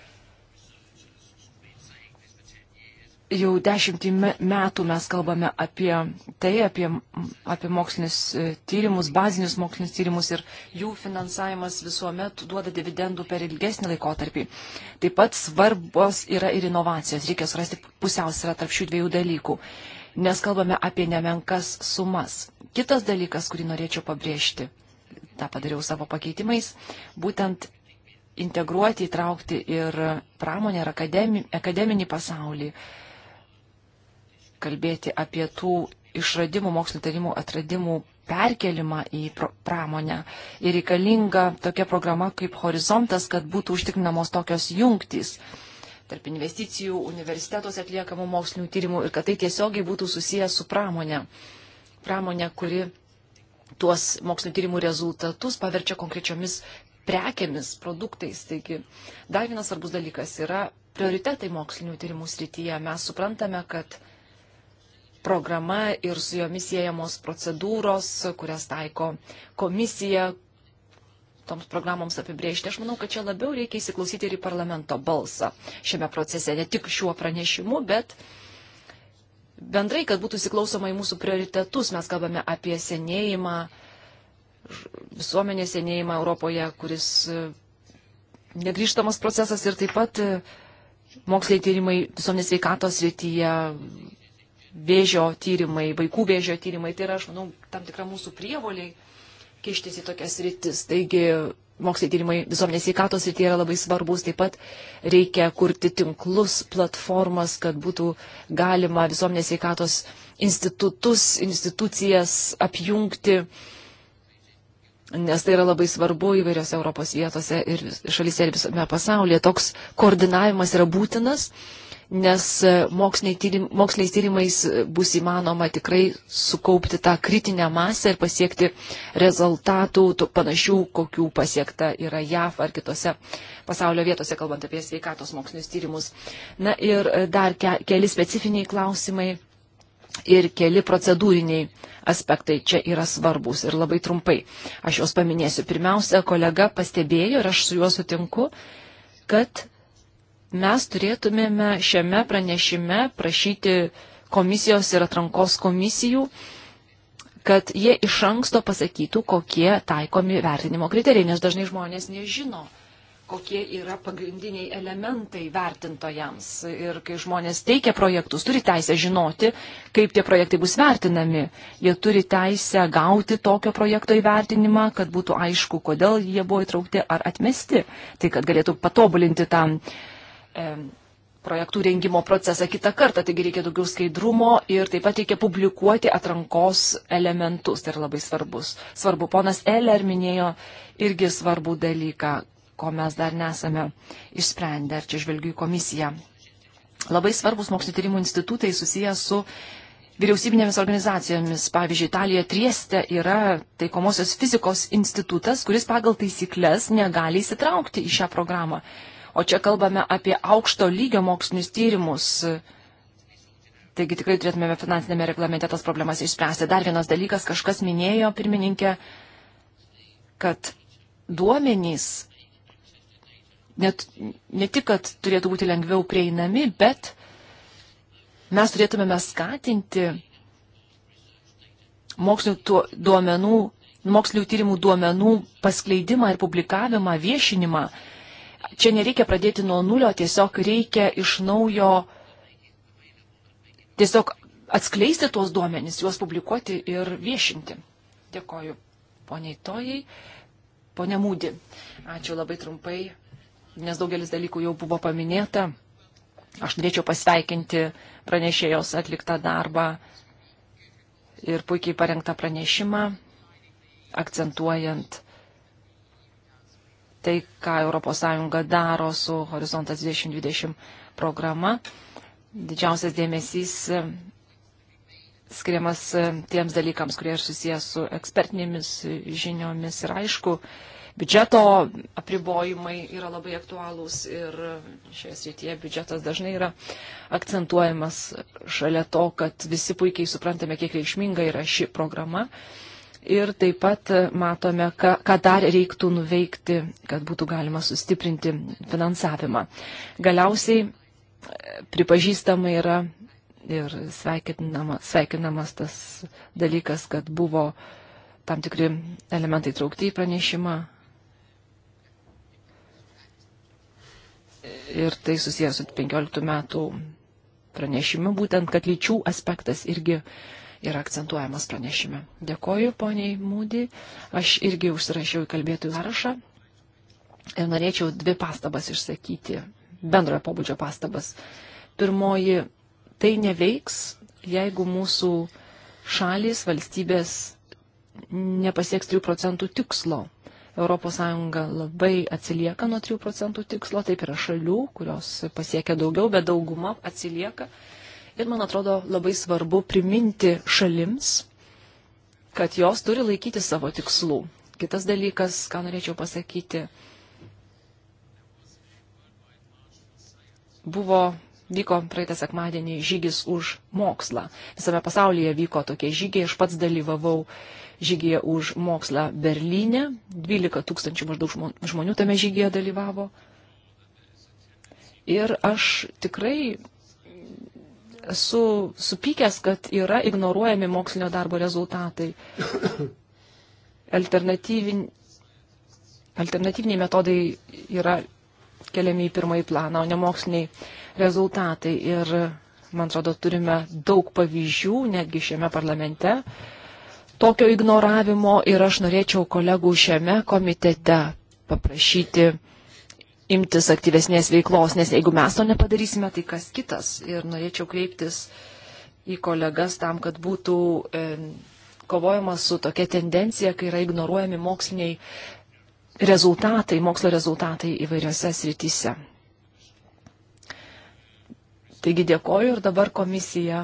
jau dešimtį metų mes kalbame apie tai, apie, apie mokslinius e, tyrimus, bazinius mokslinius tyrimus ir jų finansavimas visuomet duoda dividendų per ilgesnį laikotarpį. Taip pat svarbos yra ir inovacijos. Reikia surasti pusiausvyrą tarp šių dviejų dalykų, nes kalbame apie nemenkas sumas. Kitas dalykas, kurį norėčiau pabrėžti, tą padariau savo pakeitimais, būtent integruoti, įtraukti ir pramonę ir akademinį, akademinį pasaulį kalbėti apie tų išradimų, mokslinio tarimų atradimų perkelimą į pramonę. Ir reikalinga tokia programa kaip horizontas, kad būtų užtikrinamos tokios jungtys tarp investicijų, universitetos atliekamų mokslinių tyrimų ir kad tai tiesiogiai būtų susijęs su pramonė. Pramonė, kuri tuos mokslinio tyrimų rezultatus paverčia konkrečiomis prekėmis, produktais. Taigi, dar vienas svarbus dalykas yra prioritetai mokslinių tyrimų srityje. Mes suprantame, kad programa ir su jomis siejamos procedūros, kurias taiko komisija toms programoms apibriežti. Aš manau, kad čia labiau reikia įsiklausyti ir į parlamento balsą šiame procese, ne tik šiuo pranešimu, bet bendrai, kad būtų įsiklausoma į mūsų prioritetus. Mes kalbame apie senėjimą, visuomenės senėjimą Europoje, kuris e, negryžtamas procesas ir taip pat e, moksliniai tyrimai visuomenės veikatos rytyje, vėžio tyrimai, vaikų vėžio tyrimai. Tai yra, aš manau, tam tikra mūsų prievoliai kištis į tokias rytis. Taigi, moksliniai tyrimai visuomenės įkatos rytyje yra labai svarbus. Taip pat reikia kurti tinklus, platformas, kad būtų galima visuomenės įkatos institutus, institucijas apjungti. Nes tai yra labai svarbu įvairiose Europos vietose ir šalyse ir visame pasaulyje. Toks koordinavimas yra būtinas. Uh, nes e, tyrim, moksliniais tyrimais e, bus įmanoma tikrai sukaupti tą kritinę masę ir pasiekti rezultatų panašių, kokių pasiekta yra JAF ar kitose pasaulio vietose, kalbant apie sveikatos mokslinius tyrimus. Na ir e, dar ke keli specifiniai klausimai ir keli procedūriniai aspektai čia yra svarbus ir labai trumpai. Aš juos paminėsiu. Pirmiausia, kolega pastebėjo ir aš su juo sutinku, kad mes turėtumėme šiame pranešime prašyti komisijos ir atrankos komisijų, kad jie iš anksto pasakytų, kokie taikomi vertinimo kriterijai, nes dažnai žmonės nežino, kokie yra pagrindiniai elementai vertintojams. Ir kai žmonės teikia projektus, turi teisę žinoti, kaip tie projektai bus vertinami. Jie turi teisę gauti tokio projekto įvertinimą, kad būtų aišku, kodėl jie buvo įtraukti ar atmesti. Tai kad galėtų patobulinti tam E, projektų rengimo procesą kitą kartą, taigi reikia daugiau skaidrumo ir taip pat reikia publikuoti atrankos elementus, tai yra labai svarbus. Svarbu, ponas Eller minėjo irgi svarbų dalyką, ko mes dar nesame išsprendę, ar čia žvelgiu į komisiją. Labai svarbus mokslo tyrimų institutai susijęs su vyriausybinėmis organizacijomis. Pavyzdžiui, Italijoje Trieste yra taikomosios fizikos institutas, kuris pagal taisyklės negali įsitraukti į šią programą. O čia kalbame apie aukšto lygio mokslinius tyrimus. Taigi tikrai turėtumėme finansinėme reglamente tas problemas išspręsti. Dar vienas dalykas, kažkas minėjo, pirmininkė, kad duomenys net, ne tik, kad turėtų būti lengviau prieinami, bet mes turėtumėme skatinti mokslinio duomenų, mokslinio tyrimų duomenų paskleidimą ir publikavimą, viešinimą čia nereikia pradėti nuo nulio, tiesiog reikia iš naujo tiesiog atskleisti tuos duomenys, juos publikuoti ir viešinti. Dėkoju poniai Tojai, ponia Mūdi. Ačiū labai trumpai, nes daugelis dalykų jau buvo paminėta. Aš norėčiau pasveikinti pranešėjos atliktą darbą ir puikiai parengtą pranešimą, akcentuojant tai, ką ES daro su Horizontas 2020 programa. Didžiausias dėmesys e, skiriamas e, tiems dalykams, kurie ir susijęs su ekspertinėmis e, žiniomis ir aišku, biudžeto apribojimai yra labai aktualūs ir šioje srityje biudžetas dažnai yra akcentuojamas šalia to, kad visi puikiai suprantame, kiek reikšminga yra ši programa. Uh, ir taip pat matome, ką, ką dar reiktų nuveikti, kad būtų galima sustiprinti finansavimą. Galiausiai e, pripažįstama yra ir sveikinama, sveikinamas tas dalykas, kad buvo tam tikri elementai traukti į pranešimą. Ir tai susijęs su 15 metų pranešimu, būtent, kad lyčių aspektas irgi uh, yra akcentuojamas pranešime. Dėkoju, poniai Mūdi. Aš irgi užsirašiau į kalbėtojų sąrašą ir norėčiau dvi pastabas išsakyti, bendrojo pobūdžio pastabas. Pirmoji, tai neveiks, jeigu mūsų šalis, valstybės nepasieks 3 procentų tikslo. ES labai atsilieka nuo 3 procentų tikslo, taip yra šalių, kurios pasiekia daugiau, bet dauguma atsilieka. Ir man atrodo labai svarbu priminti šalims, kad jos turi laikyti savo tikslų. Kitas dalykas, ką norėčiau pasakyti, buvo, vyko praeitą sekmadienį žygis už mokslą. Visame pasaulyje vyko tokie žygiai, aš pats dalyvavau žygyje už mokslą Berlyne, 12 tūkstančių maždaug žmonių tame žygyje dalyvavo. Ir aš tikrai esu supykęs, kad yra ignoruojami mokslinio darbo rezultatai. Alternatyvin... Alternatyviniai metodai yra keliami į pirmąjį planą, o ne moksliniai rezultatai. Ir, man atrodo, turime daug pavyzdžių, netgi šiame parlamente, tokio ignoravimo ir aš norėčiau kolegų šiame komitete paprašyti imtis aktyvesnės veiklos, nes jeigu mes to nepadarysime, tai kas kitas. Ir norėčiau kreiptis į kolegas tam, kad būtų e, kovojama su tokia tendencija, kai yra ignoruojami moksliniai rezultatai, mokslo rezultatai įvairiose srityse. Taigi dėkoju ir dabar komisija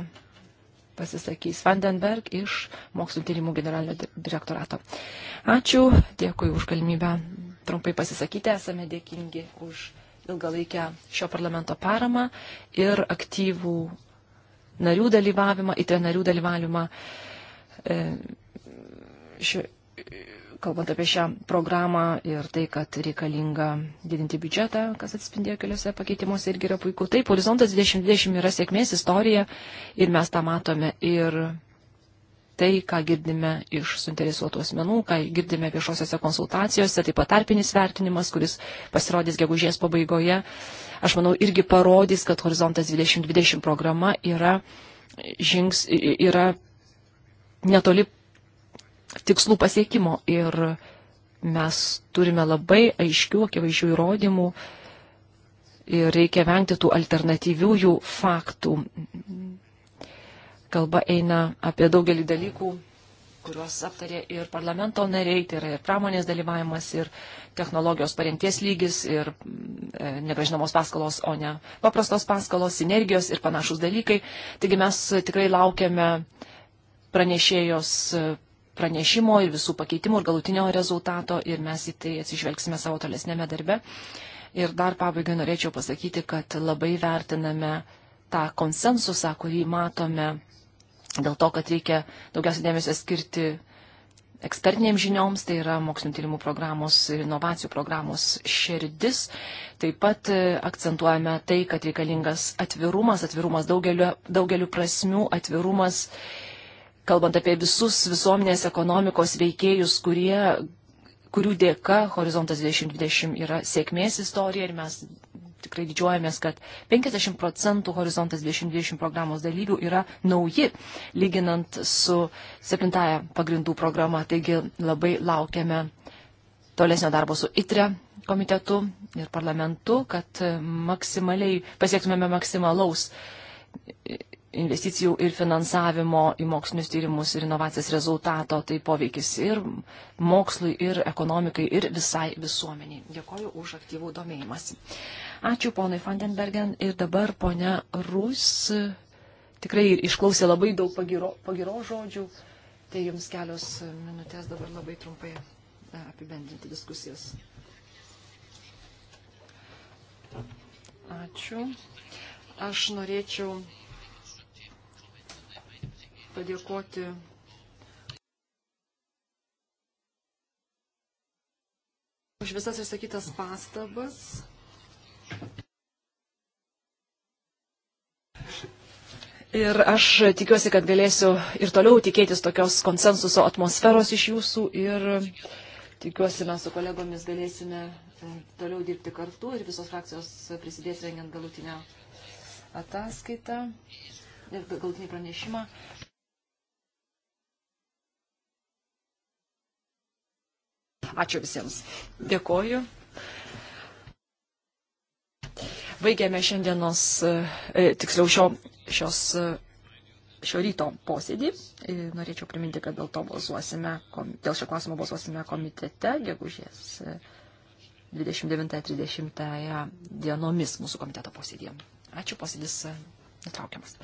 pasisakys Vandenberg iš Mokslo tyrimų generalinio direktorato. Ačiū, dėkui už galimybę trumpai pasisakyti. Esame dėkingi už ilgalaikę šio parlamento paramą ir aktyvų narių dalyvavimą, įtre narių dalyvavimą, e, ši, kalbant apie šią programą ir tai, kad reikalinga didinti biudžetą, kas atspindėjo keliose pakeitimuose irgi yra puiku. Taip, Horizontas 2020 yra sėkmės istorija ir mes tą matome ir tai, ką girdime iš suinteresuotų asmenų, ką girdime viešosiose konsultacijose, taip pat tarpinis vertinimas, kuris pasirodys gegužės pabaigoje, aš manau, irgi parodys, kad Horizontas 2020 programa yra, žings, yra netoli tikslų pasiekimo ir mes turime labai aiškių, akivaizdžių įrodymų ir reikia vengti tų alternatyviųjų faktų kalba eina apie daugelį dalykų, kuriuos aptarė ir parlamento nariai, tai yra ir pramonės dalyvavimas, ir technologijos parengties lygis, ir e, negražinamos paskalos, o ne paprastos paskalos, sinergijos ir panašus dalykai. Taigi mes tikrai laukiame pranešėjos e, pranešimo ir visų pakeitimų ir galutinio rezultato ir mes į tai atsižvelgsime savo tolesnėme darbe. Ir dar pabaigai norėčiau pasakyti, kad labai vertiname tą konsensusą, kurį matome dėl to, kad reikia daugiausia dėmesio skirti ekspertinėms žinioms, tai yra mokslinio tyrimų programos ir inovacijų programos širdis. Taip pat e, akcentuojame tai, kad reikalingas atvirumas, atvirumas daugeliu, daugeliu prasmių, atvirumas, kalbant apie visus visuomenės ekonomikos veikėjus, kurie kurių dėka Horizontas 2020 yra sėkmės istorija ir mes tikrai didžiuojamės, kad 50 procentų Horizontas 2020 programos dalyvių yra nauji, lyginant su septintaja pagrindų programa. Taigi labai laukiame tolesnio darbo su ITRE komitetu ir parlamentu, kad maksimaliai pasiektumėme maksimalaus investicijų ir finansavimo į mokslinius tyrimus ir inovacijas rezultato, tai poveikis ir mokslui, ir ekonomikai, ir visai visuomeniai. Dėkoju už aktyvų domėjimąsi. Ačiū ponai Fandenbergen ir dabar ponia Rus tikrai išklausė labai daug pagiro, pagiro žodžių. Tai jums kelios minutės dabar labai trumpai e, apibendrinti diskusijas. Ačiū. Aš norėčiau padėkoti už visas išsakytas pastabas. Ir aš tikiuosi, kad galėsiu ir toliau tikėtis tokios konsensuso atmosferos iš jūsų ir tikiuosi mes su kolegomis galėsime e, toliau dirbti kartu ir visos frakcijos prisidės rengiant galutinę ataskaitą ir galutinį pranešimą. Ačiū visiems. Dėkoju. Baigėme šiandienos, e, e, tiksliau šio, šios, e, šio ryto posėdį. Norėčiau priminti, kad dėl, to balsuosime, dėl šio klausimo balsuosime komitete gegužės 29-30 dienomis mūsų komiteto posėdėje. Ačiū, posėdis nutraukiamas.